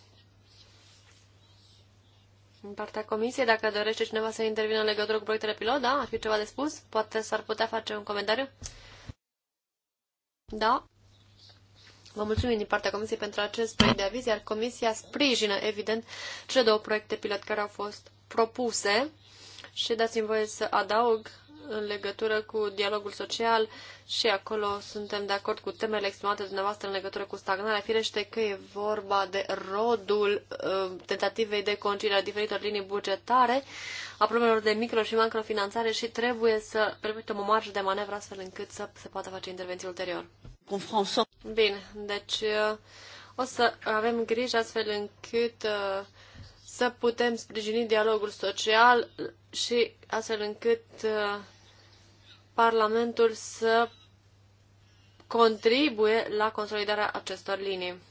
În partea comisiei, dacă dorește cineva să intervină în legătură cu proiectele pilot, da, ar fi ceva de spus? Poate s-ar putea face un comentariu? Da? Vă mulțumim din partea Comisiei pentru acest proiect de aviz, iar Comisia sprijină, evident, cele două proiecte pilot care au fost propuse și dați-mi voie să adaug în legătură cu dialogul social și acolo suntem de acord cu temele exprimate dumneavoastră în legătură cu stagnarea. Firește că e vorba de rodul uh, tentativei de conciliere a diferitor linii bugetare, a problemelor de micro și macrofinanțare și trebuie să permitem o marjă de manevră astfel încât să se poată face intervenții ulterior. Bine, deci uh, o să avem grijă astfel încât uh, să putem sprijini dialogul social și astfel încât uh, Parlamentul să contribuie la consolidarea acestor linii.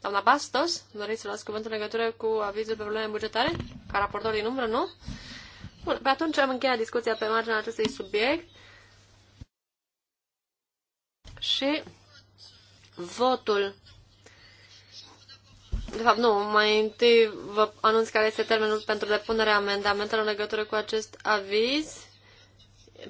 Doamna Bastos, doriți să luați cuvântul în legătură cu avizul pe probleme bugetare? Ca raportor din umbră, nu? Bun, pe atunci am încheiat discuția pe marginea acestui subiect și votul. De fapt, nu, mai întâi vă anunț care este termenul pentru depunerea amendamentelor în legătură cu acest aviz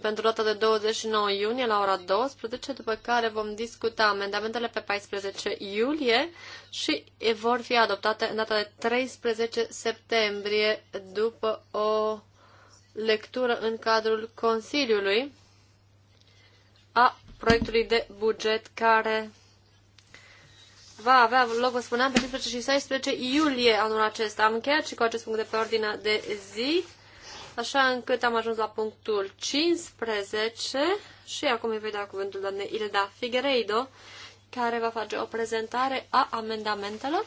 pentru data de 29 iunie la ora 12, după care vom discuta amendamentele pe 14 iulie și vor fi adoptate în data de 13 septembrie după o lectură în cadrul Consiliului a proiectului de buget care va avea loc, vă spuneam, pe 15 și 16 iulie anul acesta. Am încheiat și cu acest punct de pe ordinea de zi, așa încât am ajuns la punctul 15 și acum îi voi da cuvântul doamnei Ilda Figueiredo, care va face o prezentare a amendamentelor.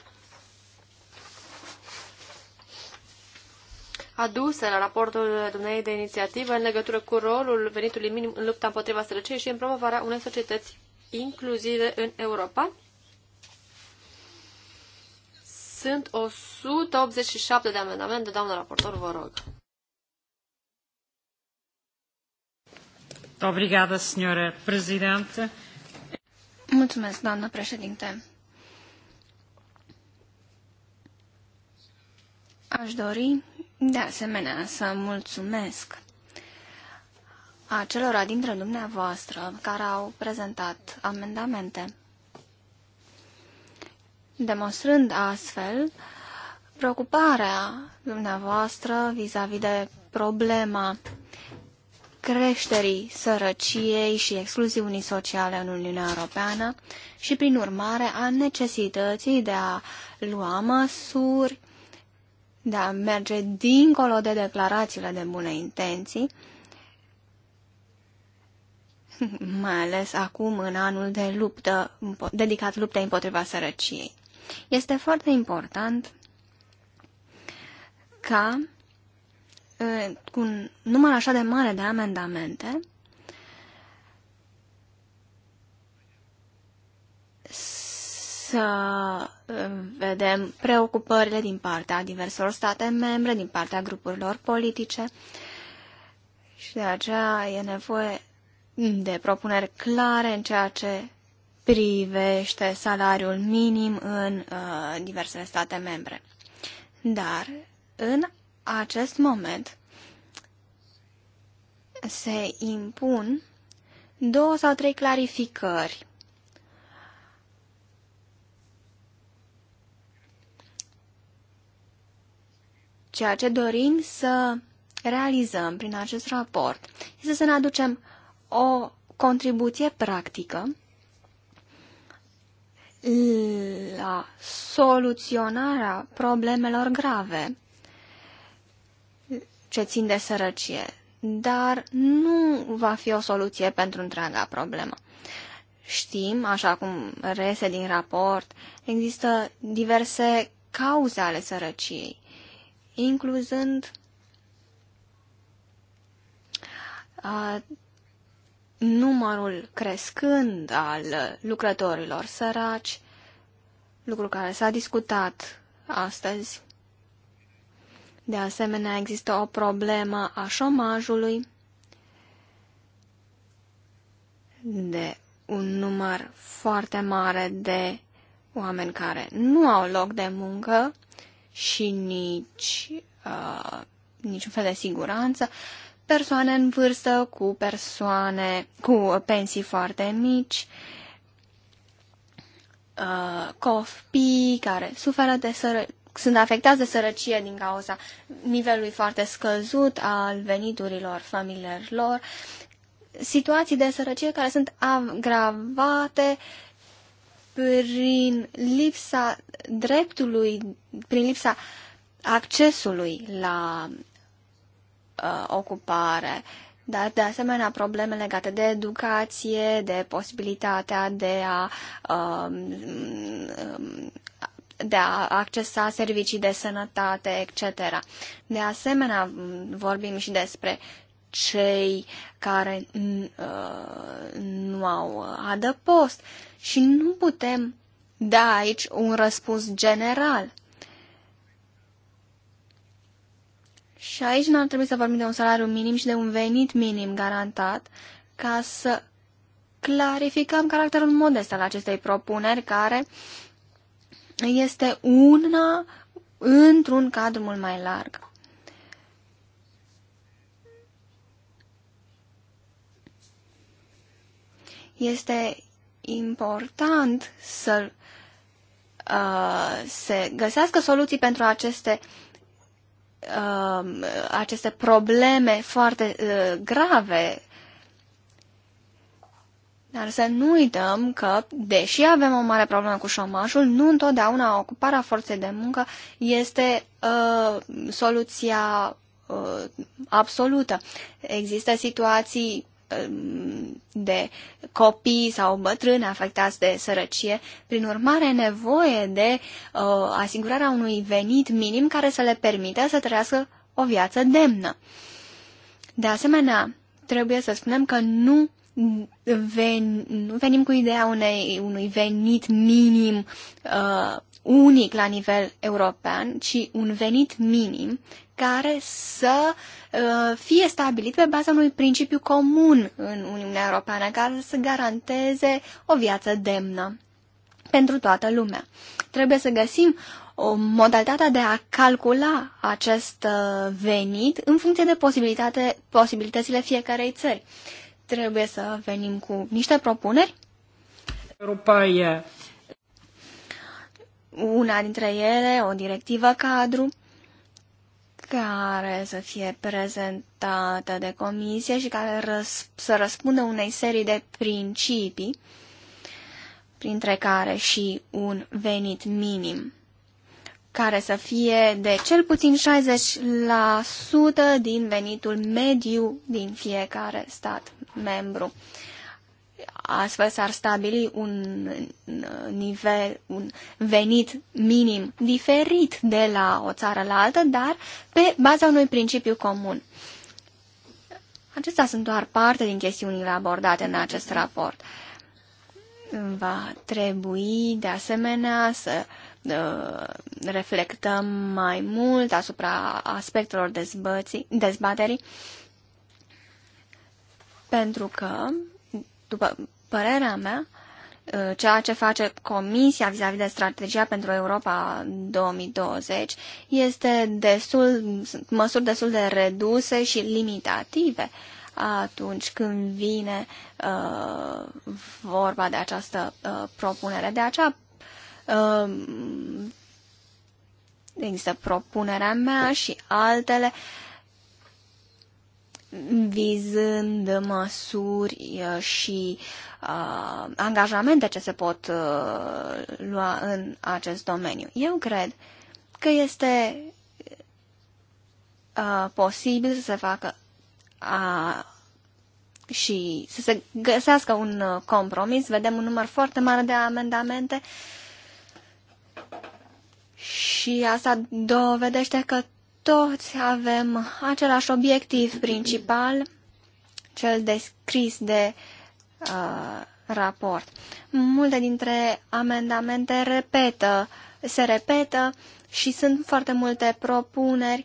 aduse la raportul dumnei de inițiativă în legătură cu rolul venitului minim în lupta împotriva sărăciei și în promovarea unei societăți inclusive în Europa. Sunt 187 de amendamente, doamnă raportor, vă rog. Obrigada, senhora Presidente. Mulțumesc, doamnă președinte. Aș dori de asemenea, să mulțumesc acelora dintre dumneavoastră care au prezentat amendamente, demonstrând astfel preocuparea dumneavoastră vis-a-vis -vis de problema creșterii sărăciei și excluziunii sociale în Uniunea Europeană și, prin urmare, a necesității de a lua măsuri de a merge dincolo de declarațiile de bune intenții, mai ales acum în anul de luptă, dedicat luptei împotriva sărăciei. Este foarte important ca uh, cu un număr așa de mare de amendamente să um, vedem preocupările din partea diverselor state membre, din partea grupurilor politice și de aceea e nevoie de propuneri clare în ceea ce privește salariul minim în uh, diversele state membre. Dar în acest moment se impun două sau trei clarificări Ceea ce dorim să realizăm prin acest raport este să ne aducem o contribuție practică la soluționarea problemelor grave ce țin de sărăcie, dar nu va fi o soluție pentru întreaga problemă. Știm, așa cum rese din raport, există diverse cauze ale sărăciei incluzând uh, numărul crescând al lucrătorilor săraci, lucru care s-a discutat astăzi. De asemenea, există o problemă a șomajului de un număr foarte mare de oameni care nu au loc de muncă și nici uh, niciun fel de siguranță, persoane în vârstă cu persoane cu pensii foarte mici, uh, copii care suferă de sără, sunt afectați de sărăcie din cauza nivelului foarte scăzut al veniturilor familiilor lor, situații de sărăcie care sunt agravate uh, prin lipsa dreptului, prin lipsa accesului la uh, ocupare, dar de asemenea probleme legate de educație, de posibilitatea de a, uh, de a accesa servicii de sănătate, etc. De asemenea, vorbim și despre cei care uh, nu au adăpost și nu putem da aici un răspuns general. Și aici nu ar trebui să vorbim de un salariu minim și de un venit minim garantat ca să clarificăm caracterul modest al acestei propuneri care este una într-un cadru mult mai larg. este important să uh, se găsească soluții pentru aceste uh, aceste probleme foarte uh, grave. Dar să nu uităm că, deși avem o mare problemă cu șomajul, nu întotdeauna ocuparea forței de muncă este uh, soluția uh, absolută. Există situații Um, de copii sau bătrâni afectați de sărăcie, prin urmare nevoie de uh, asigurarea unui venit minim care să le permită să trăiască o viață demnă. De asemenea, trebuie să spunem că nu, ven, nu venim cu ideea unei, unui venit minim uh, unic la nivel european, ci un venit minim care să uh, fie stabilit pe baza unui principiu comun în Uniunea Europeană, care să garanteze o viață demnă pentru toată lumea. Trebuie să găsim o modalitate de a calcula acest uh, venit în funcție de posibilitate, posibilitățile fiecarei țări. Trebuie să venim cu niște propuneri. Europa e... Una dintre ele, o directivă cadru care să fie prezentată de comisie și care răs- să răspundă unei serii de principii, printre care și un venit minim, care să fie de cel puțin 60% din venitul mediu din fiecare stat membru. Uh, astfel s-ar stabili un nivel, un venit minim diferit de la o țară la altă, dar pe baza unui principiu comun. Acestea sunt doar parte din chestiunile abordate în acest raport. Va trebui, de asemenea, să ă, reflectăm mai mult asupra aspectelor dezbaterii, pentru că după părerea mea, uh, ceea ce face Comisia vis-a-vis -vis de strategia pentru Europa 2020 este destul, sunt măsuri destul de reduse și limitative atunci când vine uh, vorba de această uh, propunere. De aceea uh, există propunerea mea și altele uh, vizând măsuri uh, și uh, angajamente ce se pot uh, lua în acest domeniu. Eu cred că este uh, posibil să se facă a, și să se găsească un uh, compromis. Vedem un număr foarte mare de amendamente și asta dovedește că toți avem același obiectiv principal, cel descris de uh, raport. Multe dintre amendamente repetă, se repetă și sunt foarte multe propuneri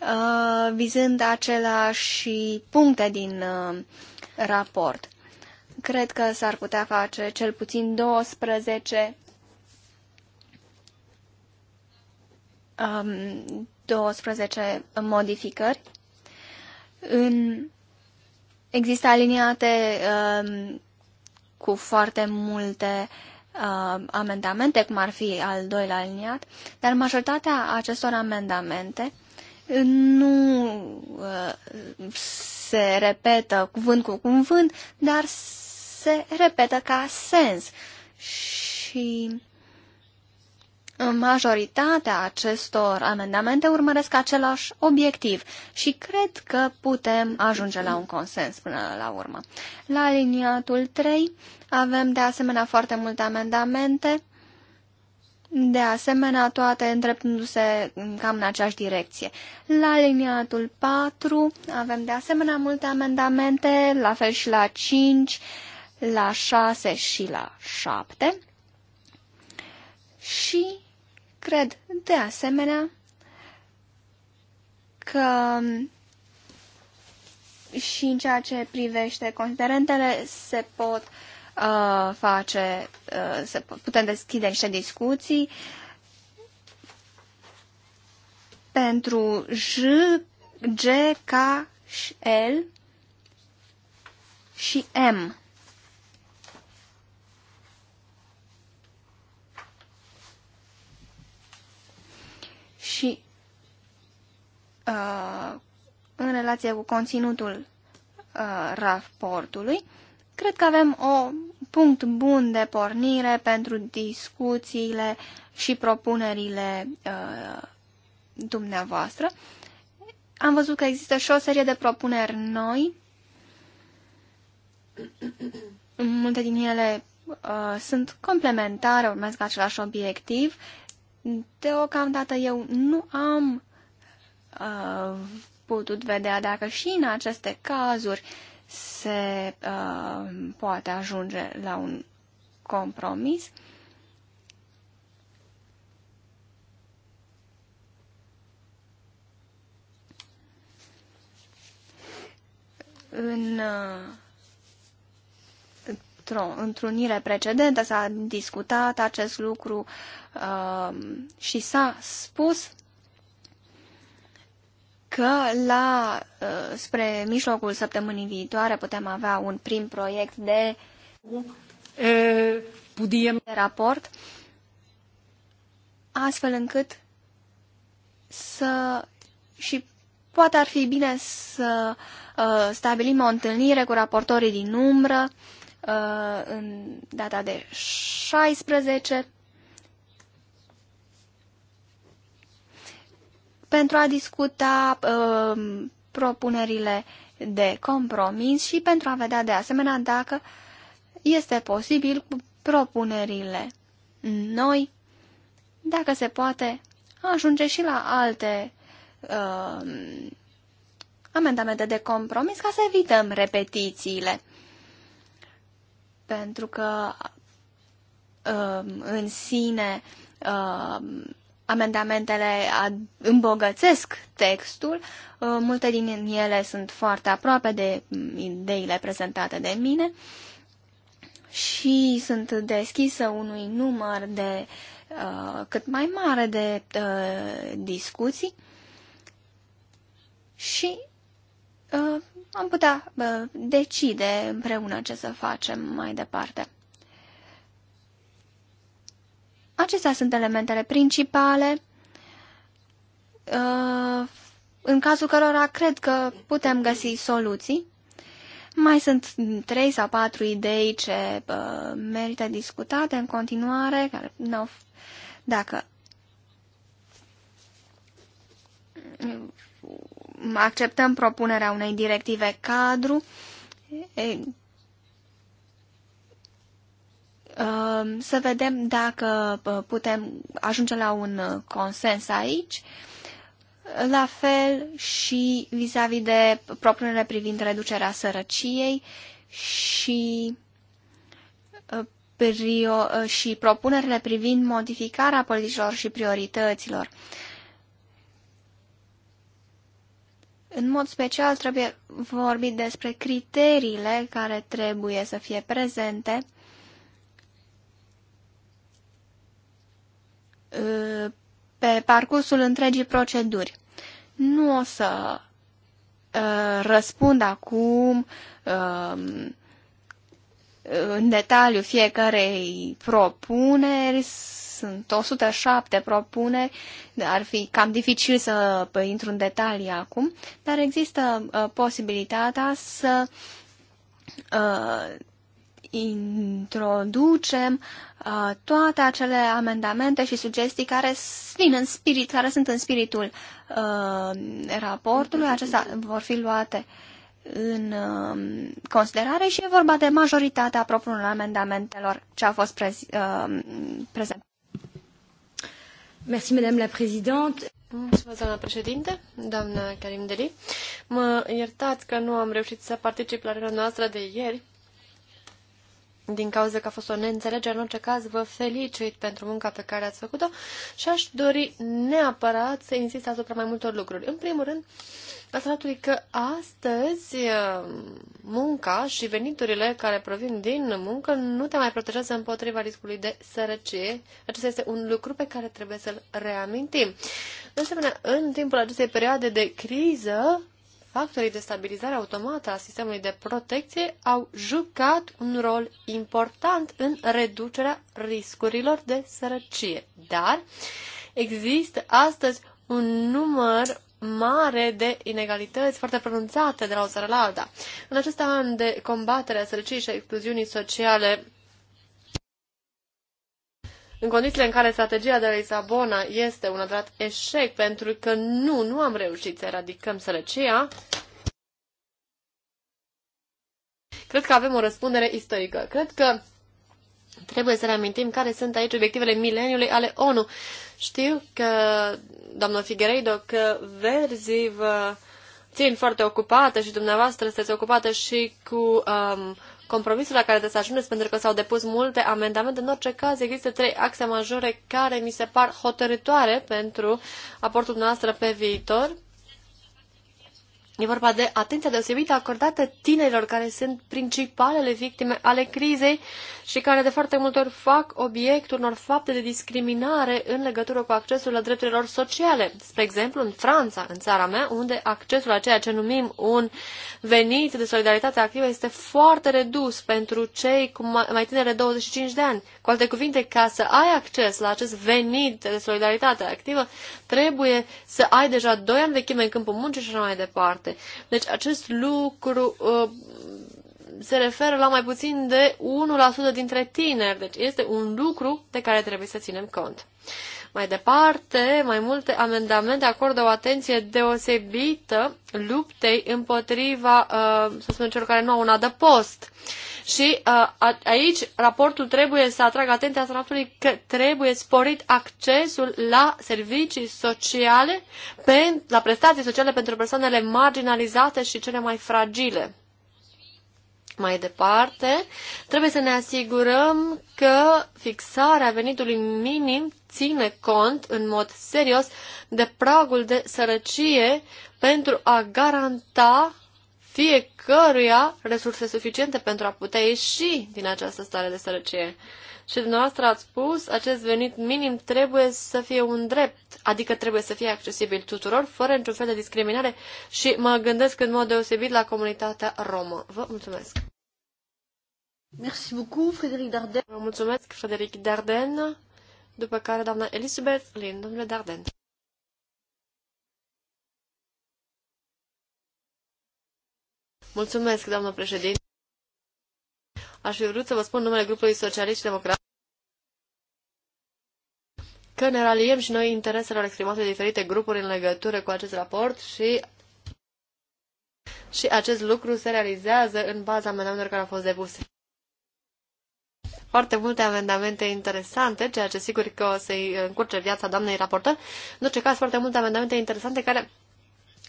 uh, vizând același puncte din uh, raport. Cred că s-ar putea face cel puțin 12 um, 12 modificări. În, există aliniate uh, cu foarte multe uh, amendamente, cum ar fi al doilea aliniat, dar majoritatea acestor amendamente nu uh, se repetă cuvânt cu cuvânt, dar se repetă ca sens. Și Majoritatea acestor amendamente urmăresc același obiectiv și cred că putem ajunge la un consens până la urmă. La aliniatul 3 avem de asemenea foarte multe amendamente, de asemenea toate îndreptându-se cam în aceeași direcție. La aliniatul 4 avem de asemenea multe amendamente, la fel și la 5, la 6 și la 7. Și Cred, de asemenea, că și în ceea ce privește considerentele se pot uh, face, uh, se putem deschide niște discuții. Pentru J, G, K, L și M. uh, în relație cu conținutul uh, raportului, cred că avem o punct bun de pornire pentru discuțiile și propunerile uh, dumneavoastră. Am văzut că există și o serie de propuneri noi. Multe din ele uh, sunt complementare, urmează același obiectiv. Deocamdată eu nu am uh, putut vedea dacă și în aceste cazuri se uh, poate ajunge la un compromis. În uh, într-o întrunire precedentă s-a discutat acest lucru uh, și s-a spus că la, uh, spre mijlocul săptămânii viitoare putem avea un prim proiect de, de raport, astfel încât să și poate ar fi bine să uh, stabilim o întâlnire cu raportorii din umbră uh, în data de 16 pentru a discuta uh, propunerile de compromis și pentru a vedea de asemenea dacă este posibil cu propunerile noi, dacă se poate ajunge și la alte uh, amendamente de compromis ca să evităm repetițiile. Pentru că uh, în sine uh, Amendamentele îmbogățesc textul, uh, multe din ele sunt foarte aproape de ideile prezentate de mine și sunt deschisă unui număr de uh, cât mai mare de uh, discuții și am putea decide împreună ce să facem mai departe. Acestea sunt elementele principale uh, în cazul cărora cred că putem găsi soluții. Mai sunt trei sau patru idei ce uh, merită discutate în continuare, care dacă acceptăm propunerea unei directive cadru, Ehm, să vedem dacă putem ajunge la un uh, consens aici. La fel și vis-a-vis -vis de propunerile privind reducerea sărăciei și, uh, prio- uh, și propunerile privind modificarea politicilor și priorităților. În mod special trebuie vorbit despre criteriile care trebuie să fie prezente pe parcursul întregii proceduri. Nu o să uh, răspund acum um, în detaliu fiecarei propuneri, sunt 107 propuneri, ar fi cam dificil să păi, intru în detalii acum, dar există uh, posibilitatea să uh, introducem uh, toate acele amendamente și sugestii care vin în spirit, care sunt în spiritul uh, raportului. Acestea vor fi luate în uh, considerare și e vorba de majoritatea propunerilor amendamentelor ce a fost prez, uh, prezent. Merci, Madame la Présidente. Mulțumesc, doamna președinte, doamna Karim Deli. Mă iertați că nu am reușit să particip la reuniunea noastră de ieri, din cauza că a fost o neînțelegere. În orice caz, vă felicit pentru munca pe care ați făcut-o și aș dori neapărat să insist asupra mai multor lucruri. În primul rând, asta faptului că astăzi uh, munca și veniturile care provin din muncă nu te mai protejează împotriva riscului de sărăcie. Acesta este un lucru pe care trebuie să-l reamintim. De asemenea, în timpul acestei perioade de criză, factorii de stabilizare automată a sistemului de protecție au jucat un rol important în reducerea riscurilor de sărăcie. Dar există astăzi un număr mare de inegalități foarte pronunțate de la o țară la alta. În acest an de combatere a sărăciei și a excluziunii sociale în condițiile în care strategia de la Lisabona este un adevărat eșec, pentru că nu, nu am reușit să eradicăm sărăcia, cred că avem o răspundere istorică. Cred că trebuie să ne amintim care sunt aici obiectivele mileniului ale ONU. Știu că, doamnă Figueiredo, că verzi vă țin foarte ocupată și dumneavoastră sunteți ocupată și cu um, compromisul la care trebuie să ajungeți, pentru că s-au depus multe amendamente. În orice caz, există trei axe majore care mi se par hotărătoare pentru aportul noastră pe viitor. E vorba de atenția deosebită acordată tinerilor care sunt principalele victime ale crizei și care de foarte multe ori fac obiectul unor fapte de discriminare în legătură cu accesul la drepturilor sociale. Spre exemplu, în Franța, în țara mea, unde accesul la ceea ce numim un venit de solidaritate activă este foarte redus pentru cei cu mai tineri de 25 de ani. Cu alte cuvinte, ca să ai acces la acest venit de solidaritate activă, trebuie să ai deja 2 ani de chime în câmpul muncii și așa mai departe date. Deci acest lucru uh, se referă la mai puțin de 1% dintre tineri, deci este un lucru de care trebuie să ținem cont. Mai departe, mai multe amendamente acordă o atenție deosebită luptei împotriva, uh, să spunem, celor care nu au un adăpost. Și uh, aici raportul trebuie să atragă atenția statului că trebuie sporit accesul la servicii sociale, la prestații sociale pentru persoanele marginalizate și cele mai fragile mai departe, trebuie să ne asigurăm că fixarea venitului minim ține cont în mod serios de pragul de sărăcie pentru a garanta fiecăruia resurse suficiente pentru a putea ieși din această stare de sărăcie și dumneavoastră ați spus, acest venit minim trebuie să fie un drept, adică trebuie să fie accesibil tuturor, fără niciun fel de discriminare și mă gândesc în mod deosebit la comunitatea romă. Vă mulțumesc! Merci beaucoup, Frédéric Darden. Vă mulțumesc, Frédéric Darden, după care doamna Elisabeth Lin, domnule Darden. Mulțumesc, doamnă președinte. Aș fi vrut să vă spun numele grupului socialist democrat că ne raliem și noi intereselor exprimate de diferite grupuri în legătură cu acest raport și și acest lucru se realizează în baza amendamentelor care au fost depuse. Foarte multe amendamente interesante, ceea ce sigur că o să-i încurce viața doamnei raportor. În orice caz, foarte multe amendamente interesante care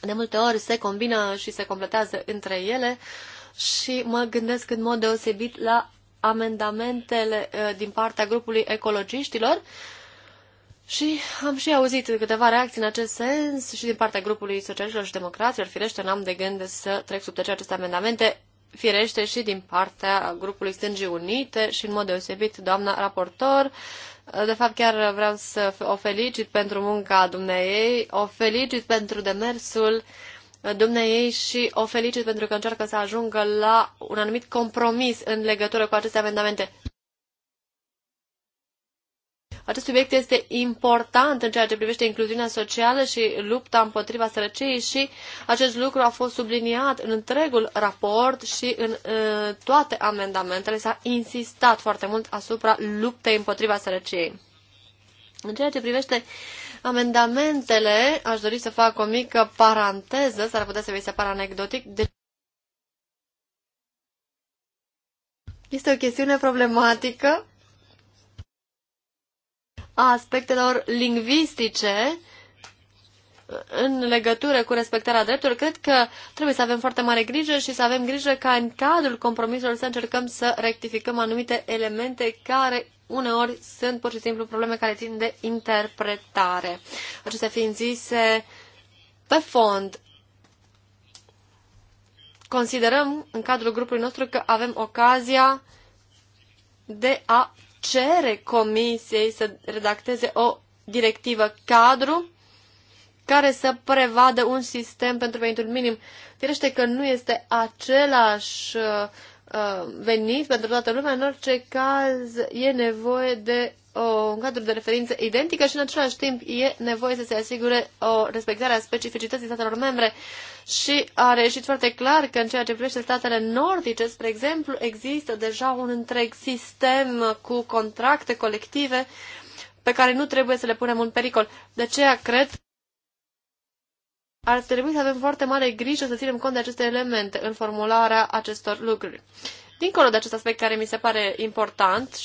de multe ori se combină și se completează între ele. Uh, și mă gândesc în mod deosebit la amendamentele uh, din partea grupului ecologiștilor și am și auzit câteva reacții în acest sens și din partea grupului socialiștilor și democraților. Firește, n-am de gând să trec sub tăcere aceste amendamente, firește și din partea grupului Stângii Unite și în mod deosebit doamna raportor. Uh, de fapt, chiar vreau să o felicit pentru munca dumneiei, o felicit pentru demersul uh, dumneei și o felicit pentru că încearcă să ajungă la un anumit compromis în legătură cu aceste amendamente. Acest subiect este important în ceea ce privește incluziunea socială și lupta împotriva sărăciei și acest lucru a fost subliniat în întregul raport și în uh, toate amendamentele. S-a insistat foarte mult asupra luptei împotriva sărăciei. În ceea ce privește uh, Amendamentele, aș dori să fac o mică paranteză, s-ar putea să vi se pară anecdotic. De... Este o chestiune problematică a aspectelor lingvistice în legătură cu respectarea drepturilor, cred că trebuie să avem foarte mare grijă și să avem grijă ca în cadrul compromisului să încercăm să rectificăm anumite elemente care uneori sunt pur și simplu probleme care țin de interpretare. Acestea fiind zise, pe fond, considerăm în cadrul grupului nostru că avem ocazia de a cere comisiei să redacteze o directivă cadru care să prevadă un sistem pentru venitul minim. Firește că nu este același uh, Uh, venit pentru toată lumea. În orice caz, e nevoie de o, un cadru de referință identică și în același timp e nevoie să se asigure o respectare a specificității statelor membre și a reieșit foarte clar că în ceea ce privește statele nordice, spre exemplu, există deja un întreg sistem cu contracte colective pe care nu trebuie să le punem în pericol. De aceea cred ar trebui să avem foarte mare grijă să ținem cont de aceste elemente în formularea acestor lucruri. Dincolo de acest aspect care mi se pare important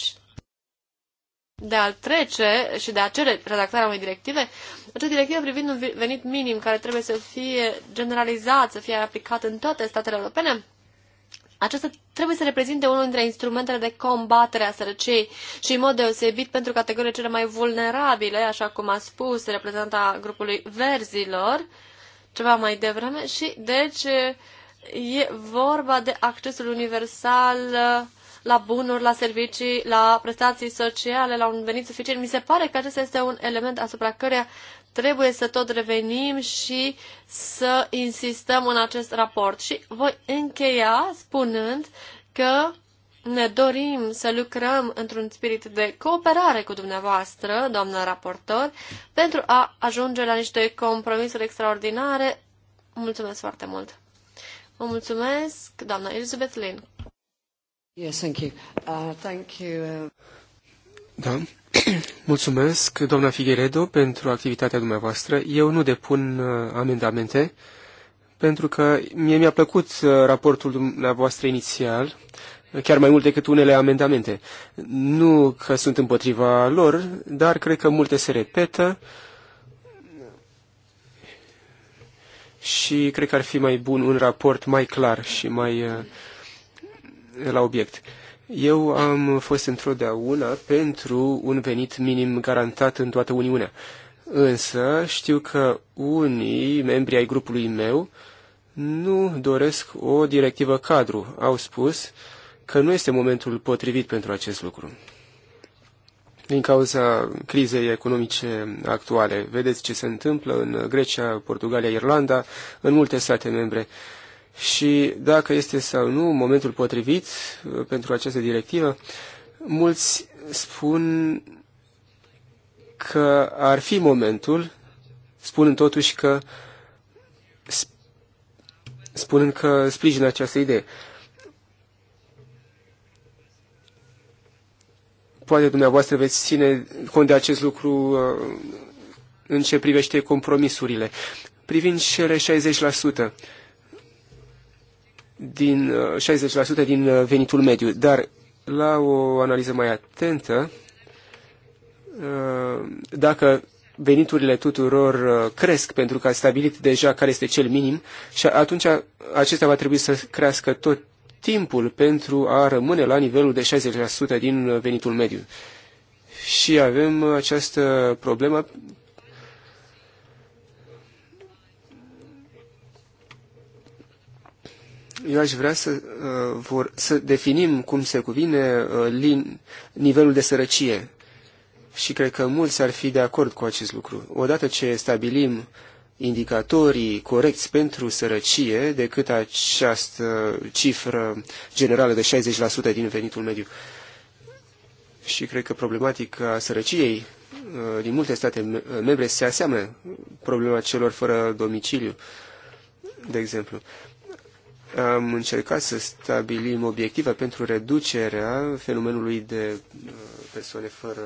de a trece și de a cere redactarea unei directive, această directivă privind un venit minim care trebuie să fie generalizat, să fie aplicat în toate statele europene, acesta trebuie să reprezinte unul dintre instrumentele de combatere a sărăciei și în mod deosebit pentru categoriile cele mai vulnerabile, așa cum a spus reprezentanta grupului verzilor, ceva mai devreme și deci e vorba de accesul universal la bunuri, la servicii, la prestații sociale, la un venit suficient. Mi se pare că acesta este un element asupra căreia trebuie să tot revenim și să insistăm în acest raport. Și voi încheia spunând că ne dorim să lucrăm într-un spirit de cooperare cu dumneavoastră, doamnă raportor, pentru a ajunge la niște compromisuri extraordinare. Mulțumesc foarte mult! Vă mulțumesc, doamna Elizabeth Lin. Yes, thank you. Uh, thank you. Uh, da. Mulțumesc, doamna Figueredo, pentru activitatea dumneavoastră. Eu nu depun uh, amendamente, pentru că mie mi-a plăcut uh, raportul dumneavoastră inițial, chiar mai mult decât unele amendamente. Nu că sunt împotriva lor, dar cred că multe se repetă și cred că ar fi mai bun un raport mai clar și mai eh, la obiect. Eu am fost întotdeauna pentru un venit minim garantat în toată Uniunea. Însă știu că unii membri ai grupului meu nu doresc o directivă cadru. Au spus uh, că nu este momentul potrivit pentru acest lucru. Din cauza crizei economice actuale, vedeți ce se întâmplă în Grecia, Portugalia, Irlanda, în multe state membre. Și dacă este sau nu momentul potrivit uh, pentru această directivă, mulți spun că ar fi momentul, spun totuși că spunând că sprijin această idee. poate dumneavoastră veți ține cont de acest lucru uh, în ce privește compromisurile. Privind cele 60% din 60% uh, din uh, venitul mediu, dar la o analiză mai atentă, dacă veniturile tuturor cresc pentru că a stabilit deja care este cel minim și atunci acesta va trebui să crească tot timpul pentru a rămâne la nivelul de 60% din venitul mediu. Și avem această problemă eu aș vrea să, uh, vor, să definim cum se cuvine uh, lin, nivelul de sărăcie. Și cred că mulți ar fi de acord cu acest lucru. Odată ce stabilim indicatorii corecți pentru sărăcie decât această cifră generală de 60% din venitul mediu. Și cred că problematica sărăciei uh, din multe state uh, membre se aseamănă problema celor fără domiciliu, de exemplu. Am încercat să stabilim obiective pentru reducerea fenomenului de uh, persoane fără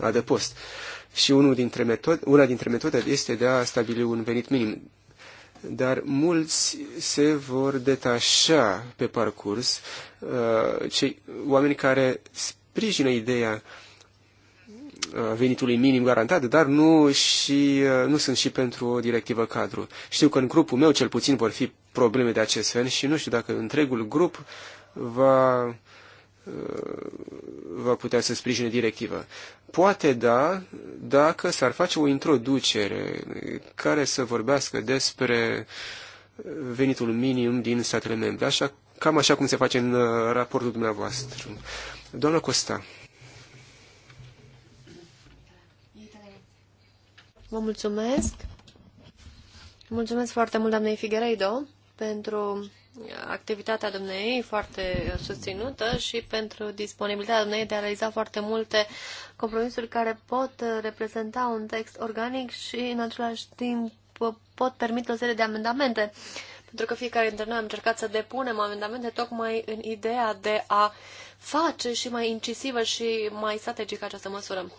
adăpost. Și unul dintre metode, una dintre metode este de a stabili un venit minim. Dar mulți se vor detașa pe parcurs, uh, cei, oameni care sprijină ideea uh, venitului minim garantat, dar nu, și, uh, nu sunt și pentru o directivă cadru. Știu că în grupul meu cel puțin vor fi probleme de acest fel și nu știu dacă întregul grup va Uh, va putea să sprijine directiva. Poate da, dacă s-ar face o introducere care să vorbească despre venitul minim din statele membre, așa, cam așa cum se face în uh, raportul dumneavoastră. Doamna Costa. Vă mulțumesc. Mulțumesc foarte mult, doamnei Figueiredo, pentru activitatea dumneei foarte susținută și pentru disponibilitatea dumneei de a realiza foarte multe compromisuri care pot reprezenta un text organic și în același timp pot permite o serie de amendamente. Pentru că fiecare dintre noi am încercat să depunem amendamente tocmai în ideea de a face și mai incisivă și mai strategică această măsură.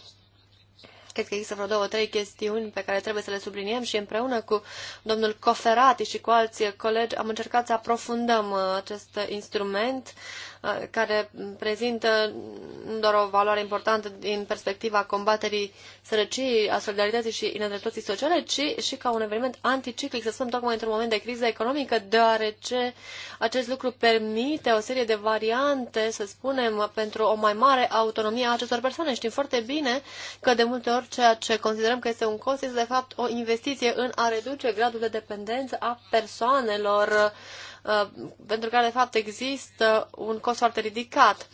Cred că există vreo două, trei chestiuni pe care trebuie să le subliniem și împreună cu domnul Coferati și cu alți colegi am încercat să aprofundăm uh, acest instrument care prezintă doar o valoare importantă din perspectiva combaterii sărăciei, a solidarității și inedreptății sociale, ci și ca un eveniment anticiclic, să spunem, tocmai într-un moment de criză economică, deoarece acest lucru permite o serie de variante, să spunem, pentru o mai mare autonomie a acestor persoane. Știm foarte bine că de multe ori ceea ce considerăm că este un cost este de fapt o investiție în a reduce gradul de dependență a persoanelor uh, Uh, pentru care, de fapt, există un cost foarte ridicat.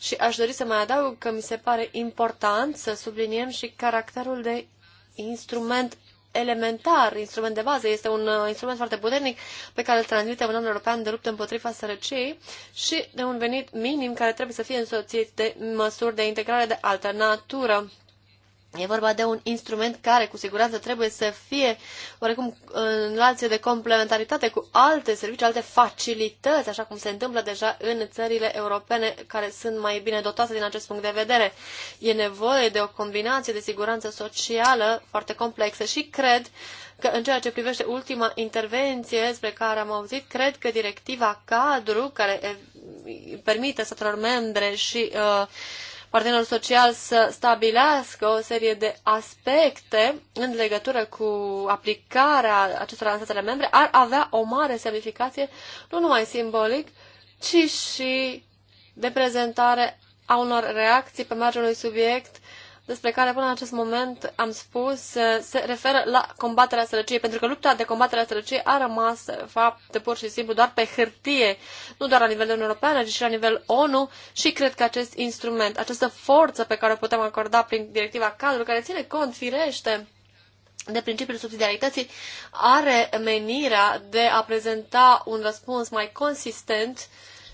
Și aș dori să mai adaug că mi se pare important să subliniem și caracterul de instrument elementar, instrument de bază, este un uh, instrument foarte puternic pe care îl transmite un om european de luptă împotriva sărăciei și de un venit minim care trebuie să fie însoțit de măsuri de integrare de altă natură. E vorba de un instrument care, cu siguranță, trebuie să fie oarecum uh, în relație de complementaritate cu alte servicii, alte facilități, așa cum se întâmplă deja în țările europene care sunt mai bine dotate din acest punct de vedere. E nevoie de o combinație de siguranță socială foarte complexă și cred că în ceea ce privește ultima intervenție despre care am auzit, cred că directiva cadru care permite statelor membre și uh, partenerul social să stabilească o serie de aspecte în legătură cu aplicarea acestora în statele membre ar avea o mare semnificație, nu numai simbolic, ci și de prezentare a unor reacții pe marginea unui subiect despre care până în acest moment am spus se referă la combaterea sărăciei, pentru că lupta de combaterea sărăciei a rămas, de fapt, pur și simplu doar pe hârtie, nu doar la nivel european, ci și la nivel ONU și cred că acest instrument, această forță pe care o putem acorda prin directiva cadru, care ține cont, firește, de principiul subsidiarității, are menirea de a prezenta un răspuns mai consistent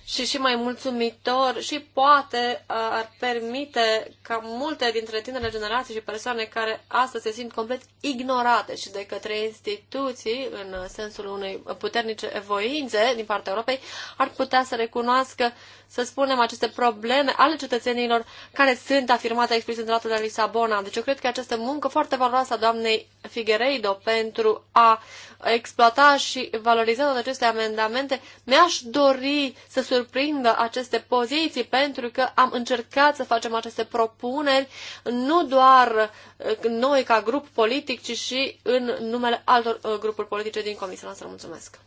și și mai mulțumitor și poate uh, ar permite ca multe dintre tinerele generații și persoane care astăzi se simt complet ignorate și de către instituții în sensul unei puternice voințe din partea Europei ar putea să recunoască, să spunem, aceste probleme ale cetățenilor care sunt afirmate explicit în de de Lisabona. Deci eu cred că această muncă foarte valoroasă a doamnei Figueiredo pentru a exploata și valoriza toate aceste amendamente mi-aș dori să surprindă aceste poziții, pentru că am încercat să facem aceste propuneri nu doar uh, noi ca grup politic, ci și în numele altor uh, grupuri politice din comisie. noastră. Mulțumesc!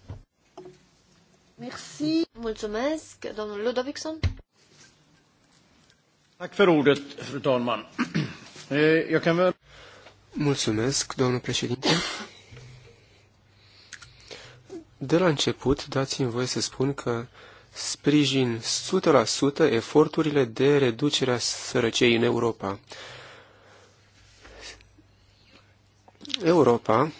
Merci. Mulțumesc, domnul Ludovicson. Eh, Mulțumesc, domnul președinte. De la început, dați-mi voie să spun că sprijin 100% eforturile de reducere a sărăciei în Europa. Europa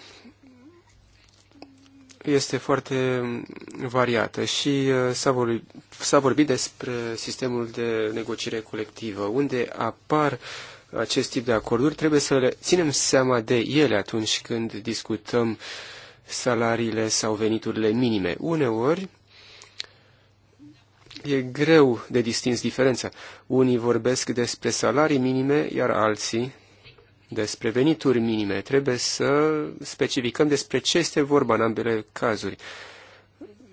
este foarte variată și uh, s-a vorbit, despre sistemul de negociere colectivă. Unde apar acest tip de acorduri, trebuie să le ținem seama de ele atunci când discutăm salariile sau veniturile minime. Uneori, e greu de distins diferența. Unii vorbesc despre salarii minime, iar alții despre venituri minime. Trebuie să specificăm despre ce este vorba în ambele cazuri.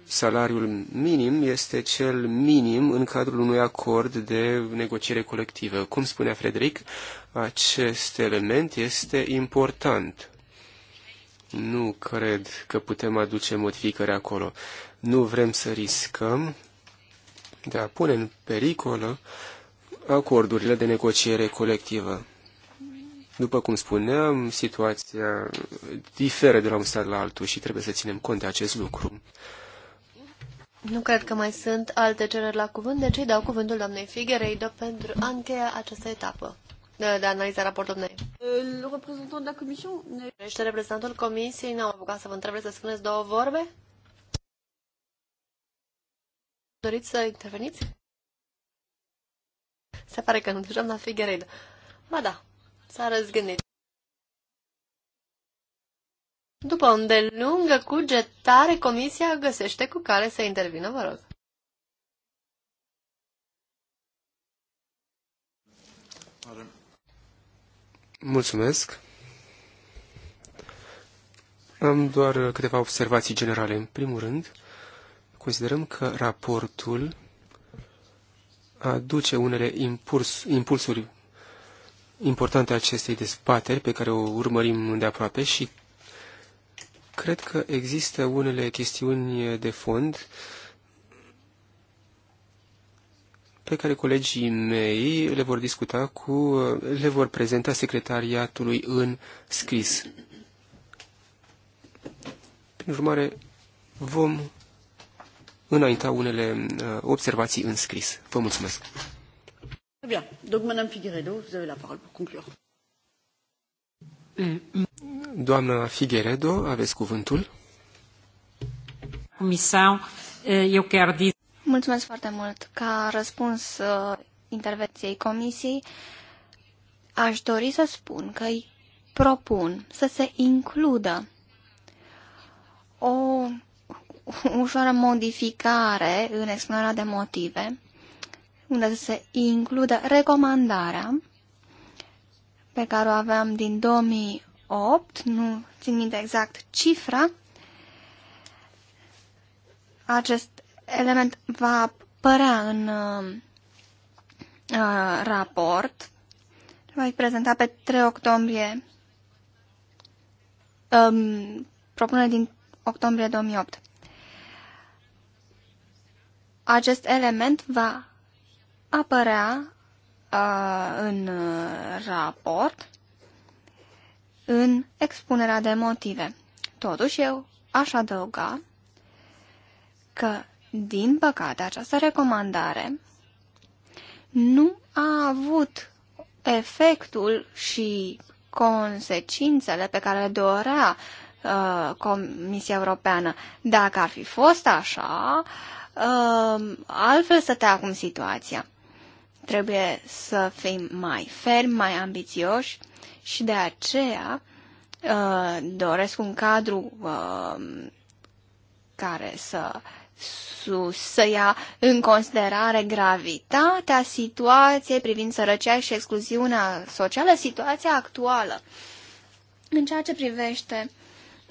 Salariul minim este cel minim în cadrul unui acord de negociere colectivă. Cum spunea Frederic, acest element este important. Nu cred că putem aduce modificări acolo. Nu vrem să riscăm de a pune în pericol acordurile de negociere colectivă. După cum spuneam, situația diferă de la un stat la altul și trebuie să ținem cont de acest lucru. Nu cred că mai sunt alte cereri la cuvânt, deci îi dau cuvântul doamnei do pentru a încheia această etapă de, de analiza raportului noi. Reprezentantul Comisiei n-a apucat să vă întrebe să spuneți două vorbe? Doriți să interveniți? Se pare că nu, deci doamna Figueredo. Ba da, s-a răzgândit. După o îndelungă cugetare, comisia găsește cu care să intervină, vă rog. Mulțumesc. Am doar câteva observații generale. În primul rând, Considerăm că raportul aduce unele impuls, impulsuri importante acestei dezbateri pe care o urmărim de aproape și cred că există unele chestiuni de fond pe care colegii mei le vor discuta cu, le vor prezenta secretariatului în scris. Prin urmare, vom înainta unele uh, observații în scris. Vă mulțumesc! Bine. Donc, Madame Figueredo, vous avez la parole pour conclure. Doamna Figueredo, aveți cuvântul. Comisar, eh, eu chiar Mulțumesc foarte mult. Ca răspuns uh, intervenției comisiei, aș dori să spun că îi propun să se includă o ușoară modificare în expunerea de motive, unde se include recomandarea pe care o aveam din 2008, nu țin minte exact cifra, acest element va apărea în uh, raport. Va fi prezentat pe 3 octombrie, um, propunere din octombrie 2008 acest element va apărea uh, în raport, în expunerea de motive. Totuși, eu aș adăuga că, din păcate, această recomandare nu a avut efectul și consecințele pe care le dorea uh, Comisia Europeană. Dacă ar fi fost așa, uh, Um, altfel te acum situația. Trebuie să fim mai fermi, mai ambițioși și de aceea uh, doresc un cadru um, care să su, să ia în considerare gravitatea situației privind sărăcia și excluziunea socială, situația actuală. În ceea ce privește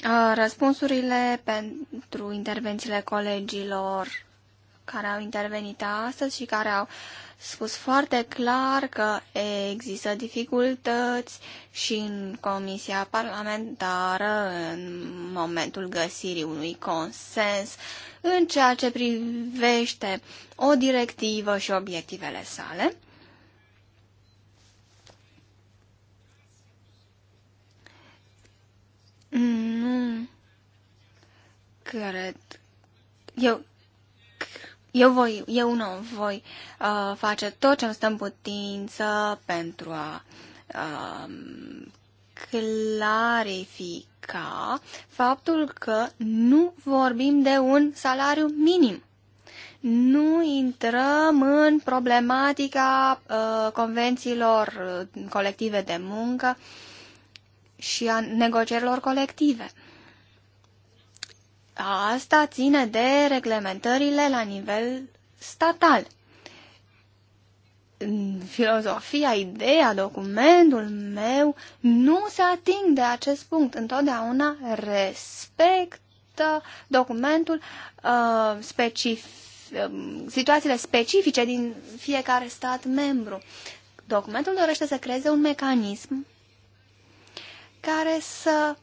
uh, răspunsurile pentru intervențiile colegilor care au intervenit astăzi și care au spus foarte clar că există dificultăți și în Comisia Parlamentară în momentul găsirii unui consens în ceea ce privește o directivă și obiectivele sale. Nu cred. Eu eu, voi, eu nu voi uh, face tot ce îmi stă în putință pentru a uh, clarifica faptul că nu vorbim de un salariu minim. Nu intrăm în problematica uh, convențiilor uh, colective de muncă și a negocierilor colective. Asta ține de reglementările la nivel statal. Filozofia, ideea, documentul meu nu se ating de acest punct. Întotdeauna respectă documentul uh, specific, uh, um, situațiile specifice din fiecare stat membru. Documentul dorește să creeze un mecanism care să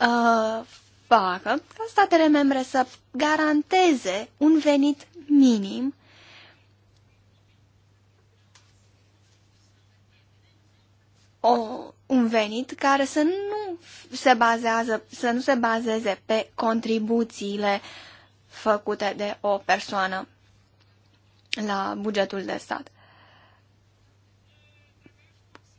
uh, facă ca statele membre să garanteze un venit minim o, un venit care să nu se bazează, să nu se bazeze pe contribuțiile făcute de o persoană la bugetul de stat.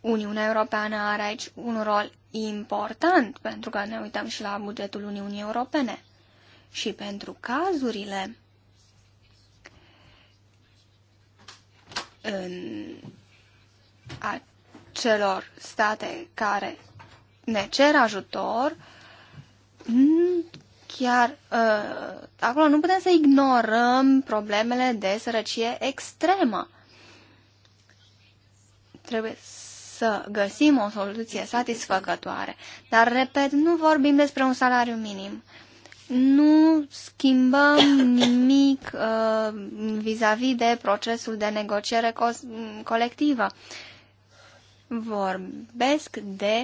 Uniunea Europeană are aici un rol important, pentru că ne uităm și la bugetul Uniunii Europene. Și pentru cazurile în acelor state care ne cer ajutor, chiar uh, acolo nu putem să ignorăm problemele de sărăcie extremă. Trebuie să găsim o soluție satisfăcătoare. Dar, repet, nu vorbim despre un salariu minim. Nu schimbăm nimic uh, vis-a-vis uh, vis, de procesul de negociere co- colectivă. Vorbesc de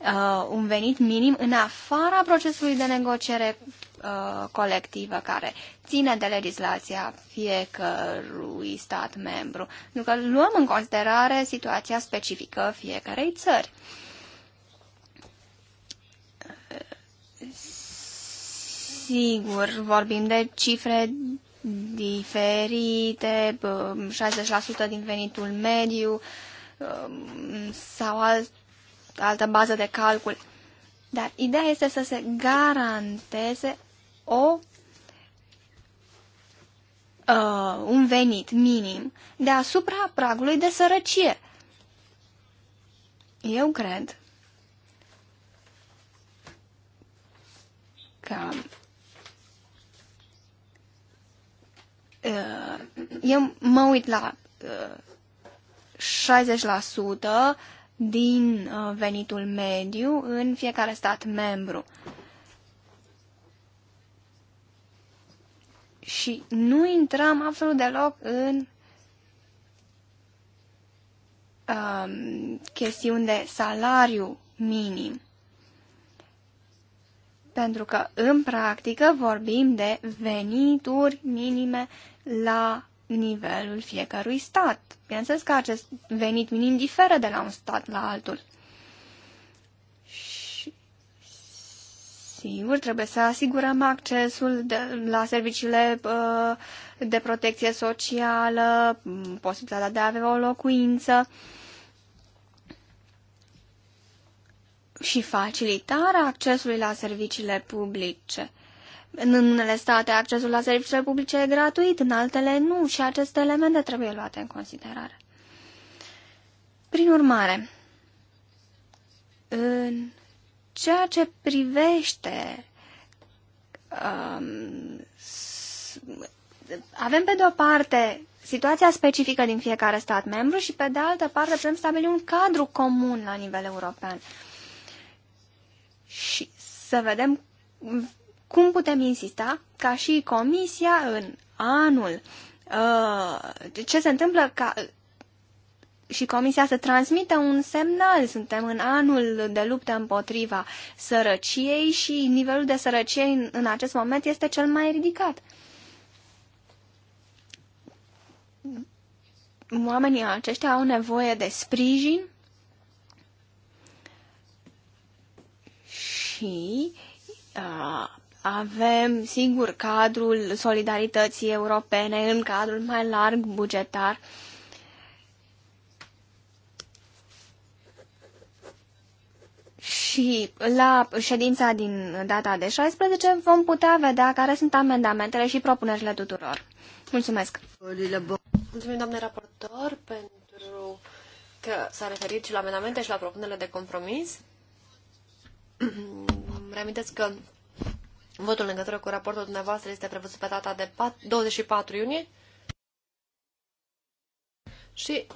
uh, un venit minim în afara procesului de negociere Uh, colectivă care ține de legislația fiecărui stat membru, pentru că luăm în considerare situația specifică fiecarei țări. Sigur, vorbim de cifre diferite, 60% uh, din venitul mediu uh, sau alt, altă bază de calcul. Dar ideea este să se garanteze o, uh, un venit minim deasupra pragului de sărăcie. Eu cred că uh, eu mă uit la uh, 60% din uh, venitul mediu în fiecare stat membru. Uh, și nu intrăm absolut deloc în um, chestiuni de salariu minim. Pentru că, în practică, vorbim de venituri minime la nivelul fiecărui stat. Bineînțeles că acest venit minim diferă de la un stat la altul. singur, trebuie să asigurăm accesul de, la serviciile uh, de protecție socială, mm, posibilitatea de a avea o locuință și facilitarea accesului la serviciile publice. În unele state accesul la serviciile publice e gratuit, în altele nu și aceste elemente trebuie luate în considerare. Prin urmare, în ceea ce privește um, avem pe de o parte situația specifică din fiecare stat membru și pe de altă parte putem stabili un cadru comun la nivel european. Și să vedem cum putem insista ca și Comisia în anul uh, ce se întâmplă ca, și Comisia să transmită un semnal. Suntem în anul de luptă împotriva sărăciei și nivelul de sărăcie în, în acest moment este cel mai ridicat. Oamenii aceștia au nevoie de sprijin și uh, avem, sigur, cadrul solidarității europene în cadrul mai larg bugetar uh, și la ședința din data de 16 vom putea vedea care sunt amendamentele și propunerile tuturor. Mulțumesc! Mulțumim, doamne raportor, pentru că s-a referit și la amendamente și la propunerile de compromis. Reamintesc că votul în legătură cu raportul dumneavoastră este prevăzut pe data de 24 iunie și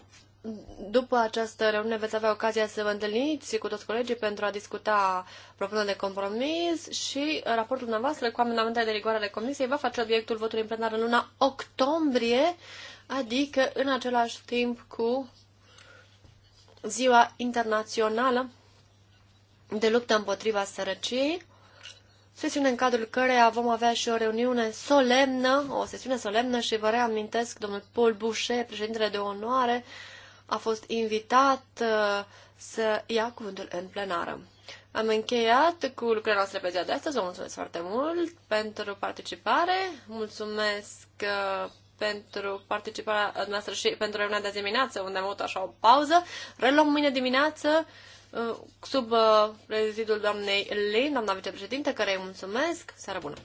după această reuniune veți avea ocazia să vă întâlniți cu toți colegii pentru a discuta propunerea de compromis și raportul dumneavoastră cu amendamentele de rigoare ale Comisiei va face obiectul votului în plenar în luna octombrie, adică în același timp cu Ziua Internațională de luptă împotriva sărăciei, sesiune în cadrul căreia vom avea și o reuniune solemnă, o sesiune solemnă și vă reamintesc, domnul Paul Boucher, președintele de onoare, a fost invitat uh, să ia cuvântul în plenară. Am încheiat cu lucrarea noastră pe ziua de astăzi. Vă mulțumesc foarte mult pentru participare. Mulțumesc uh, pentru participarea noastră și pentru reuniunea de dimineață, unde am avut așa o pauză. Reluăm mâine dimineață uh, sub prezidul doamnei Lin, doamna vicepreședinte, care îi mulțumesc. Seară bună!